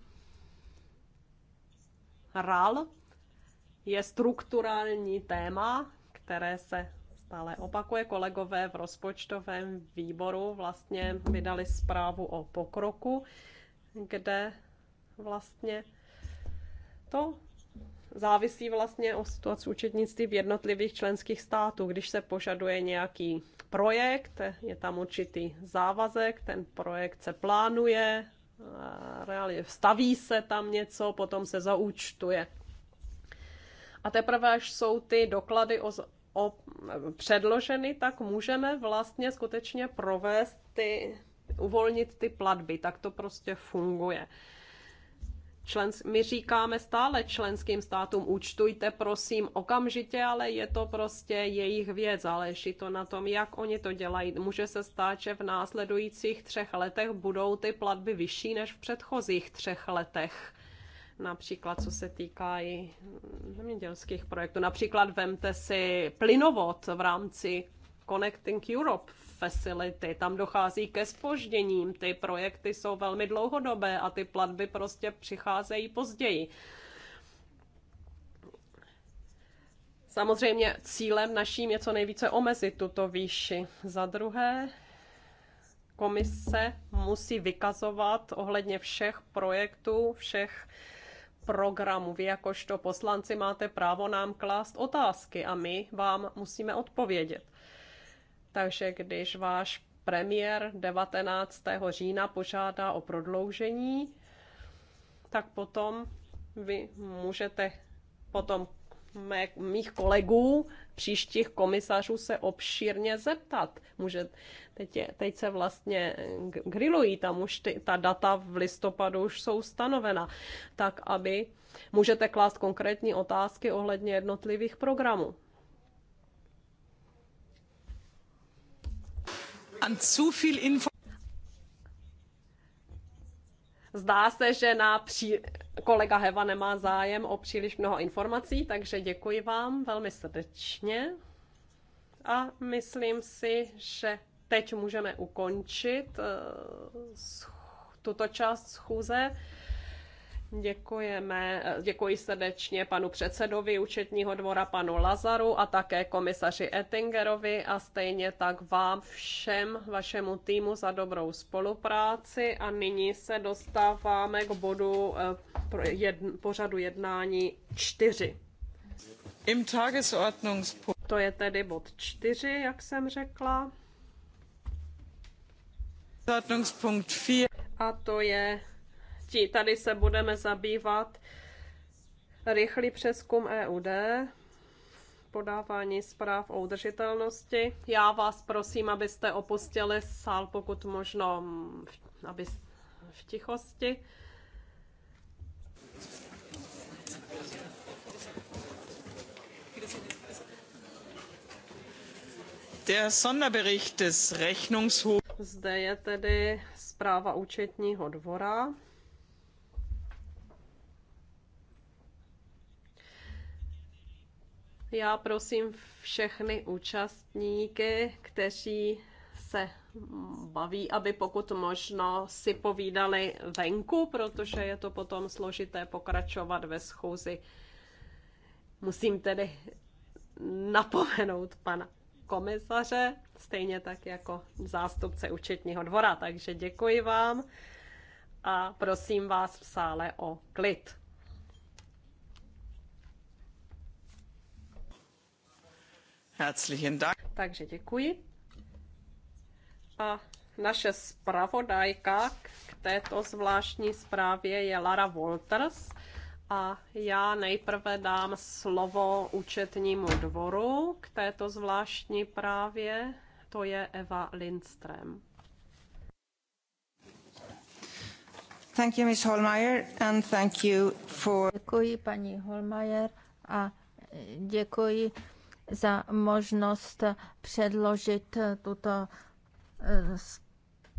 RAL je strukturální téma, které se stále opakuje. Kolegové v rozpočtovém výboru vlastně vydali zprávu o pokroku, kde vlastně to závisí vlastně o situaci účetnictví v jednotlivých členských států. Když se požaduje nějaký projekt, je tam určitý závazek, ten projekt se plánuje, reálně staví se tam něco, potom se zaúčtuje a teprve až jsou ty doklady o, o, předloženy, tak můžeme vlastně skutečně provést ty, uvolnit ty platby. Tak to prostě funguje. my říkáme stále členským státům, účtujte prosím okamžitě, ale je to prostě jejich věc, záleží to na tom, jak oni to dělají. Může se stát, že v následujících třech letech budou ty platby vyšší než v předchozích třech letech například co se týká i zemědělských projektů. Například vemte si plynovod v rámci Connecting Europe Facility. Tam dochází ke spožděním, ty projekty jsou velmi dlouhodobé a ty platby prostě přicházejí později. Samozřejmě cílem naším je co nejvíce omezit tuto výši. Za druhé, komise musí vykazovat ohledně všech projektů, všech programu. Vy jakožto poslanci máte právo nám klást otázky a my vám musíme odpovědět. Takže když váš premiér 19. října požádá o prodloužení, tak potom vy můžete potom mé, mých kolegů, příštích komisařů se obšírně zeptat. Může, teď, je, teď se vlastně eh, grillují, tam už ty, ta data v listopadu už jsou stanovena, tak aby můžete klást konkrétní otázky ohledně jednotlivých programů. An zu viel info Zdá se, že na pří... kolega Heva nemá zájem o příliš mnoho informací, takže děkuji vám velmi srdečně a myslím si, že teď můžeme ukončit eh, tuto část schůze. Děkujeme, děkuji srdečně panu předsedovi účetního dvora, panu Lazaru a také komisaři Ettingerovi a stejně tak vám všem, vašemu týmu za dobrou spolupráci a nyní se dostáváme k bodu eh, pořadu jednání 4. Im To je tedy bod 4, jak jsem řekla. A to je ti, tady se budeme zabývat rychlý přeskum EUD, podávání zpráv o udržitelnosti. Já vás prosím, abyste opustili sál, pokud možno aby v tichosti. Der Sonderbericht des Rechnungshofs. Zde je tedy zpráva účetního dvora. Já prosím všechny účastníky, kteří se baví, aby pokud možno si povídali venku, protože je to potom složité pokračovat ve schůzi. Musím tedy napomenout pana komisaře, stejně tak jako zástupce účetního dvora. Takže děkuji vám a prosím vás v sále o klid. Takže děkuji. A naše zpravodajka k této zvláštní zprávě je Lara Walters. A já nejprve dám slovo účetnímu dvoru k této zvláštní právě. To je Eva Lindström. Thank you, Ms. Holmeyer, and thank you for... Děkuji, paní Holmeyer, a děkuji za možnost předložit tuto eh,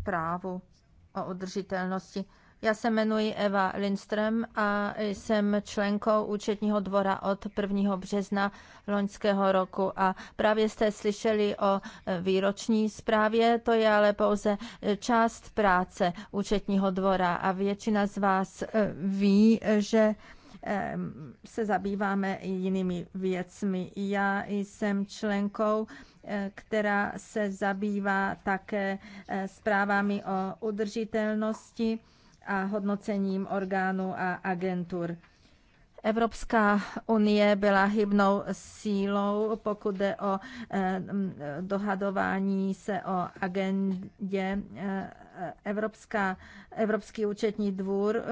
zprávu o udržitelnosti. Já se jmenuji Eva Lindström a jsem členkou účetního dvora od 1. března loňského roku. A právě jste slyšeli o eh, výroční zprávě, to je ale pouze eh, část práce účetního dvora a většina z vás ví, že se zabýváme jinými věcmi. Já jsem členkou eh, která se zabývá také eh, zprávami o udržitelnosti a hodnocením orgánů a agentur. Evropská unie byla hybnou sílou, pokud jde o eh, dohadování se o agendě Evropská, Evropský účetní dvůr um,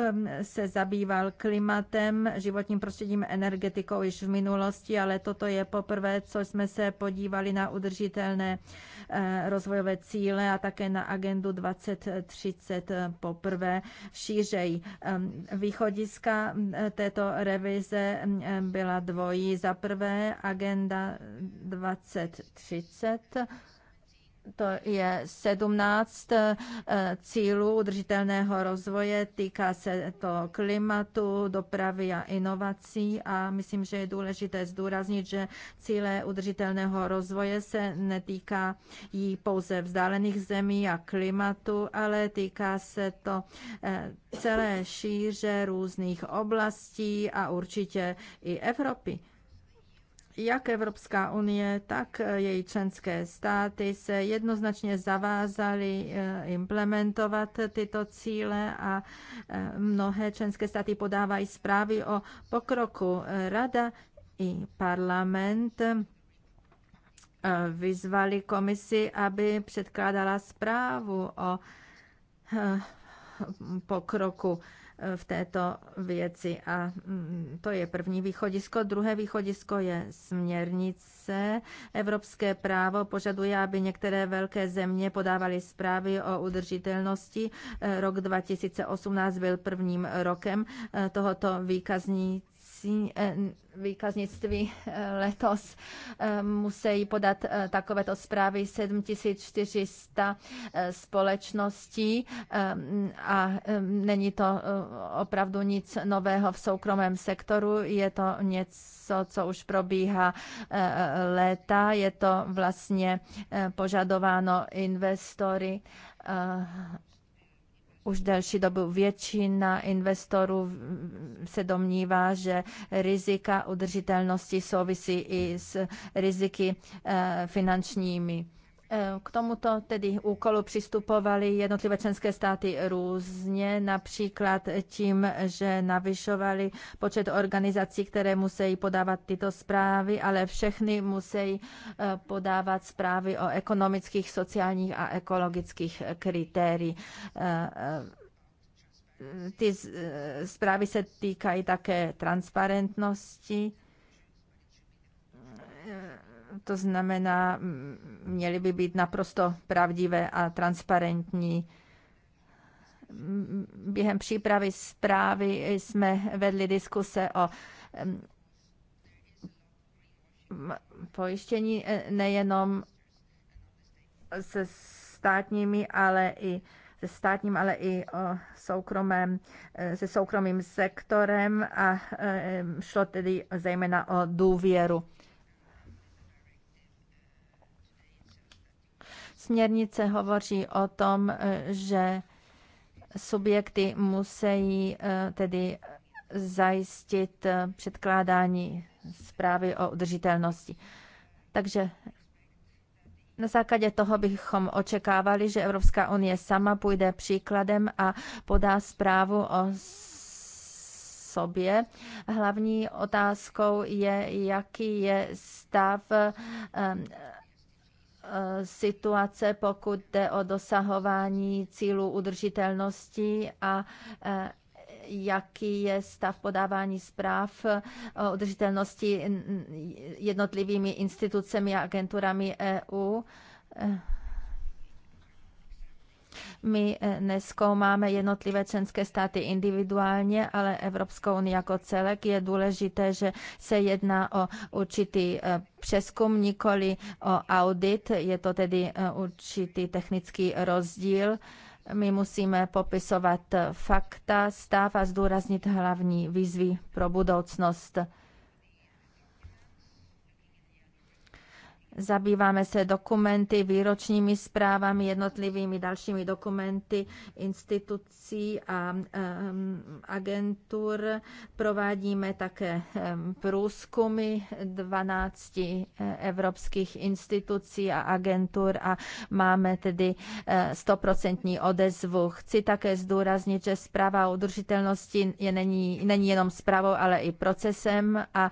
se zabýval klimatem, životním prostředím, energetikou již v minulosti, ale toto je poprvé, co jsme se podívali na udržitelné uh, rozvojové cíle a také na agendu 2030 uh, poprvé šířej. Um, východiska um, této revize byla dvojí. Za prvé agenda 2030 to je 17 eh, cílů udržitelného rozvoje, týká se to klimatu, dopravy a inovací a myslím, že je důležité zdůraznit, že cíle udržitelného rozvoje se netýká jí pouze vzdálených zemí a klimatu, ale týká se to eh, celé šíře různých oblastí a určitě i Evropy jak Evropská unie, tak eh, její členské státy se jednoznačně zavázaly eh, implementovat tyto cíle a eh, mnohé členské státy podávají zprávy o pokroku. Rada i parlament vyzvali komisi, aby předkládala zprávu o pokroku Eh, v této věci. A mm, to je první východisko. Druhé východisko je směrnice. Evropské právo požaduje, aby některé velké země podávaly zprávy o udržitelnosti. Eh, rok 2018 byl prvním rokem eh, tohoto výkazní výkaznictví eh, eh, letos eh, musí podat takovéto zprávy 7400 společností a není to opravdu nic nového v soukromém sektoru, je to něco, co už probíhá léta, je to vlastně požadováno investory už delší dobu většina investorů se domnívá, že rizika udržitelnosti souvisí i s riziky eh, finančními. K tomuto tedy úkolu přistupovaly jednotlivé členské státy různě, například tím, že navyšovali počet organizací, které musí podávat tyto zprávy, ale všechny musí eh, podávat zprávy o ekonomických, sociálních a ekologických kritériích eh, eh, ty zprávy se týkají také transparentnosti to znamená, měly by být naprosto pravdivé a transparentní. Během přípravy zprávy jsme vedli diskuse o pojištění e, nejenom se státními, ale i se státním, ale i o soukromém, e, se soukromým sektorem a e, šlo tedy zejména o důvěru. Směrnice hovoří o tom, e, že subjekty musí e, tedy zajistit e, předkládání zprávy o udržitelnosti. Takže na základě toho bychom očekávali, že Evropská unie sama půjde příkladem a podá zprávu o sobě. Hlavní otázkou je, jaký je stav Eh, situace, pokud jde o dosahování cílů udržitelnosti a eh, jaký je stav podávání zpráv eh, o udržitelnosti jednotlivými institucemi a agenturami EU. My eh, neskoumáme jednotlivé členské státy individuálně, ale Evropskou unii jako celek. Je důležité, že se jedná o určitý eh, přeskum, nikoli o audit. Je to tedy eh, určitý technický rozdíl. My musíme popisovat fakta, stav a zdůraznit hlavní výzvy pro budoucnost. Zabýváme se dokumenty, výročními zprávami, jednotlivými dalšími dokumenty institucí a um, agentur. Provádíme také um, průzkumy 12 e, evropských institucí a agentur a máme tedy e, stoprocentní uh, odezvu. Chci také zdůraznit, že zpráva o udržitelnosti je není, není jenom zprávou, ale i procesem a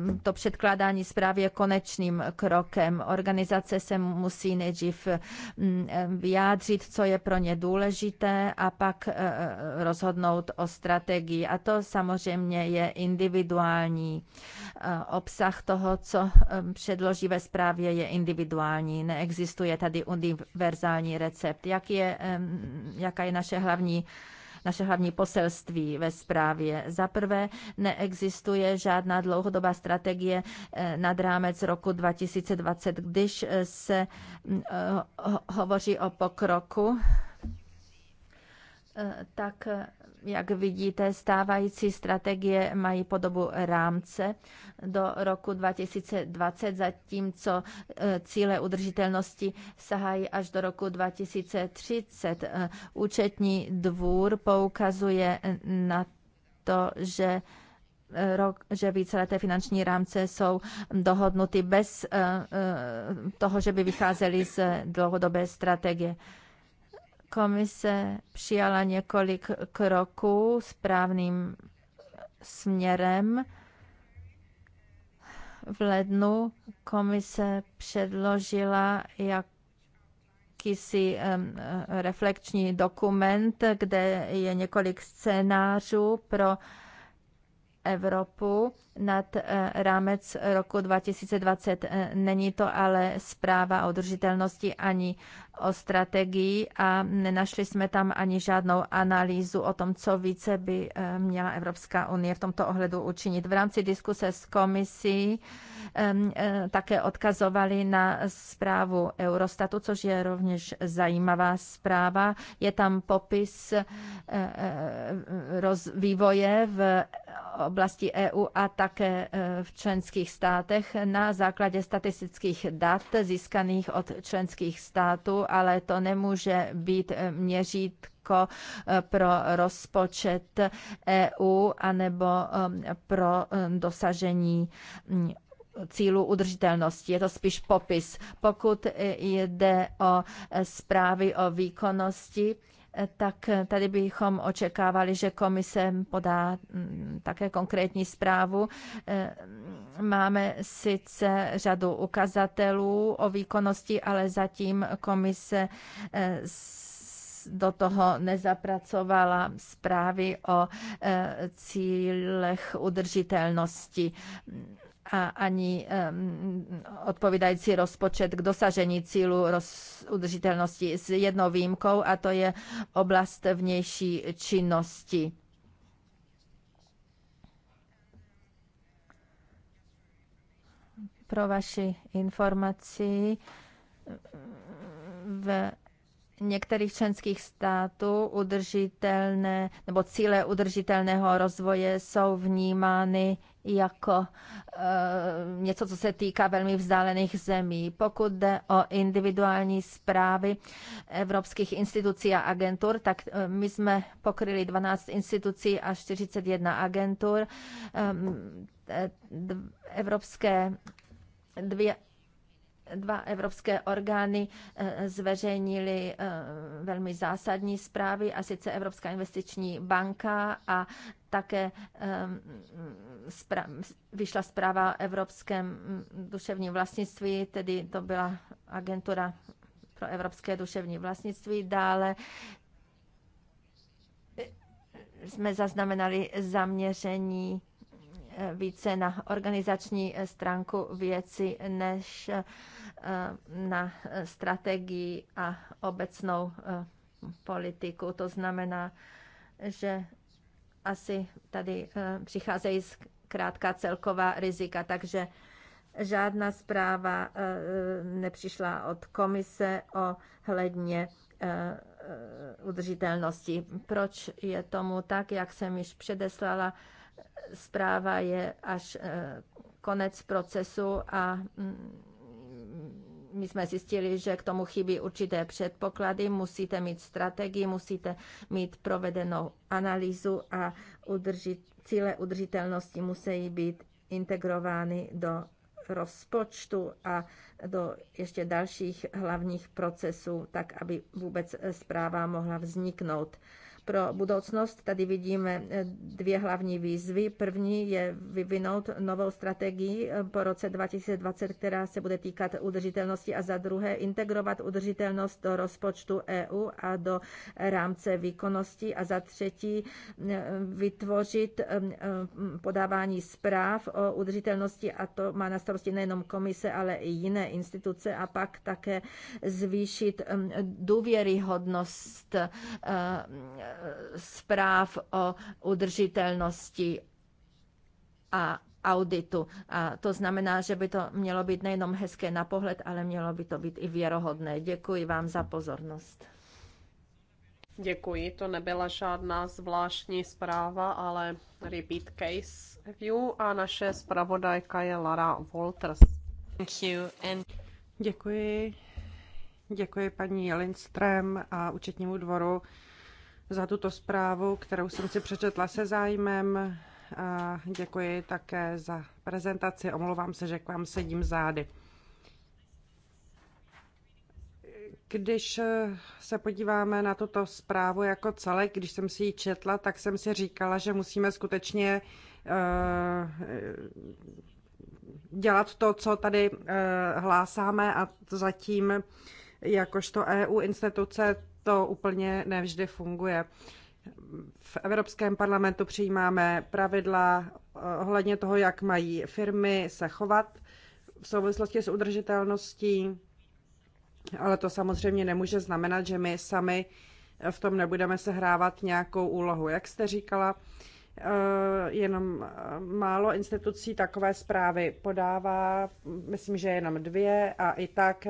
um, to předkládání zprávy je konečným krokem krokem. Organizace se musí nejdřív mm, vyjádřit, co je pro ně důležité a pak e, e, rozhodnout o strategii. A to samozřejmě je individuální. E, obsah toho, co předloží ve zprávě, je individuální. Neexistuje tady univerzální recept. Jak je, jaká je naše hlavní naše hlavní poselství ve zprávě. Za prvé, neexistuje žádná dlouhodobá strategie eh, nad rámec roku 2020, když eh, se mm, eh, hovoří o pokroku tak jak vidíte, stávající strategie mají podobu rámce do roku 2020, zatímco e, cíle udržitelnosti sahají až do roku 2030. E, účetní dvůr poukazuje na to, že e, rok, že víceleté finanční rámce jsou dohodnuty bez toho, že by vycházely z dlouhodobé strategie. Komise přijala několik kroků správným směrem. V lednu komise předložila jak um, reflekční dokument, kde je několik scénářů pro Evropu nad eh, rámec roku 2020. Eh, není to ale zpráva o držitelnosti ani o strategii a nenašli jsme tam ani žádnou analýzu o tom, co více by eh, měla Evropská unie v tomto ohledu učinit. V rámci diskuse s komisí také odkazovali na zprávu Eurostatu, což je rovněž zajímavá zpráva. Je tam popis vývoje v oblasti EU a tak také e, v členských státech na základě statistických dat získaných od členských států, ale to nemůže být e, měřítko e, pro rozpočet EU anebo um, pro um, dosažení mm, cílu udržitelnosti. Je to spíš popis. Pokud jde o zprávy o výkonnosti, tak tady bychom očekávali, že komise podá mm, také konkrétní zprávu. Eh, máme sice řadu ukazatelů o výkonnosti, ale zatím komise eh, do toho nezapracovala zprávy o eh, cílech udržitelnosti a ani odpovídající rozpočet k dosažení cílu udržitelnosti s jednou výjimkou a to je oblast vnější činnosti. Pro vaši informaci v některých členských států udržitelné nebo cíle udržitelného rozvoje jsou vnímány jako e, něco, co se týká velmi vzdálených zemí. Pokud jde o individuální zprávy evropských institucí a agentur, tak e, my jsme pokryli 12 institucí a 41 agentur. E, evropské dvě dva evropské orgány zveřejnili velmi zásadní zprávy, a sice Evropská investiční banka a také ehm, vyšla zpráva o evropském duševním vlastnictví, tedy to byla agentura pro evropské duševní vlastnictví. Dále eh, jsme zaznamenali zaměření eh, více na organizační eh, stránku věci než na strategii a obecnou politiku. To znamená, že asi tady eh, přicházejí zkrátka celková rizika, takže žádná zpráva eh, nepřišla od komise o hledně eh, udržitelnosti. Proč je tomu tak, jak jsem již předeslala, zpráva je až konec procesu a mm, my jsme zjistili, že k tomu chybí určité předpoklady, musíte mít strategii, musíte mít provedenou analýzu a udržit, cíle udržitelnosti musí být integrovány do rozpočtu a do ještě dalších hlavních procesů, tak aby vůbec zpráva mohla vzniknout. Pro budoucnost tady vidíme eh, dvě hlavní výzvy. První je vyvinout novou strategii eh, po roce 2020, která se bude týkat udržitelnosti a za druhé integrovat udržitelnost do rozpočtu EU a do rámce výkonnosti a za třetí eh, vytvořit podávání zpráv o udržitelnosti a to má na starosti nejenom komise, ale i jiné instituce a pak také zvýšit důvěryhodnost zpráv o udržitelnosti a auditu. A to znamená, že by to mělo být nejenom hezké na pohled, ale mělo by to být i věrohodné. Děkuji vám za pozornost. Děkuji, to nebyla žádná zvláštní zpráva, ale repeat case view a naše zpravodajka je Lara Walters. Thank you and... Děkuji. Děkuji paní Lindström a účetnímu dvoru za tuto zprávu, kterou jsem si přečetla se zájmem. A děkuji také za prezentaci. Omlouvám se, že k vám sedím zády. Když se podíváme na tuto zprávu jako celek, když jsem si ji četla, tak jsem si říkala, že musíme skutečně eh, dělat to, co tady eh, hlásáme a zatím jakožto EU instituce to úplně nevždy funguje. V Evropském parlamentu přijímáme pravidla eh, ohledně toho, jak mají firmy se chovat v souvislosti s udržitelností, ale to samozřejmě nemůže znamenat, že my sami v tom nebudeme sehrávat nějakou úlohu. Jak jste říkala, eh, jenom eh, málo institucí takové zprávy podává, myslím, že jenom dvě a i tak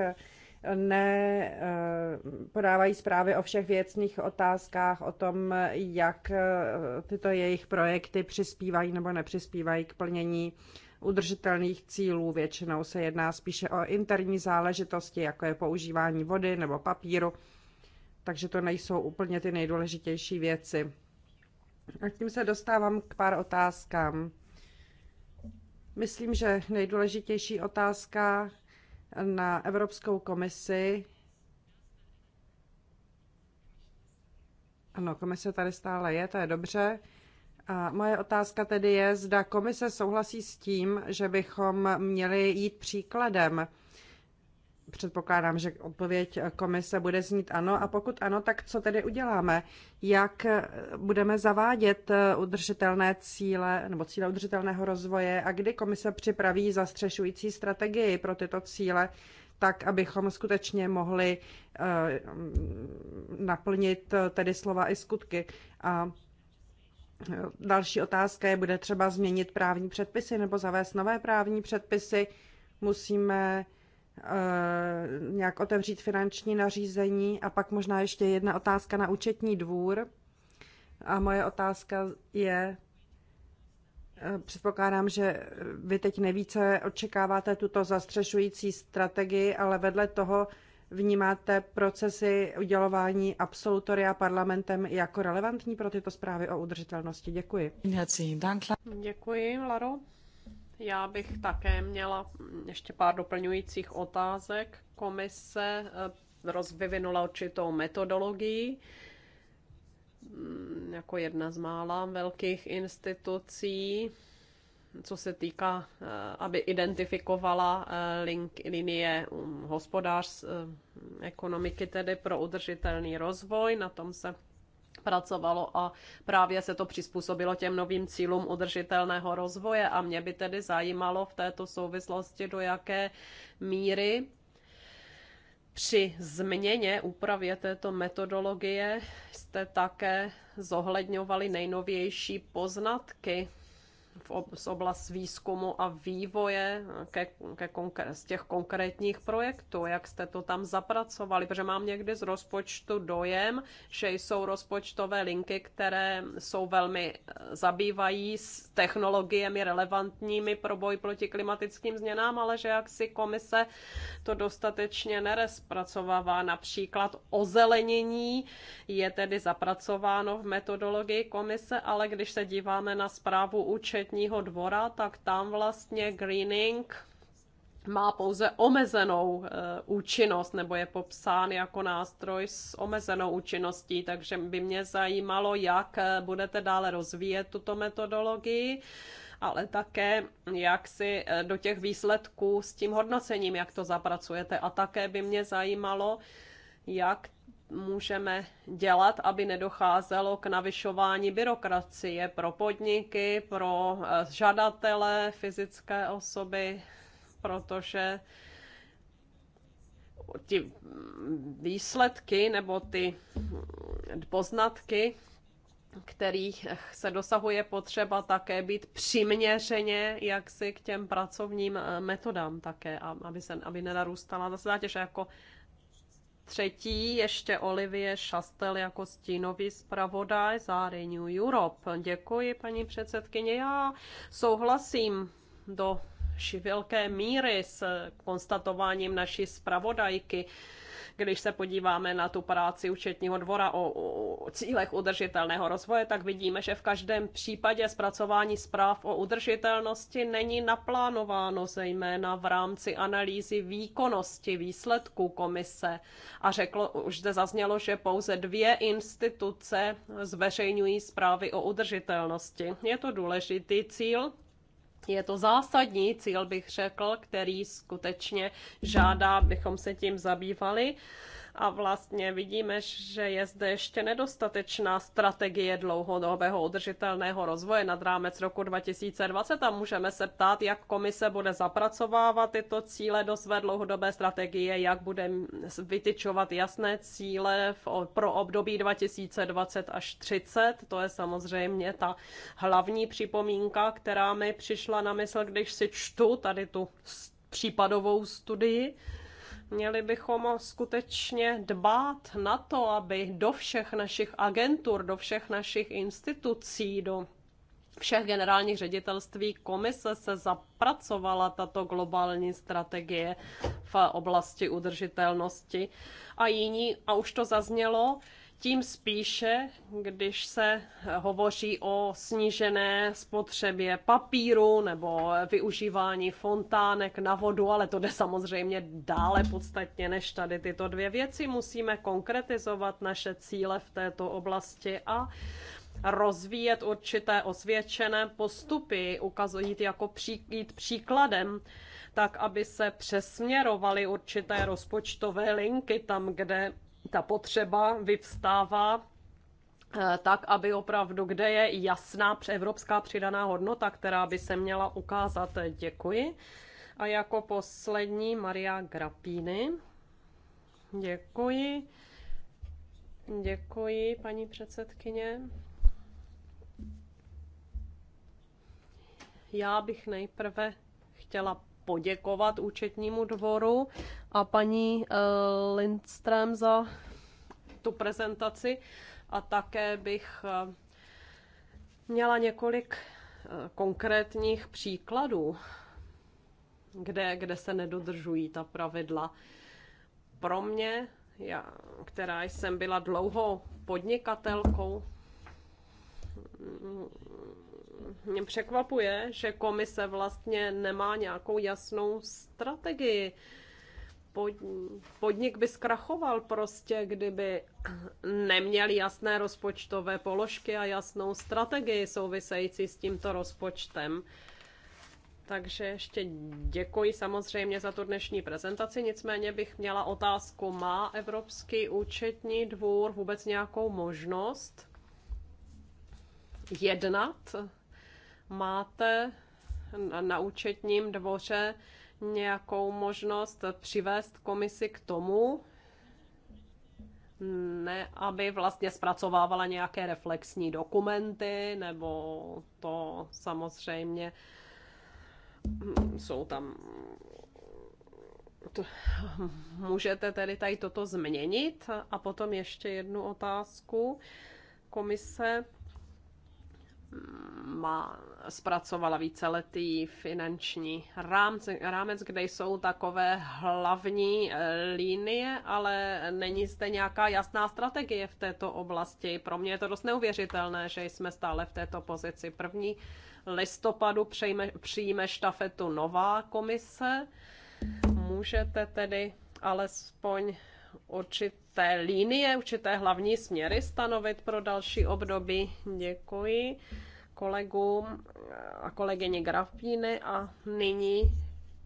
ne eh, podávají zprávy o všech věcných otázkách, o tom, jak eh, tyto jejich projekty přispívají nebo nepřispívají k plnění udržitelných cílů. Většinou se jedná spíše o interní záležitosti, jako je používání vody nebo papíru, takže to nejsou úplně ty nejdůležitější věci. A tím se dostávám k pár otázkám. Myslím, že nejdůležitější otázka na Evropskou komisi. Ano, komise tady stále je, to je dobře. A moje otázka tedy je, zda komise souhlasí s tím, že bychom měli jít příkladem Předpokládám, že odpověď eh, komise bude znít ano. A pokud ano, tak co tedy uděláme? Jak eh, budeme zavádět eh, udržitelné cíle nebo cíle udržitelného rozvoje a kdy komise připraví zastřešující strategii pro tyto cíle, tak abychom skutečně mohli naplnit tedy slova i skutky. A další otázka je, bude třeba změnit právní předpisy nebo zavést nové právní předpisy. Musíme Eh, nějak otevřít finanční nařízení. A pak možná ještě jedna otázka na účetní dvůr. A moje otázka je, eh, Předpokládám, že vy teď nejvíce očekáváte tuto zastřešující strategii, ale vedle toho vnímáte procesy udělování absolutoria parlamentem jako relevantní pro tyto zprávy o udržitelnosti. Děkuji. Děkuji, Laro. Já bych také měla ještě pár doplňujících otázek. Komise eh, rozvyvinula určitou metodologii mm, jako jedna z mála velkých institucí, co se týká, eh, aby identifikovala eh, link, linie mm, hospodářské ekonomiky tedy pro udržitelný rozvoj. Na tom se pracovalo a právě se to přizpůsobilo těm novým cílům udržitelného rozvoje a mě by tedy zajímalo v této souvislosti, do jaké míry při změně úpravě této metodologie jste také zohledňovali nejnovější poznatky z oblast výzkumu a vývoje ke, ke konkr- z těch konkrétních projektů, jak jste to tam zapracovali, protože mám někdy z rozpočtu dojem, že jsou rozpočtové linky, které jsou velmi eh, zabývají s technologiemi relevantními pro boj proti klimatickým změnám, ale že jak si komise to dostatečně nerespracovává, Například ozelenění je tedy zapracováno v metodologii komise, ale když se díváme na zprávu účet účetního dvora, tak tam vlastně greening má pouze omezenou e, účinnost, nebo je popsán jako nástroj s omezenou účinností, takže by mě zajímalo, jak eh, budete dále rozvíjet tuto metodologii, ale také, jak si eh, do těch výsledků s tím hodnocením, jak to zapracujete. A také by mě zajímalo, jak můžeme dělat, aby nedocházelo k navyšování byrokracie pro podniky, pro eh, žadatele, fyzické osoby, protože ty výsledky nebo ty poznatky, kterých se dosahuje potřeba také být přiměřeně jaksi k těm pracovním eh, metodám také, aby, se, aby nenarůstala zase zátěž jako třetí ještě Olivie Šastel jako stínový zpravodaj za Renew Europe. Děkuji, paní předsedkyně. Já souhlasím do velké míry s konstatováním naší zpravodajky. Když se podíváme na tu práci účetního dvora o, o cílech udržitelného rozvoje, tak vidíme, že v každém případě zpracování zpráv o udržitelnosti není naplánováno, zejména v rámci analýzy výkonnosti výsledků komise. A řeklo, už zde zaznělo, že pouze dvě instituce zveřejňují zprávy o udržitelnosti. Je to důležitý cíl, je to zásadní cíl, bych řekl, který skutečně žádá, abychom se tím zabývali. A vlastně vidíme, že je zde ještě nedostatečná strategie dlouhodobého udržitelného rozvoje nad rámec roku 2020 a můžeme se ptát, jak komise bude zapracovávat tyto cíle do své dlouhodobé strategie, jak bude vytyčovat jasné cíle pro období 2020 až 30. To je samozřejmě ta hlavní připomínka, která mi přišla na mysl, když si čtu tady tu případovou studii. Měli bychom skutečně dbát na to, aby do všech našich agentur, do všech našich institucí, do všech generálních ředitelství komise se zapracovala tato globální strategie v oblasti udržitelnosti. A jiní, a už to zaznělo, tím spíše, když se hovoří o snížené spotřebě papíru nebo využívání fontánek na vodu, ale to jde samozřejmě dále podstatně než tady tyto dvě věci. Musíme konkretizovat naše cíle v této oblasti a rozvíjet určité osvědčené postupy, ukazovat jako pří, jít příkladem tak aby se přesměrovaly určité rozpočtové linky tam, kde ta potřeba vyvstává eh, tak, aby opravdu, kde je jasná evropská přidaná hodnota, která by se měla ukázat. Děkuji. A jako poslední Maria Grapíny. Děkuji. Děkuji, paní předsedkyně. Já bych nejprve chtěla poděkovat účetnímu dvoru a paní eh, Lindström za tu prezentaci a také bych eh, měla několik eh, konkrétních příkladů, kde, kde se nedodržují ta pravidla. Pro mě, já, která jsem byla dlouho podnikatelkou, mm, mě překvapuje, že komise vlastně nemá nějakou jasnou strategii podnik by zkrachoval prostě, kdyby neměl jasné rozpočtové položky a jasnou strategii související s tímto rozpočtem. Takže ještě děkuji samozřejmě za tu dnešní prezentaci, nicméně bych měla otázku, má Evropský účetní dvůr vůbec nějakou možnost jednat? Máte na účetním dvoře nějakou možnost přivést komisi k tomu, ne, aby vlastně zpracovávala nějaké reflexní dokumenty, nebo to samozřejmě mm, jsou tam to, můžete tedy tady toto změnit? A potom ještě jednu otázku. Komise má, zpracovala víceletý finanční rámec, rámec, kde jsou takové hlavní eh, linie, ale není zde nějaká jasná strategie v této oblasti. Pro mě je to dost neuvěřitelné, že jsme stále v této pozici. První listopadu přijme, přijme štafetu nová komise. Můžete tedy alespoň určit určité linie, určité hlavní směry stanovit pro další období. Děkuji kolegům a kolegyně Grafíny a nyní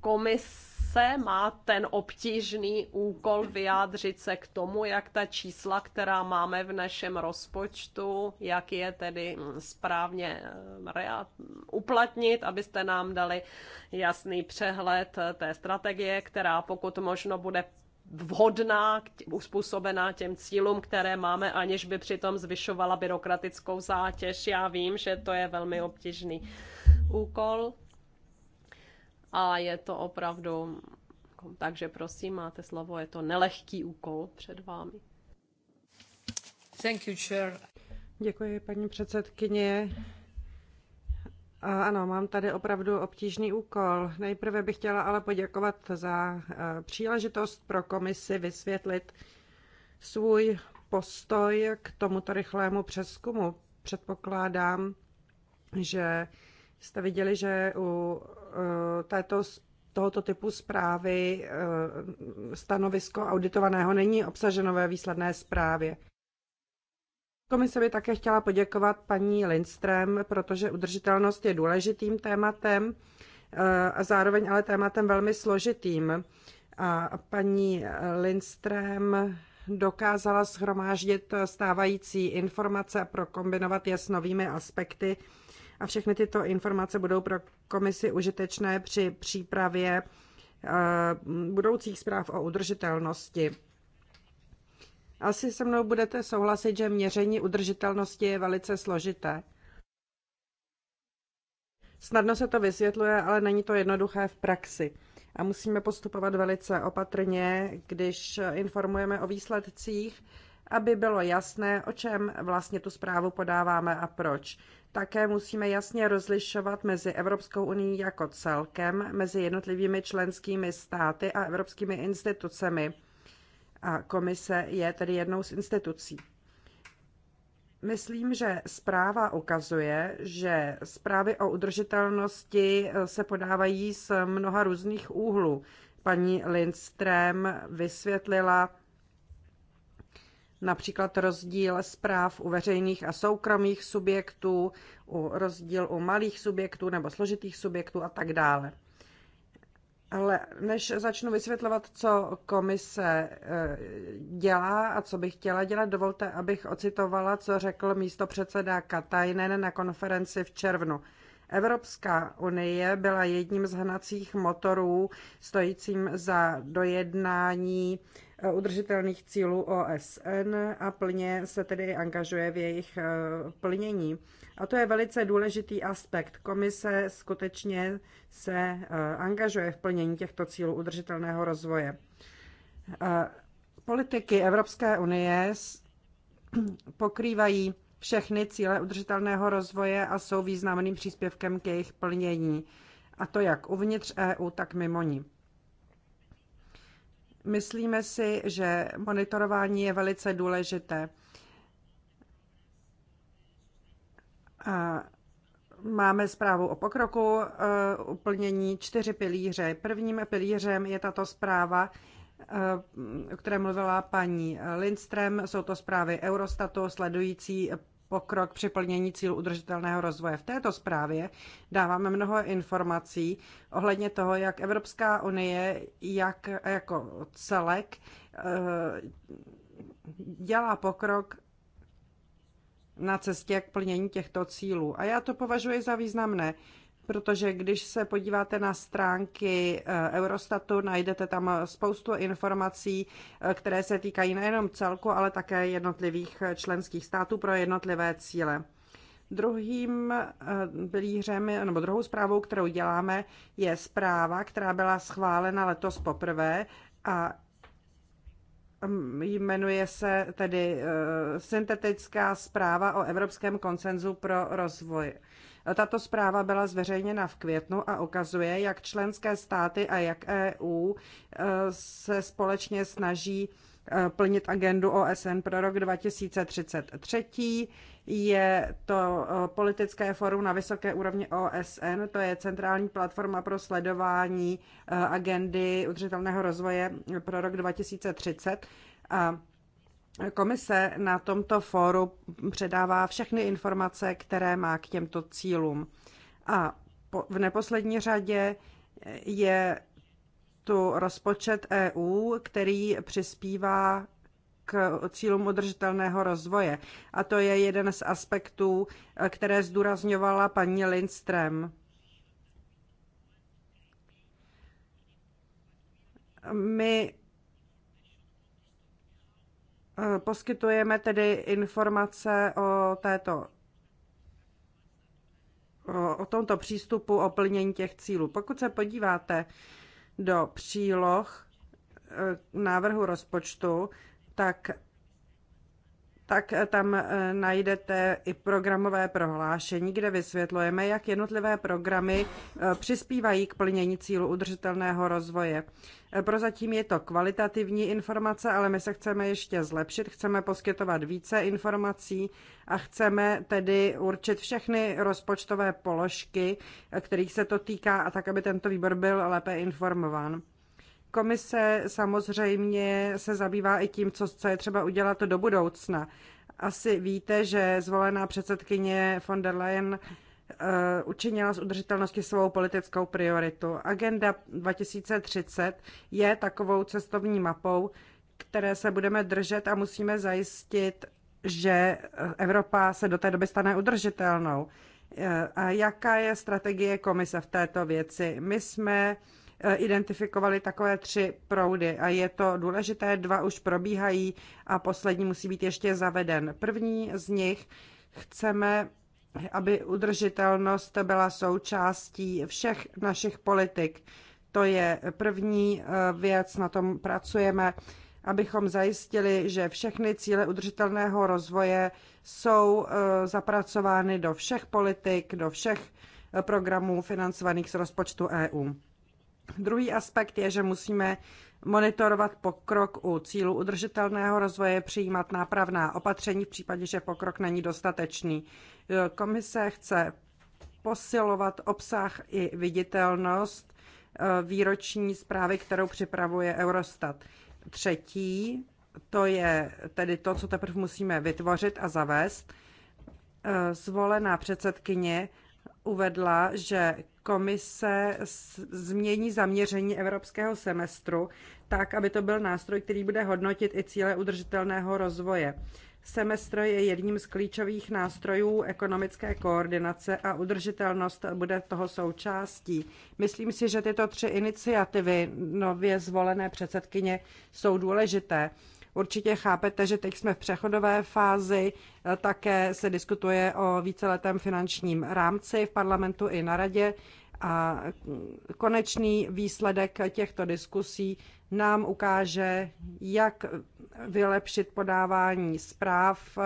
komise má ten obtížný úkol vyjádřit se k tomu, jak ta čísla, která máme v našem rozpočtu, jak je tedy správně eh, uplatnit, abyste nám dali jasný přehled té strategie, která pokud možno bude vhodná, uspůsobená těm cílům, které máme, aniž by přitom zvyšovala byrokratickou zátěž. Já vím, že to je velmi obtížný úkol a je to opravdu. Takže prosím, máte slovo, je to nelehký úkol před vámi. Thank you, chair. Děkuji, paní předsedkyně. Ano, mám tady opravdu obtížný úkol. Nejprve bych chtěla ale poděkovat za eh, příležitost pro komisi vysvětlit svůj postoj k tomuto rychlému přeskumu. Předpokládám, že jste viděli, že u eh, této, tohoto typu zprávy eh, stanovisko auditovaného není obsaženo ve výsledné zprávě. Komise by také chtěla poděkovat paní Lindström, protože udržitelnost je důležitým tématem eh, a zároveň ale tématem velmi složitým. A paní Lindström dokázala schromáždit stávající informace a prokombinovat je s novými aspekty. A všechny tyto informace budou pro komisi užitečné při přípravě eh, budoucích zpráv o udržitelnosti. Asi se mnou budete souhlasit, že měření udržitelnosti je velice složité. Snadno se to vysvětluje, ale není to jednoduché v praxi. A musíme postupovat velice opatrně, když informujeme o výsledcích, aby bylo jasné, o čem vlastně tu zprávu podáváme a proč. Také musíme jasně rozlišovat mezi Evropskou unii jako celkem, mezi jednotlivými členskými státy a evropskými institucemi a komise je tedy jednou z institucí. Myslím, že zpráva ukazuje, že zprávy o udržitelnosti eh, se podávají z mnoha různých úhlů. Paní Lindström vysvětlila například rozdíl zpráv u veřejných a soukromých subjektů, u rozdíl u malých subjektů nebo složitých subjektů a tak dále. Ale než začnu vysvětlovat, co komise eh, dělá a co bych chtěla dělat, dovolte, abych ocitovala, co řekl místo předseda Katajnen na konferenci v červnu. Evropská unie byla jedním z hnacích motorů stojícím za dojednání eh, udržitelných cílů OSN a plně se tedy angažuje v jejich eh, plnění. A to je velice důležitý aspekt. Komise skutečně se eh, angažuje v plnění těchto cílů udržitelného rozvoje. Eh, politiky Evropské unie <clears throat> pokrývají všechny cíle udržitelného rozvoje a jsou významným příspěvkem k jejich plnění, a to jak uvnitř EU, tak mimo ní. Myslíme si, že monitorování je velice důležité. máme zprávu o pokroku eh, uplnění čtyři pilíře. Prvním pilířem je tato zpráva, eh, o které mluvila paní Lindström. Jsou to zprávy Eurostatu sledující pokrok při plnění cílů udržitelného rozvoje. V této zprávě dáváme mnoho informací ohledně toho, jak Evropská unie jak jako celek eh, dělá pokrok na cestě k plnění těchto cílů. A já to považuji za významné, protože když se podíváte na stránky eh, Eurostatu, najdete tam spoustu informací, eh, které se týkají nejenom celku, ale také jednotlivých eh, členských států pro jednotlivé cíle. Druhým pilířem, nebo druhou zprávou, kterou děláme, je zpráva, která byla schválena letos poprvé a jmenuje se tedy eh, syntetická zpráva o Evropském koncenzu pro rozvoj. Tato zpráva byla zveřejněna v květnu a ukazuje, jak členské státy a jak EU eh, se společně snaží eh, plnit agendu OSN pro rok 2033 je to eh, politické forum na vysoké úrovni OSN, to je centrální platforma pro sledování eh, agendy udržitelného rozvoje pro rok 2030. A komise na tomto fóru předává všechny informace, které má k těmto cílům. A v neposlední řadě eh, je tu rozpočet EU, který přispívá k cílům udržitelného rozvoje. A to je jeden z aspektů, které zdůrazňovala paní Lindström. My eh, poskytujeme tedy informace o této o tomto přístupu, o plnění těch cílů. Pokud se podíváte do příloh eh, návrhu rozpočtu, tak tak eh, tam eh, najdete i programové prohlášení, kde vysvětlujeme, jak jednotlivé programy eh, přispívají k plnění cílu udržitelného rozvoje. Prozatím je to kvalitativní informace, ale my se chceme ještě zlepšit, chceme poskytovat více informací a chceme tedy určit všechny rozpočtové položky, kterých se to týká, a tak, aby tento výbor byl lépe informován. Komise samozřejmě se zabývá i tím, co, co je třeba udělat do budoucna. Asi víte, že zvolená předsedkyně von der Leyen eh, učinila z udržitelnosti svou politickou prioritu. Agenda 2030 je takovou cestovní mapou, které se budeme držet a musíme zajistit, že eh, Evropa se do té doby stane udržitelnou. Eh, a jaká je strategie komise v této věci? My jsme Eh, identifikovali takové tři proudy a je to důležité, dva už probíhají a poslední musí být ještě zaveden. První z nich chceme, aby udržitelnost byla součástí všech našich politik. To je první eh, věc, na tom pracujeme, abychom zajistili, že všechny cíle udržitelného rozvoje jsou eh, zapracovány do všech politik, do všech programů financovaných z rozpočtu EU. Druhý aspekt je, že musíme monitorovat pokrok u cílu udržitelného rozvoje, přijímat nápravná opatření v případě, že pokrok není dostatečný. Komise chce posilovat obsah i viditelnost eh, výroční zprávy, kterou připravuje Eurostat. Třetí, to je tedy to, co teprve musíme vytvořit a zavést. Eh, zvolená předsedkyně uvedla, že komise změní zaměření evropského semestru tak, aby to byl nástroj, který bude hodnotit i cíle udržitelného rozvoje. Semestr je jedním z klíčových nástrojů ekonomické koordinace a udržitelnost bude toho součástí. Myslím si, že tyto tři iniciativy nově zvolené předsedkyně jsou důležité. Určitě chápete, že teď jsme v přechodové fázi, také se diskutuje o víceletém finančním rámci v parlamentu i na radě a konečný výsledek těchto diskusí nám ukáže, jak vylepšit podávání zpráv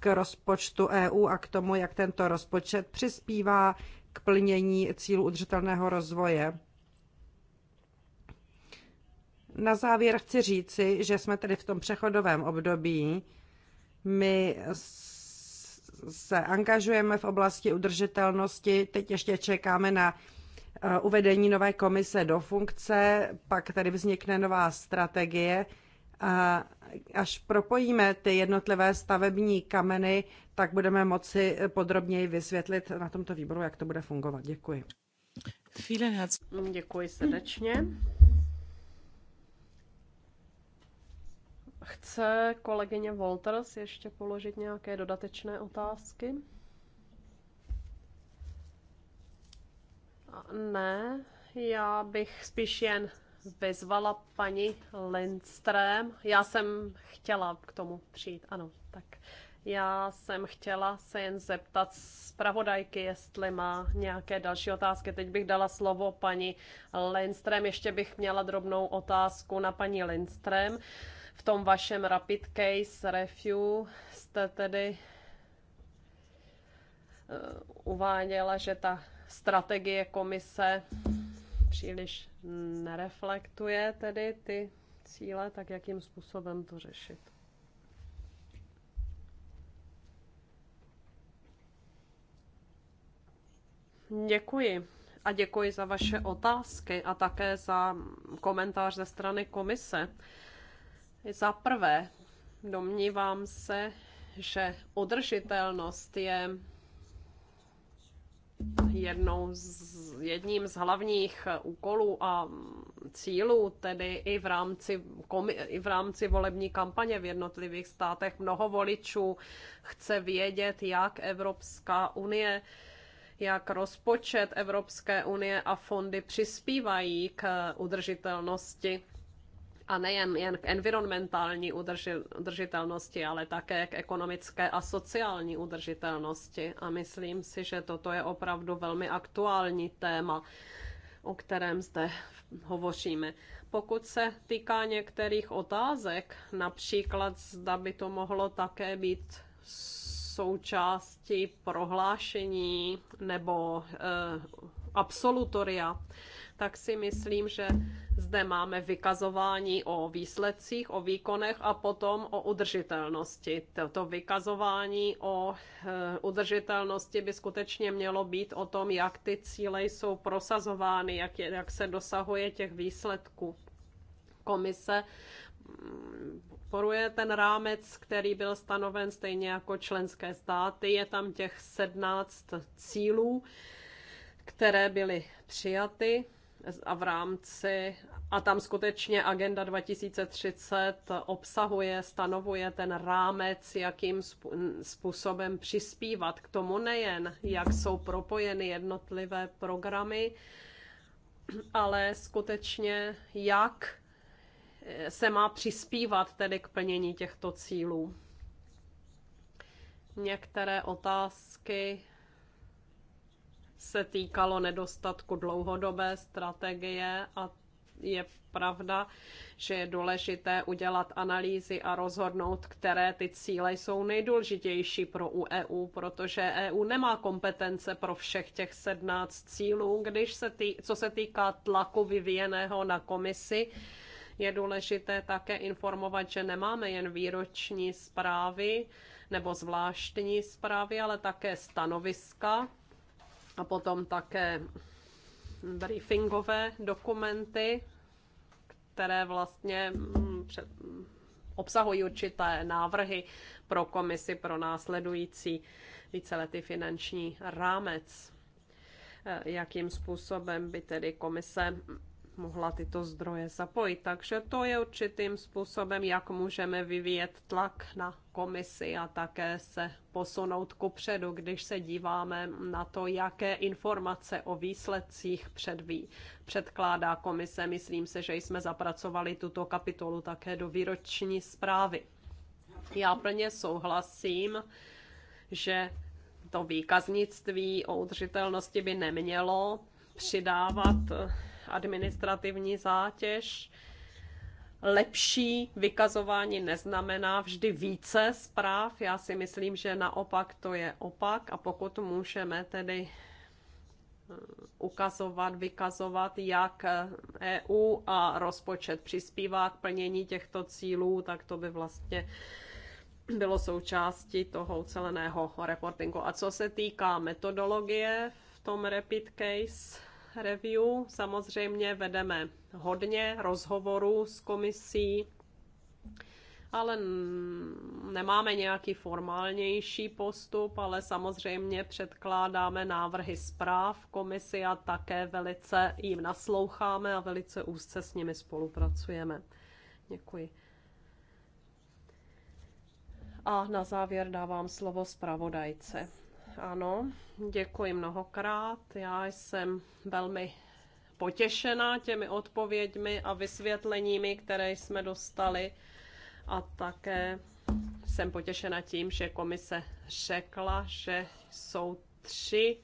k rozpočtu EU a k tomu, jak tento rozpočet přispívá k plnění cílu udržitelného rozvoje. Na závěr chci říci, že jsme tedy v tom přechodovém období. My se angažujeme v oblasti udržitelnosti. Teď ještě čekáme na eh, uvedení nové komise do funkce, pak tady vznikne nová strategie. A až propojíme ty jednotlivé stavební kameny, tak budeme moci eh, podrobněji vysvětlit na tomto výboru, jak to bude fungovat. Děkuji. Děkuji srdečně. Chce kolegyně Walters ještě položit nějaké dodatečné otázky? Ne, já bych spíš jen vyzvala paní Lindström. Já jsem chtěla k tomu přijít, ano, tak. Já jsem chtěla se jen zeptat zpravodajky, jestli má nějaké další otázky. Teď bych dala slovo paní Lindström. Ještě bych měla drobnou otázku na paní Lindström. Uh, v tom vašem rapid case review jste tedy eh, uváděla, že ta strategie komise příliš nereflektuje tedy ty cíle, tak jakým způsobem to řešit? Děkuji. A děkuji za vaše otázky a také za komentář ze strany komise. Za prvé, domnívám se, že udržitelnost je jednou z, jedním z hlavních úkolů a cílů, tedy i v rámci, komi, i v rámci volební kampaně v jednotlivých státech. Mnoho voličů chce vědět, jak Evropská unie jak rozpočet Evropské unie a fondy přispívají k udržitelnosti a nejen jen k environmentální udržitelnosti, ale také k ekonomické a sociální udržitelnosti. A myslím si, že toto je opravdu velmi aktuální téma, o kterém zde hovoříme. Pokud se týká některých otázek, například zda by to mohlo také být součástí prohlášení nebo e, absolutoria, tak si myslím, že zde máme vykazování o výsledcích, o výkonech a potom o udržitelnosti. Toto vykazování o eh, udržitelnosti by skutečně mělo být o tom, jak ty cíle jsou prosazovány, jak, je, jak se dosahuje těch výsledků. Komise mm, poruje ten rámec, který byl stanoven stejně jako členské státy. Je tam těch 17 cílů, které byly přijaty a v rámci a tam skutečně Agenda 2030 obsahuje, stanovuje ten rámec, jakým způsobem přispívat k tomu nejen, jak jsou propojeny jednotlivé programy, ale skutečně jak eh, se má přispívat tedy k plnění těchto cílů. Některé otázky se týkalo nedostatku dlouhodobé strategie a je pravda, že je důležité udělat analýzy a rozhodnout, které ty cíle jsou nejdůležitější pro EU, e protože EU nemá kompetence pro všech těch 17 cílů, když se tý, co se týká tlaku vyvíjeného na komisi, je důležité také informovat, že nemáme jen výroční zprávy nebo zvláštní zprávy, ale také stanoviska a potom také briefingové dokumenty, které vlastně mm, před, obsahují určité návrhy pro komisi pro následující víceletý finanční rámec. E, jakým způsobem by tedy komise mohla tyto zdroje zapojit. Takže to je určitým způsobem, jak můžeme vyvíjet tlak na komisi a také se posunout ku předu, když se díváme na to, jaké informace o výsledcích předví, předkládá komise. Myslím se, že jsme zapracovali tuto kapitolu také do výroční zprávy. Já plně souhlasím, že to výkaznictví o udržitelnosti by nemělo přidávat administrativní zátěž. Lepší vykazování neznamená vždy více zpráv. Já si myslím, že naopak to je opak. A pokud můžeme tedy eh, ukazovat, vykazovat, jak EU eh, e a rozpočet přispívá k plnění těchto cílů, tak to by vlastně bylo součástí toho uceleného reportingu. A co se týká metodologie v tom rapid case, review samozřejmě vedeme hodně rozhovorů s komisí, ale nemáme nějaký formálnější postup, ale samozřejmě předkládáme návrhy zpráv komisi a také velice jim nasloucháme a velice úzce s nimi spolupracujeme. Děkuji. A na závěr dávám slovo zpravodajce. Ano, děkuji mnohokrát. Já jsem velmi potěšená těmi odpověďmi a vysvětleními, které jsme dostali. A také jsem potěšena tím, že komise řekla, že jsou tři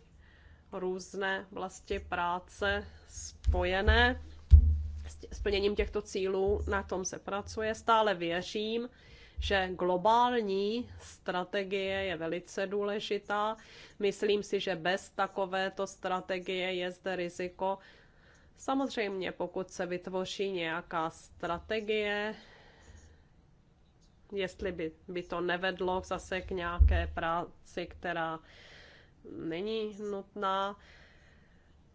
různé vlastně práce spojené s splněním těchto cílů. Na tom se pracuje. Stále věřím, že globální strategie je velice důležitá. Myslím si, že bez takovéto strategie je zde riziko. Samozřejmě, pokud se vytvoří nějaká strategie, jestli by, by to nevedlo zase k nějaké práci, která není nutná,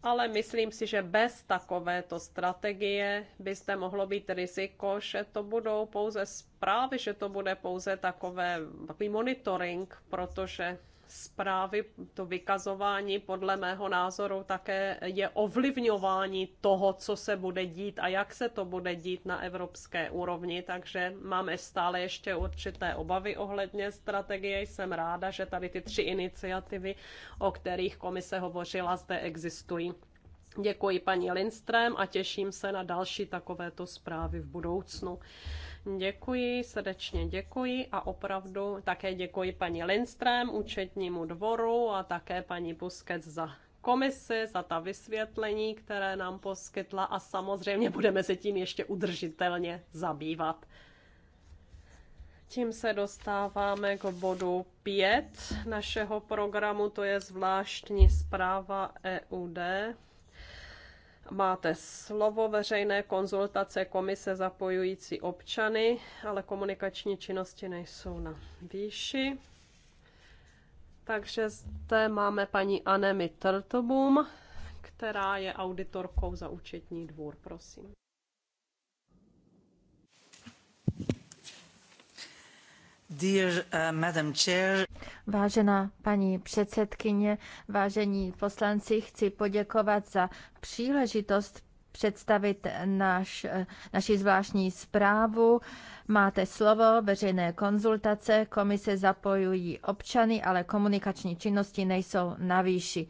ale myslím si, že bez takovéto strategie by zde mohlo být riziko, že to budou pouze zprávy, že to bude pouze takové, takový monitoring, protože zprávy, to vykazování podle mého názoru také je ovlivňování toho, co se bude dít a jak se to bude dít na evropské úrovni, takže máme stále ještě určité obavy ohledně strategie. Jsem ráda, že tady ty tři iniciativy, o kterých komise hovořila, zde existují. Děkuji paní Lindström a těším se na další takovéto zprávy v budoucnu. Děkuji, srdečně děkuji a opravdu také děkuji paní Lindström, účetnímu dvoru a také paní Busquets za komisi, za ta vysvětlení, které nám poskytla a samozřejmě budeme se tím ještě udržitelně zabývat. Tím se dostáváme k bodu 5 našeho programu, to je zvláštní zpráva EUD Máte slovo veřejné konzultace komise zapojující občany, ale komunikační činnosti nejsou na výši. Takže zde máme paní Anemi Trtobum, která je auditorkou za účetní dvůr, prosím. Uh, Vážená paní předsedkyně, vážení poslanci, chci poděkovat za příležitost představit naš, eh, naši zvláštní zprávu. Máte slovo, veřejné konzultace, komise zapojují občany, ale komunikační činnosti nejsou na výši.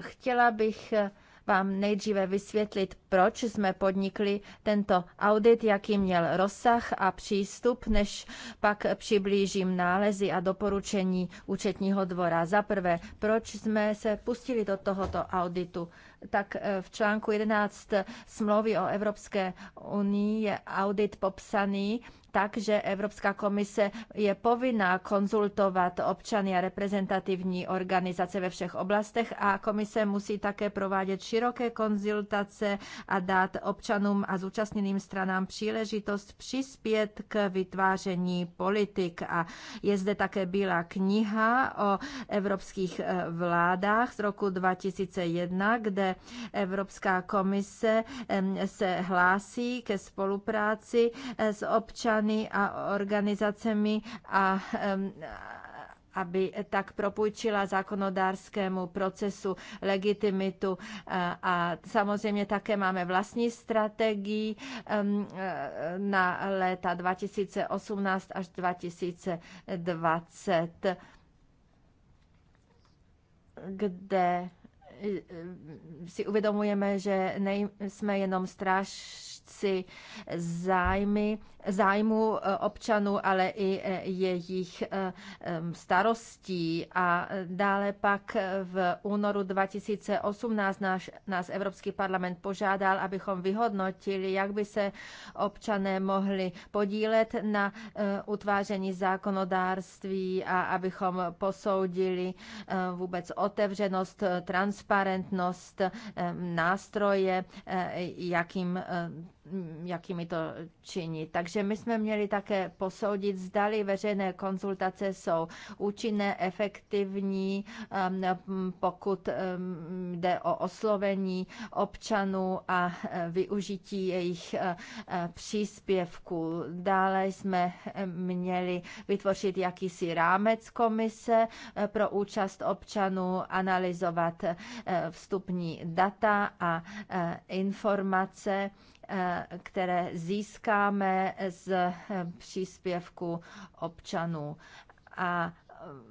Chtěla bych eh, vám nejdříve vysvětlit, proč jsme podnikli tento audit, jaký měl rozsah a přístup, než pak přiblížím nálezy a doporučení účetního dvora. Za prvé, proč jsme se pustili do tohoto auditu? tak eh, v článku 11 smlouvy o Evropské unii je audit popsaný tak, že Evropská komise je povinná konzultovat občany a reprezentativní organizace ve všech oblastech a komise musí také provádět široké konzultace a dát občanům a zúčastněným stranám příležitost přispět k vytváření politik. A je zde také Bílá kniha o evropských eh, vládách z roku 2001, kde Evropská komise se hlásí ke spolupráci eh, s občany a organizacemi a aby tak propůjčila zákonodárskému procesu legitimitu a samozřejmě také máme vlastní strategii na léta 2018 až 2020, kde si uvědomujeme, že nejsme jenom strážci zájmy zájmu eh, občanů, ale i eh, jejich eh, starostí. A dále pak v únoru 2018 náš, nás Evropský parlament požádal, abychom vyhodnotili, jak by se občané mohli podílet na utváření zákonodárství a abychom posoudili vůbec otevřenost, transparentnost, nástroje, jakým Mm, jakými to činí. Takže my jsme měli také posoudit, zdali veřejné konzultace jsou účinné, efektivní, um, mm, pokud um, jde o oslovení občanů a eh, využití jejich eh, eh, příspěvků. Dále jsme měli vytvořit jakýsi rámec komise pro účast občanů, analyzovat vstupní data a informace, které získáme z eh, příspěvku občanů. A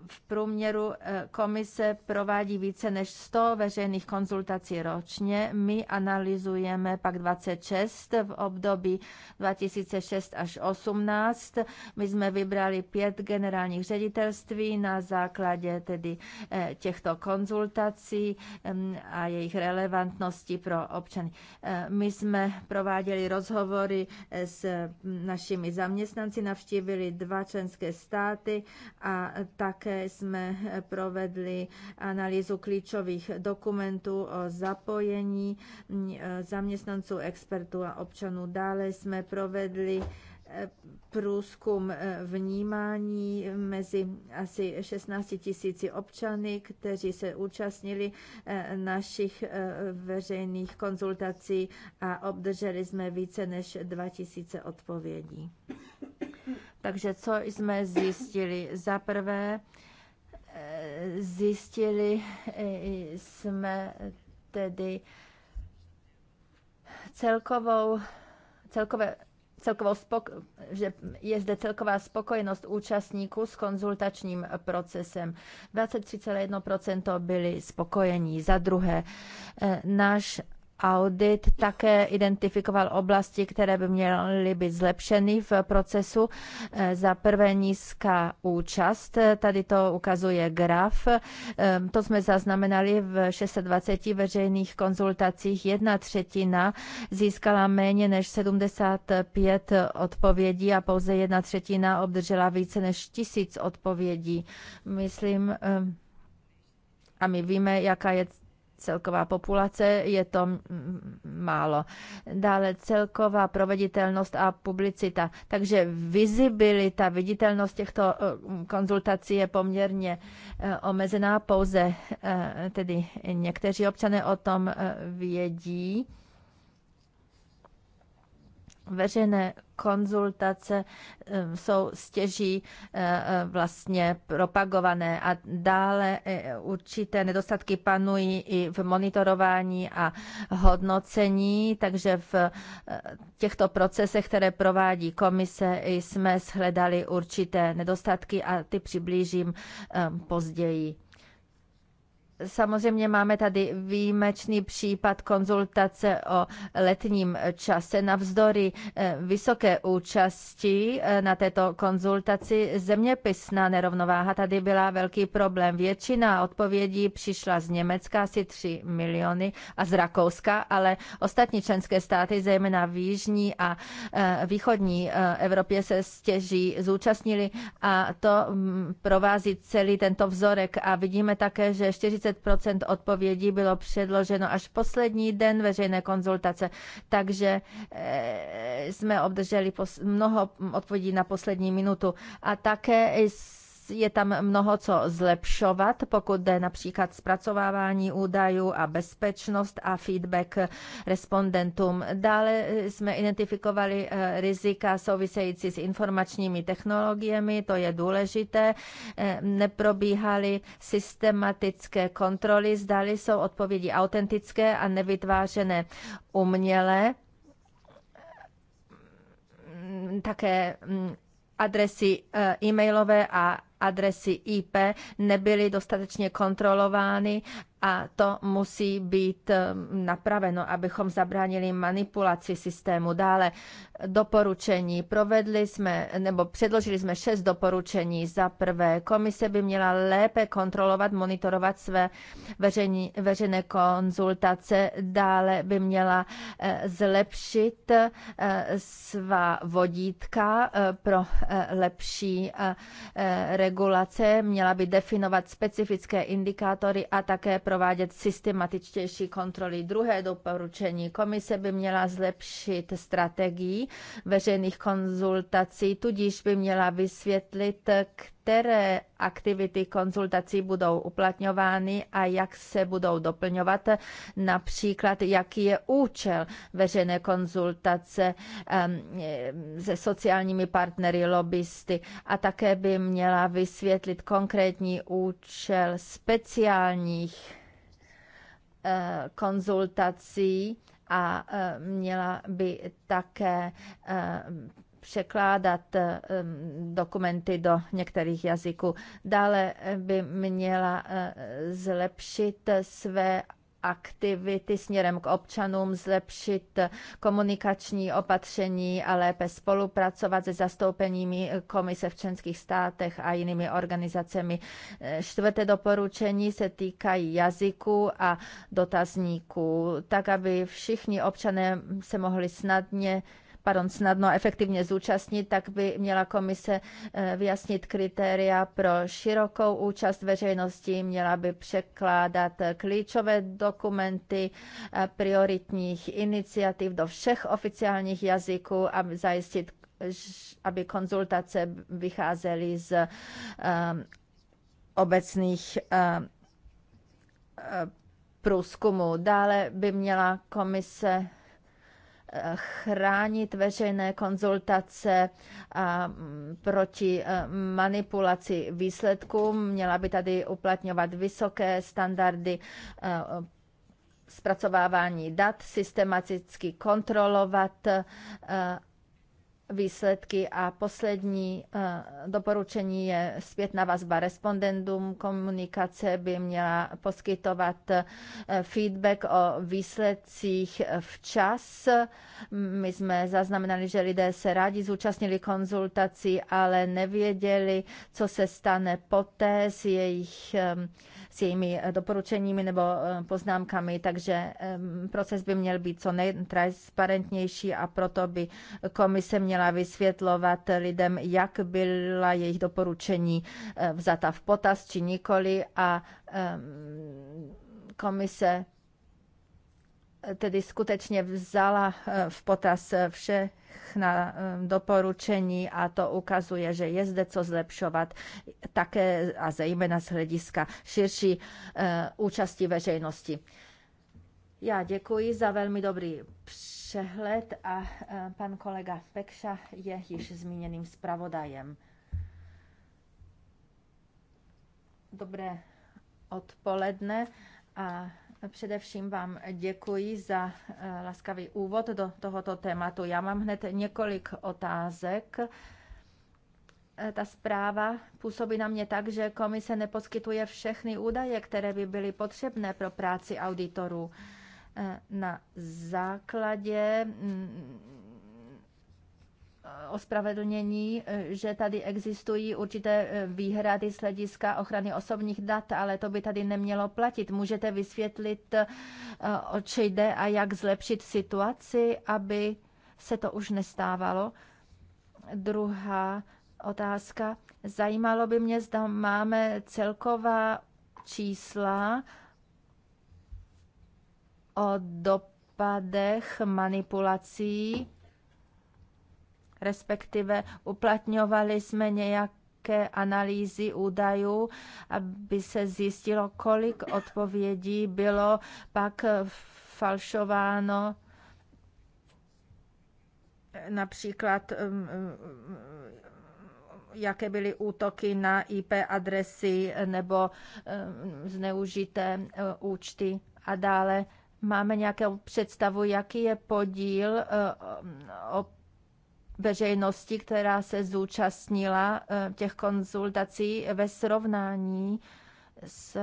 v průměru eh, komise provádí více než 100 veřejných konzultací ročně. My analyzujeme pak 26 v období 2006 až 18. My jsme vybrali pět generálních ředitelství na základě tedy eh, těchto konzultací mm, a jejich relevantnosti pro občany. Eh, my jsme prováděli rozhovory s mm, našimi zaměstnanci, navštívili dva členské státy a také jsme eh, provedli analýzu klíčových dokumentů o zapojení mm, eh, zaměstnanců, expertů a občanů. Dále jsme provedli průzkum eh, vnímání mezi asi 16 tisíci občany, kteří se účastnili eh, našich eh, veřejných konzultací a obdrželi jsme více než 2000 odpovědí. Takže co jsme zjistili? Za prvé, zjistili jsme tedy celkovou, celkové celkovou spoko- že je zde celková spokojenost účastníků s konzultačním procesem. 23,1% byli spokojení. Za druhé, eh, náš audit také identifikoval oblasti, které by měly být zlepšeny v procesu. Eh, za prvé nízká účast, eh, tady to ukazuje graf, eh, to jsme zaznamenali v 620 veřejných konzultacích. Jedna třetina získala méně než 75 odpovědí a pouze jedna třetina obdržela více než tisíc odpovědí. Myslím, a my víme, jaká je celková populace, je to málo. Dále celková proveditelnost a publicita. Takže vizibilita, viditelnost těchto eh, konzultací je poměrně eh, omezená pouze, eh, tedy někteří občané o tom vědí veřejné konzultace eh, jsou stěží eh, eh, vlastně propagované a dále určité nedostatky panují i v monitorování a hodnocení, takže v těchto procesech, které provádí komise, jsme shledali určité nedostatky a ty přiblížím později. Samozřejmě máme tady výjimečný případ konzultace o letním čase. Navzdory eh, vysoké účasti eh, na této konzultaci zeměpisná nerovnováha tady byla velký problém. Většina odpovědí přišla z Německa, asi 3 miliony, a z Rakouska, ale ostatní členské státy, zejména v jižní a eh, východní Evropě, se stěží zúčastnili a to mm, provází celý tento vzorek. A vidíme také, že 40 20 odpovědí bylo předloženo až poslední den veřejné konzultace, takže eh, jsme obdrželi mnoho odpovědí na poslední minutu. A také je tam mnoho co zlepšovat, pokud jde například zpracovávání údajů a bezpečnost a feedback respondentům. Dále jsme identifikovali eh, rizika související s informačními technologiemi, to je důležité. Eh, neprobíhaly systematické kontroly, zdali jsou odpovědi autentické a nevytvářené uměle. Také mm, adresy eh, e-mailové a adresy IP nebyly dostatečně kontrolovány a to musí být ehm, napraveno, abychom zabránili manipulaci systému. Dále doporučení. Provedli jsme, nebo předložili jsme šest doporučení. Za prvé, komise by měla lépe kontrolovat, monitorovat své veřejní, veřejné konzultace. Dále by měla eh, zlepšit eh, svá vodítka eh, pro lepší regulace. Měla by definovat specifické indikátory a také pro provádět systematičtější kontroly. Druhé doporučení. Komise by měla zlepšit strategii veřejných konzultací, tudíž by měla vysvětlit, které aktivity konzultací budou uplatňovány a jak se budou doplňovat, například jaký je účel veřejné konzultace se sociálními partnery, lobbysty a také by měla vysvětlit konkrétní účel speciálních Eh, konzultací a eh, měla by také eh, překládat mm, dokumenty do některých jazyků. Dále by měla zlepšit své aktivity směrem k občanům, zlepšit komunikační opatření a lépe spolupracovat se zastoupeními komise v členských státech a jinými organizacemi. Čtvrté doporučení se týkají jazyku a dotazníků, tak aby všichni občané se mohli snadně pardon, snadno efektivně zúčastnit, tak by měla komise eh, vyjasnit kritéria pro širokou účast veřejnosti, měla by překládat eh, klíčové dokumenty eh, prioritních iniciativ do všech oficiálních jazyků a zajistit aby konzultace vycházely z um, obecných um, průzkumů. Dále by měla komise chránit veřejné konzultace a mm, proti e, manipulaci výsledků. Měla by tady uplatňovat vysoké standardy e, e, zpracovávání dat, systematicky kontrolovat výsledky. A poslední eh, doporučení je zpětná vazba respondentům. Komunikace by měla poskytovat eh, feedback o výsledcích včas. My jsme zaznamenali, že lidé se rádi zúčastnili konzultací, ale nevěděli, co se stane poté s jejich eh, s jejími eh, doporučeními nebo eh, poznámkami, takže proces by měl být co nejtransparentnější a proto by komise měla vysvětlovat lidem, jak byla jejich doporučení eh, vzata v potaz či nikoli a komise tedy skutečně vzala eh, v potaz eh, vše na eh, doporučení a to ukazuje, že je zde co zlepšovat také a zejména z hlediska širší účasti veřejnosti. Já děkuji za velmi dobrý přehled a pan kolega Pekša je již zmíněným zpravodajem. Dobré odpoledne a Především vám děkuji za eh, laskavý úvod do tohoto tématu. Já mám hned několik otázek. Eh, ta zpráva působí na mě tak, že komise neposkytuje všechny údaje, které by byly potřebné pro práci auditorů. Eh, na základě mm, Eh, ospravedlnění, eh, že tady existují určité eh, výhrady z hlediska ochrany osobních dat, ale to by tady nemělo platit. Můžete vysvětlit, o co jde a jak zlepšit situaci, aby se to už nestávalo? Druhá otázka. Zajímalo by mě, zda máme celková čísla o dopadech manipulací respektive uplatňovali jsme nějak nějaké analýzy údajů, aby se zjistilo, kolik odpovědí bylo pak falšováno například um, um, jaké byly útoky na IP adresy nebo um, zneužité uh, účty a dále. Máme nějakou představu, jaký je podíl uh, veřejnosti, která se zúčastnila eh, těch konzultací ve srovnání s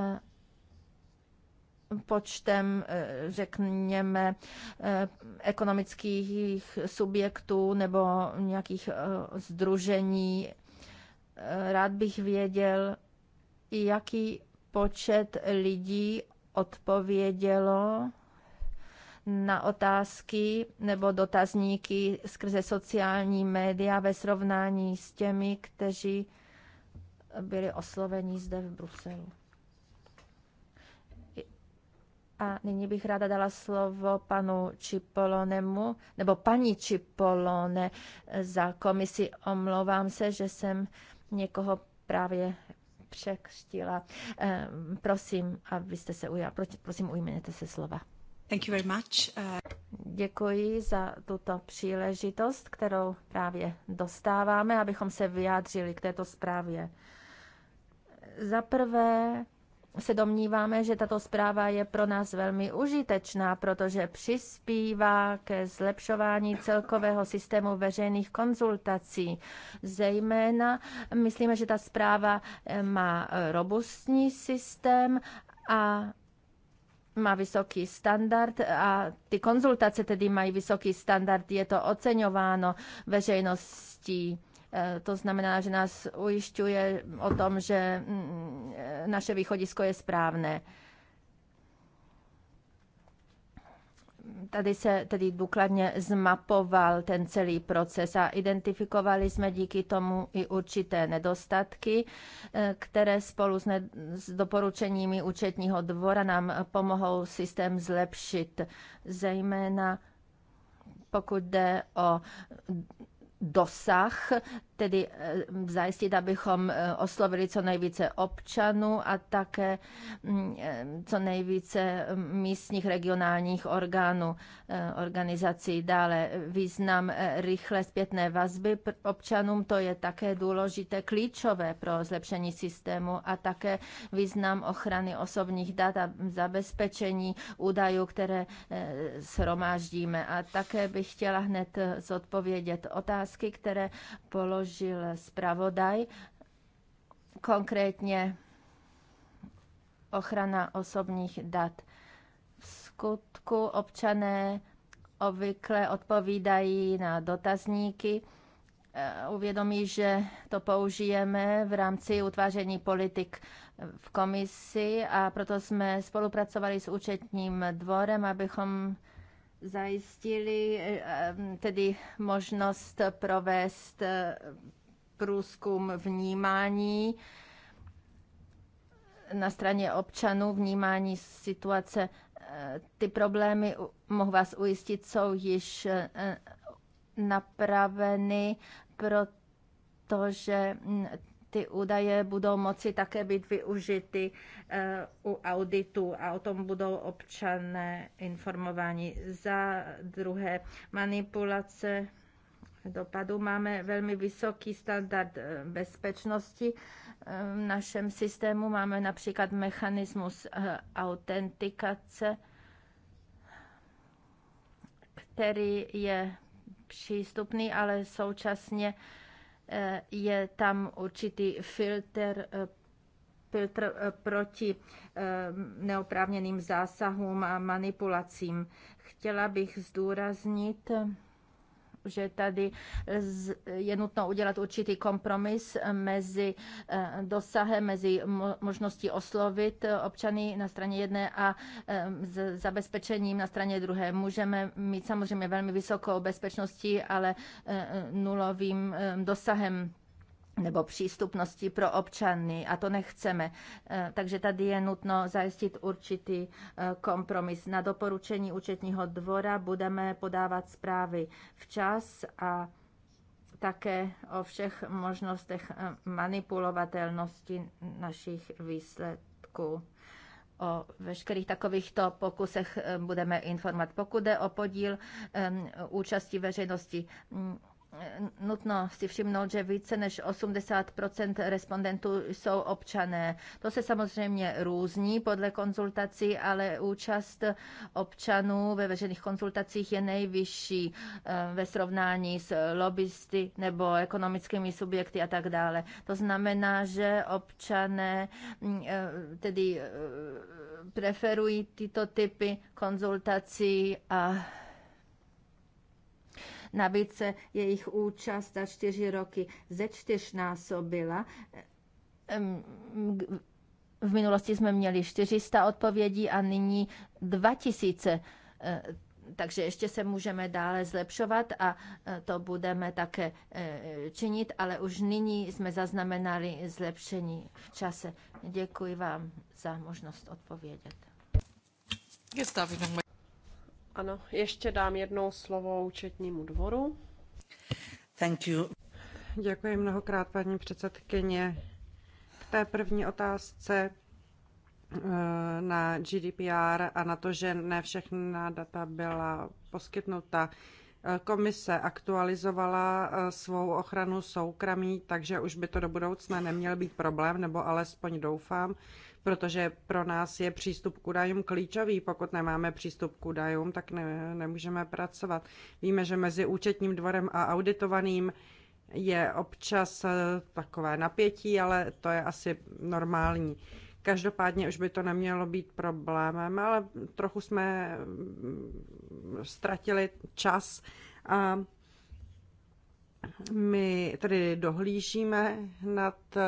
počtem, eh, řekněme, eh, ekonomických subjektů nebo nějakých združení. Rád bych věděl, jaký počet lidí odpovědělo na otázky nebo dotazníky skrze sociální média ve srovnání s těmi, kteří byli osloveni zde v Bruselu. A nyní bych ráda dala slovo panu Čipolonemu, nebo paní Čipolone za komisi. Omlouvám se, že jsem někoho právě překřtila. Ehm, prosím, abyste se ujala, Prosím, ujměte se slova. Thank you very much. Uh, Děkuji za tuto příležitost, kterou právě dostáváme, abychom se vyjádřili k této zprávě. Za prvé, se domníváme, že tato zpráva je pro nás velmi užitečná, protože přispívá ke zlepšování celkového systému veřejných konzultací. Zejména myslíme, že ta zpráva má robustní systém a má vysoký standard a ty konzultace tedy mají vysoký standard. Je to oceňováno veřejností. E, to znamená, že nás ujišťuje o tom, že mm, e, naše východisko je správné. Tady se tedy důkladně zmapoval ten celý proces a identifikovali jsme díky tomu i určité nedostatky, eh, které spolu s, ne- s doporučeními účetního dvora nám pomohou systém zlepšit, zejména pokud jde o dosah tedy eh, zajistit, abychom eh, oslovili co nejvíce občanů a také mm, eh, co nejvíce mm, místních regionálních orgánů, organizací. Dále význam rychle zpětné vazby občanům, to je také důležité, klíčové pro zlepšení systému a také význam ochrany osobních dat a zabezpečení údajů, které shromáždíme. A také bych chtěla hned zodpovědět otázky, které položí předložil zpravodaj, konkrétně ochrana osobních dat. V skutku občané obvykle odpovídají na dotazníky, eh, uvědomí, že to použijeme v rámci utváření politik v komisi a proto jsme spolupracovali s účetním dvorem, abychom zajistili eh, eh, tedy možnost provést eh, průzkum vnímání na straně občanů, vnímání situace. Ty problémy, mohu vás ujistit, jsou již napraveny, protože mm, ty údaje budou moci také být využity eh, u auditu a o tom budou občané informováni. Za druhé, manipulace dopadu. Máme velmi vysoký standard eh, bezpečnosti eh, v našem systému. Máme například mechanismus autentikace, který je přístupný, ale současně Eh, je tam určitý eh, filtr filtr eh, proti neoprávněným zásahům a manipulacím. Chtěla bych zdůraznit, že tady eh, je nutno udělat určitý kompromis mezi eh, dosahem, mezi možností oslovit eh, občany na straně jedné a zabezpečením na straně druhé. Můžeme mít samozřejmě velmi vysokou bezpečností, ale nulovým dosahem nebo přístupnosti pro občany a to nechceme. E, takže tady je nutno zajistit určitý e, kompromis. Na doporučení účetního dvora budeme podávat zprávy včas a také o všech možnostech e, manipulovatelnosti našich výsledků. O veškerých takovýchto pokusech budeme informovat. Pokud jde o podíl účasti veřejnosti, nutno si všimnout, že více než 80 respondentů jsou občané. To se samozřejmě různí podle konzultací, ale účast občanů ve veřejných konzultacích je nejvyšší eh, ve srovnání s lobbysty nebo ekonomickými subjekty a tak dále. To znamená, že občané mm, eh, tedy eh, preferují tyto typy konzultací a Navíc jejich účast za čtyři roky ze čtyřnásobila. V minulosti jsme měli 400 odpovědí a nyní 2000 e, takže ještě se můžeme dále zlepšovat a e, to budeme také e, činit, ale už nyní jsme zaznamenali zlepšení v čase. Děkuji vám za možnost odpovědět. Ano, ještě dám jednou slovo účetnímu dvoru. Thank you. Děkuji mnohokrát, paní předsedkyně. K té první otázce eh, na GDPR a na to, že ne všechna data byla poskytnuta. Eh, komise aktualizovala eh, svou ochranu soukromí, takže už by to do budoucna neměl být problém, nebo alespoň doufám protože pro nás je přístup k údajům klíčový. Pokud nemáme přístup k údajům, tak ne, nemůžeme pracovat. Víme, že mezi účetním dvorem a auditovaným je občas eh, takové napětí, ale to je asi normální. Každopádně už by to nemělo být problémem, ale trochu jsme mm, ztratili čas a my tedy dohlížíme nad eh,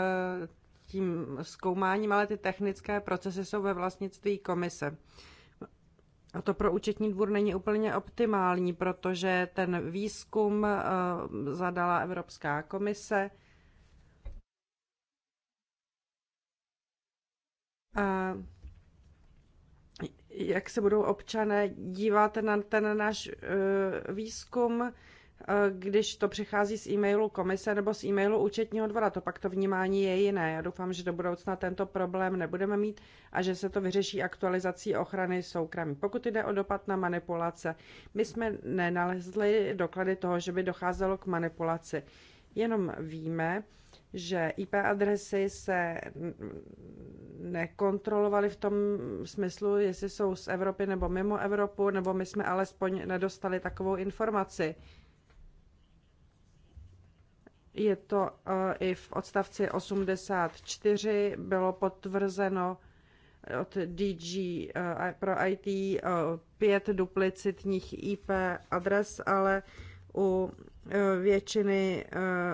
tím zkoumáním, ale ty technické procesy jsou ve vlastnictví komise. A to pro účetní dvůr není úplně optimální, protože ten výzkum eh, zadala Evropská komise. A jak se budou občané dívat na ten náš eh, výzkum, Eh, když to přichází z e-mailu komise nebo z e-mailu účetního dvora. To pak to vnímání je jiné. Já doufám, že do budoucna tento problém nebudeme mít a že se to vyřeší aktualizací ochrany soukromí. Pokud jde o dopad na manipulace, my jsme nenalezli doklady toho, že by docházelo k manipulaci. Jenom víme, že IP adresy se nekontrolovaly v tom smyslu, jestli jsou z Evropy nebo mimo Evropu, nebo my jsme alespoň nedostali takovou informaci je to eh, i v odstavci 84, bylo potvrzeno od DG eh, pro IT eh, pět duplicitních IP adres, ale u většiny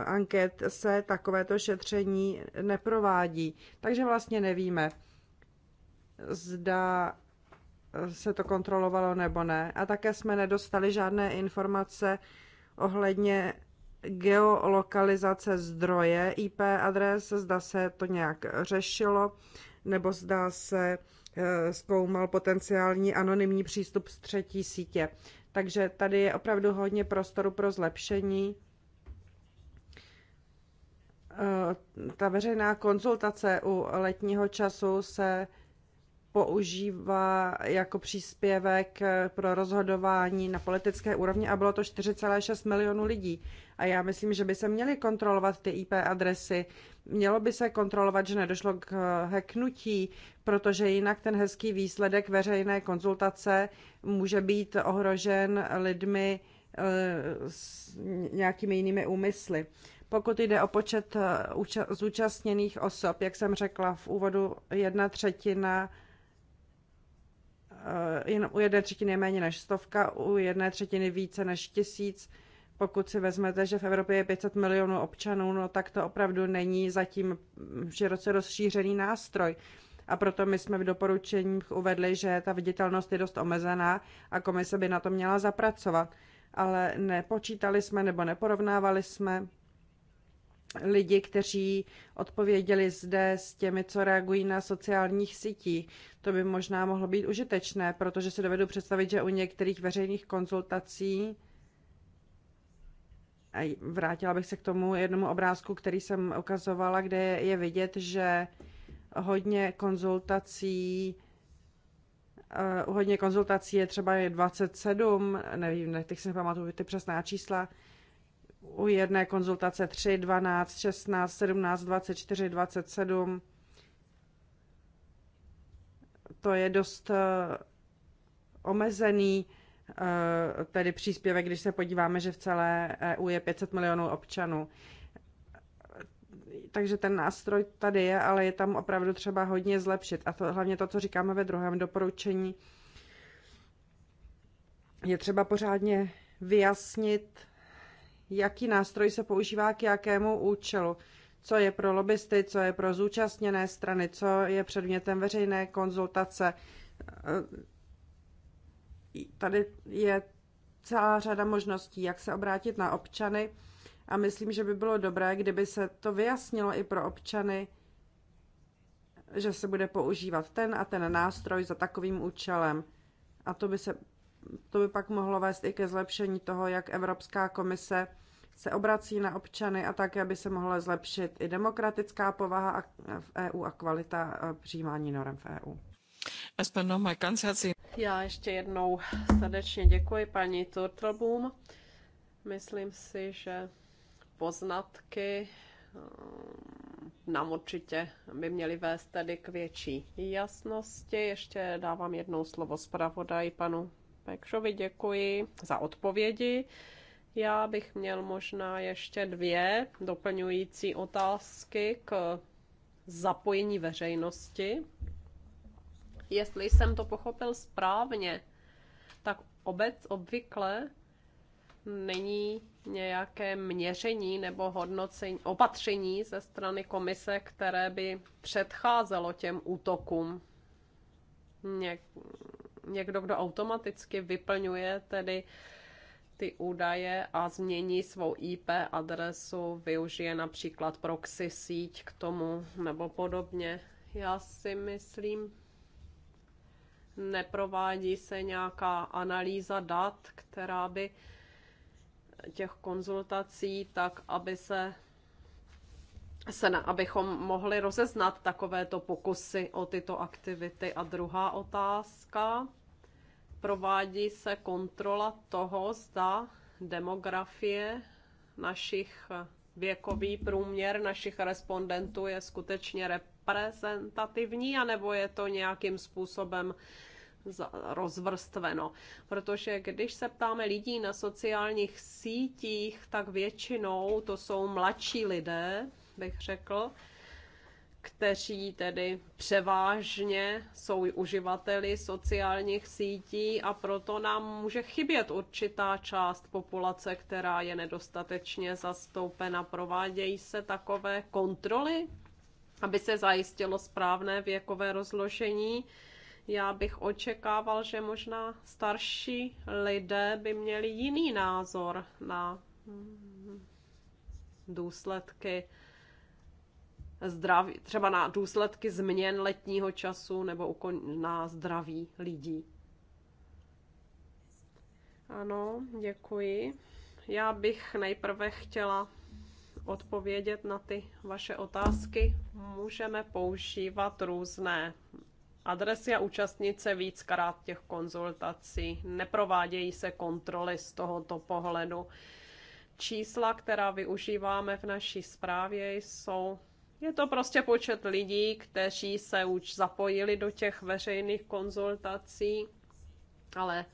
anket se takovéto šetření neprovádí. Takže vlastně nevíme, zda se to kontrolovalo nebo ne. A také jsme nedostali žádné informace ohledně geolokalizace zdroje IP adres, zda se to nějak řešilo, nebo zda se eh, zkoumal potenciální anonymní přístup z třetí sítě. Takže tady je opravdu hodně prostoru pro zlepšení. Eh, ta veřejná konzultace u letního času se používá jako příspěvek pro rozhodování na politické úrovni a bylo to 4,6 milionů lidí. A já myslím, že by se měly kontrolovat ty IP adresy, mělo by se kontrolovat, že nedošlo k heknutí, protože jinak ten hezký výsledek veřejné konzultace může být ohrožen lidmi eh, s nějakými jinými úmysly. Pokud jde o počet eh, zúčastněných osob, jak jsem řekla v úvodu, jedna třetina Eh, jen u jedné třetiny méně než stovka, u jedné třetiny více než tisíc. Pokud si vezmete, že v Evropě je 500 milionů občanů, no tak to opravdu není zatím široce rozšířený nástroj. A proto my jsme v doporučeních uvedli, že ta viditelnost je dost omezená a komise by na to měla zapracovat. Ale nepočítali jsme nebo neporovnávali jsme lidi, kteří odpověděli zde s těmi, co reagují na sociálních sítích. To by možná mohlo být užitečné, protože si dovedu představit, že u některých veřejných konzultací a vrátila bych se k tomu jednomu obrázku, který jsem ukazovala, kde je vidět, že hodně konzultací eh, hodně konzultací je třeba 27, nevím, ne, teď si nepamatuju ty přesná čísla, u jedné konzultace 3, 12, 16, 17, 24, 27. To je dost eh, omezený eh, tedy příspěvek, když se podíváme, že v celé EU je 500 milionů občanů. Takže ten nástroj tady je, ale je tam opravdu třeba hodně zlepšit. A to, hlavně to, co říkáme ve druhém doporučení, je třeba pořádně vyjasnit jaký nástroj se používá k jakému účelu, co je pro lobbysty, co je pro zúčastněné strany, co je předmětem veřejné konzultace. E, tady je celá řada možností, jak se obrátit na občany a myslím, že by bylo dobré, kdyby se to vyjasnilo i pro občany, že se bude používat ten a ten nástroj za takovým účelem. A to by se to by pak mohlo vést i ke zlepšení toho, jak Evropská komise se obrací na občany a také by se mohla zlepšit i demokratická povaha v EU a kvalita e, přijímání norm v EU. Já ještě jednou srdečně děkuji paní Turtlbum. Myslím si, že poznatky ehm, nám určitě by měly vést tedy k větší jasnosti. Ještě dávám jednou slovo zpravodaji panu Pekšovi děkuji za odpovědi. Já bych měl možná ještě dvě doplňující otázky k zapojení veřejnosti. Jestli jsem to pochopil správně, tak obec obvykle není nějaké měření nebo hodnocení, opatření ze strany komise, které by předcházelo těm útokům někdo, kdo automaticky vyplňuje tedy ty údaje a změní svou IP adresu, využije například proxy síť k tomu nebo podobně. Já si myslím, neprovádí se nějaká analýza dat, která by těch konzultací, tak aby se se, na, abychom mohli rozeznat takovéto pokusy o tyto aktivity. A druhá otázka, provádí se kontrola toho, zda demografie našich věkový průměr našich respondentů je skutečně reprezentativní, anebo je to nějakým způsobem rozvrstveno. Protože když se ptáme lidí na sociálních sítích, tak většinou to jsou mladší lidé, bych řekl, kteří tedy převážně jsou uživateli sociálních sítí a proto nám může chybět určitá část populace, která je nedostatečně zastoupena. Provádějí se takové kontroly, aby se zajistilo správné věkové rozložení. Já bych očekával, že možná starší lidé by měli jiný názor na mm, důsledky zdraví, třeba na důsledky změn letního času nebo na zdraví lidí. Ano, děkuji. Já bych nejprve chtěla odpovědět na ty vaše otázky. Můžeme používat různé adresy a účastnit se víckrát těch konzultací. Neprovádějí se kontroly z tohoto pohledu. Čísla, která využíváme v naší zprávě, jsou je to prostě počet lidí, kteří se už zapojili do těch veřejných konzultací, ale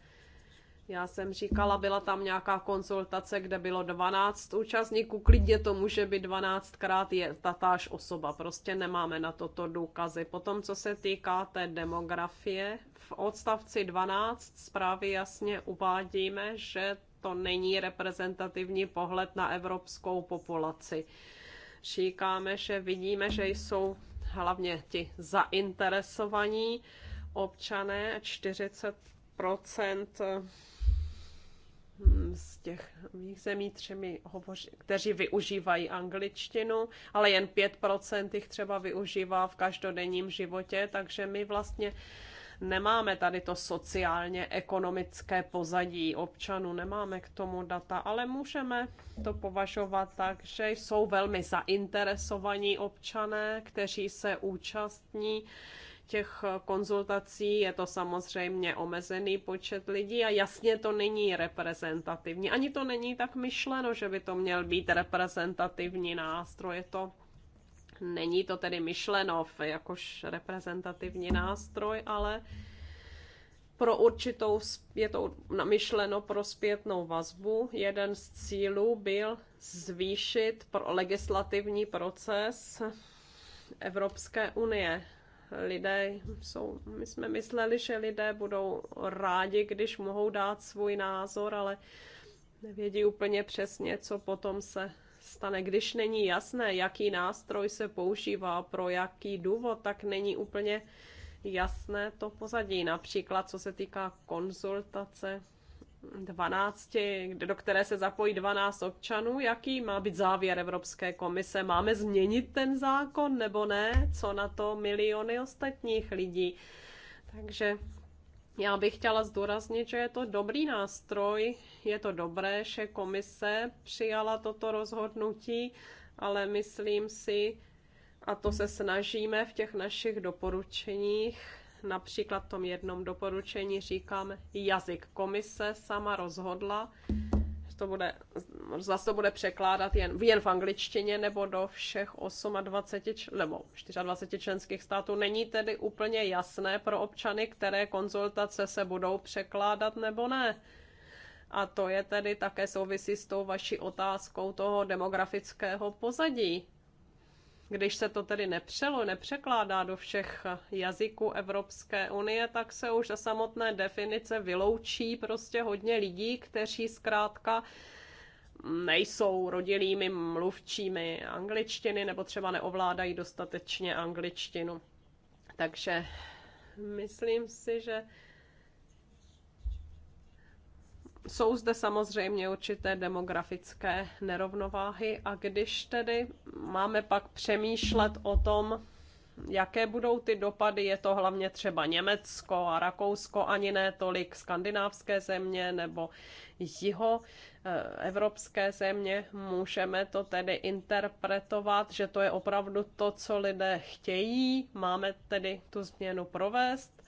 já jsem říkala, byla tam nějaká konzultace, kde bylo 12 účastníků, klidně to může být 12krát je tatáž osoba, prostě nemáme na toto důkazy. Potom, co se týká té demografie, v odstavci 12 zprávy jasně uvádíme, že to není reprezentativní pohled na evropskou populaci říkáme, že vidíme, že jsou hlavně ti zainteresovaní občané, 40 mm, z těch mých zemí třemi hovoři, kteří využívají angličtinu, ale jen 5% jich třeba využívá v každodenním životě, takže my vlastně Nemáme tady to sociálně ekonomické pozadí občanů, nemáme k tomu data, ale můžeme to považovat tak, že jsou velmi zainteresovaní občané, kteří se účastní těch konzultací je to samozřejmě omezený počet lidí a jasně to není reprezentativní. Ani to není tak myšleno, že by to měl být reprezentativní nástroj. Je to Není to tedy myšleno jakož reprezentativní nástroj, ale pro určitou, je to namyšleno pro zpětnou vazbu. Jeden z cílů byl zvýšit pro legislativní proces Evropské unie. Lidé jsou, my jsme mysleli, že lidé budou rádi, když mohou dát svůj názor, ale nevědí úplně přesně, co potom se stane, když není jasné, jaký nástroj se používá, pro jaký důvod, tak není úplně jasné to pozadí. Například, co se týká konzultace 12, do které se zapojí 12 občanů, jaký má být závěr Evropské komise? Máme změnit ten zákon nebo ne? Co na to miliony ostatních lidí? Takže já bych chtěla zdůraznit, že je to dobrý nástroj, je to dobré, že komise přijala toto rozhodnutí, ale myslím si, a to se snažíme v těch našich doporučeních, například v tom jednom doporučení říkáme jazyk komise sama rozhodla, to bude, zda to bude překládat jen, jen v angličtině nebo do všech 28 nebo 24 členských států. Není tedy úplně jasné pro občany, které konzultace se budou překládat nebo ne. A to je tedy také souvisí s tou vaší otázkou toho demografického pozadí. Když se to tedy nepřelo, nepřekládá do všech jazyků Evropské unie, tak se už za samotné definice vyloučí prostě hodně lidí, kteří zkrátka nejsou rodilými mluvčími angličtiny nebo třeba neovládají dostatečně angličtinu. Takže myslím si, že jsou zde samozřejmě určité demografické nerovnováhy a když tedy máme pak přemýšlet o tom, jaké budou ty dopady, je to hlavně třeba Německo a Rakousko, ani ne tolik skandinávské země nebo jiho eh, evropské země, můžeme to tedy interpretovat, že to je opravdu to, co lidé chtějí, máme tedy tu změnu provést.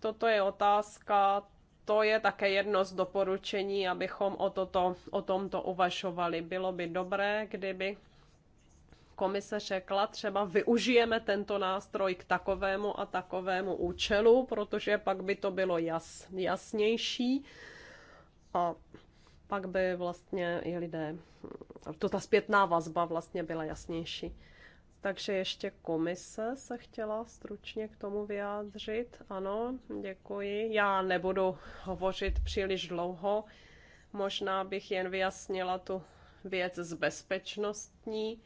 Toto je otázka to je také jedno z doporučení, abychom o, toto, o tomto uvažovali. Bylo by dobré, kdyby komise řekla, třeba využijeme tento nástroj k takovému a takovému účelu, protože pak by to bylo jas, jasnější a pak by vlastně i lidé, to ta zpětná vazba vlastně byla jasnější. Takže ještě komise se chtěla stručně k tomu vyjádřit. Ano, děkuji. Já nebudu hovořit příliš dlouho. Možná bych jen vyjasnila tu věc z bezpečnostní.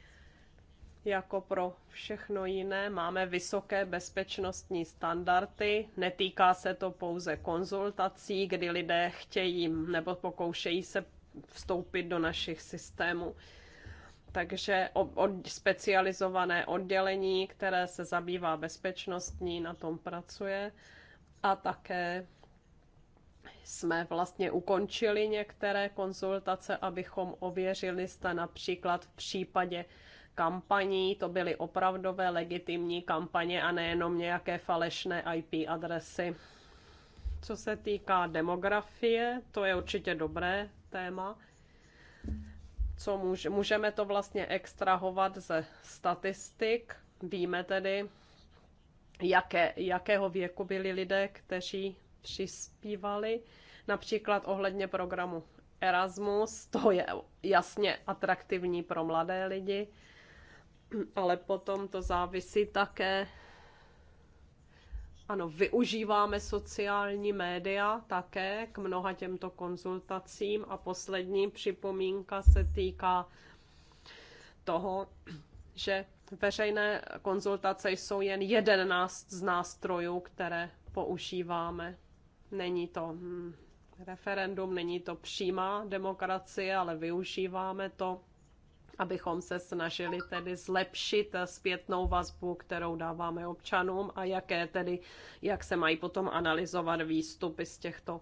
Jako pro všechno jiné máme vysoké bezpečnostní standardy. Netýká se to pouze konzultací, kdy lidé chtějí nebo pokoušejí se vstoupit do našich systémů takže specializované oddělení, které se zabývá bezpečnostní, na tom pracuje. A také jsme vlastně ukončili některé konzultace, abychom ověřili, jste například v případě kampaní to byly opravdové legitimní kampaně a nejenom nějaké falešné IP adresy. Co se týká demografie, to je určitě dobré téma co může, můžeme to vlastně extrahovat ze statistik. Víme tedy, jaké, jakého věku byli lidé, kteří přispívali, například ohledně programu Erasmus, to je jasně atraktivní pro mladé lidi, ale potom to závisí také ano, využíváme sociální média také k mnoha těmto konzultacím a poslední připomínka se týká toho, že veřejné konzultace jsou jen jeden z nástrojů, které používáme. Není to hm, referendum, není to přímá demokracie, ale využíváme to abychom se snažili tedy zlepšit zpětnou vazbu, kterou dáváme občanům a jaké tedy, jak se mají potom analyzovat výstupy z těchto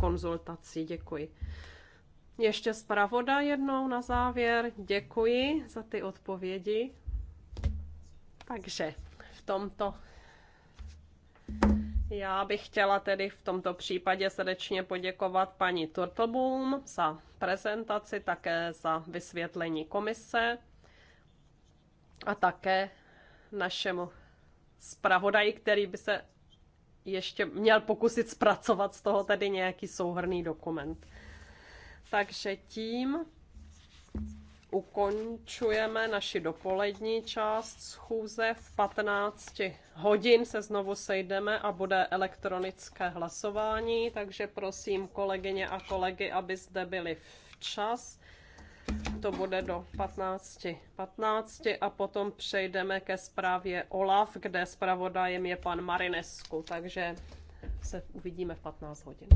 konzultací. Děkuji. Ještě zpravoda jednou na závěr. Děkuji za ty odpovědi. Takže v tomto já bych chtěla tedy v tomto případě srdečně poděkovat paní Turtleboom za prezentaci, také za vysvětlení komise a také našemu zpravodaji, který by se ještě měl pokusit zpracovat z toho tedy nějaký souhrný dokument. Takže tím ukončujeme naši dopolední část schůze. V 15 hodin se znovu sejdeme a bude elektronické hlasování, takže prosím kolegyně a kolegy, aby zde byli včas. To bude do 15. 15 a potom přejdeme ke zprávě OLAF, kde zpravodajem je pan Marinesku, takže se uvidíme v 15 hodin.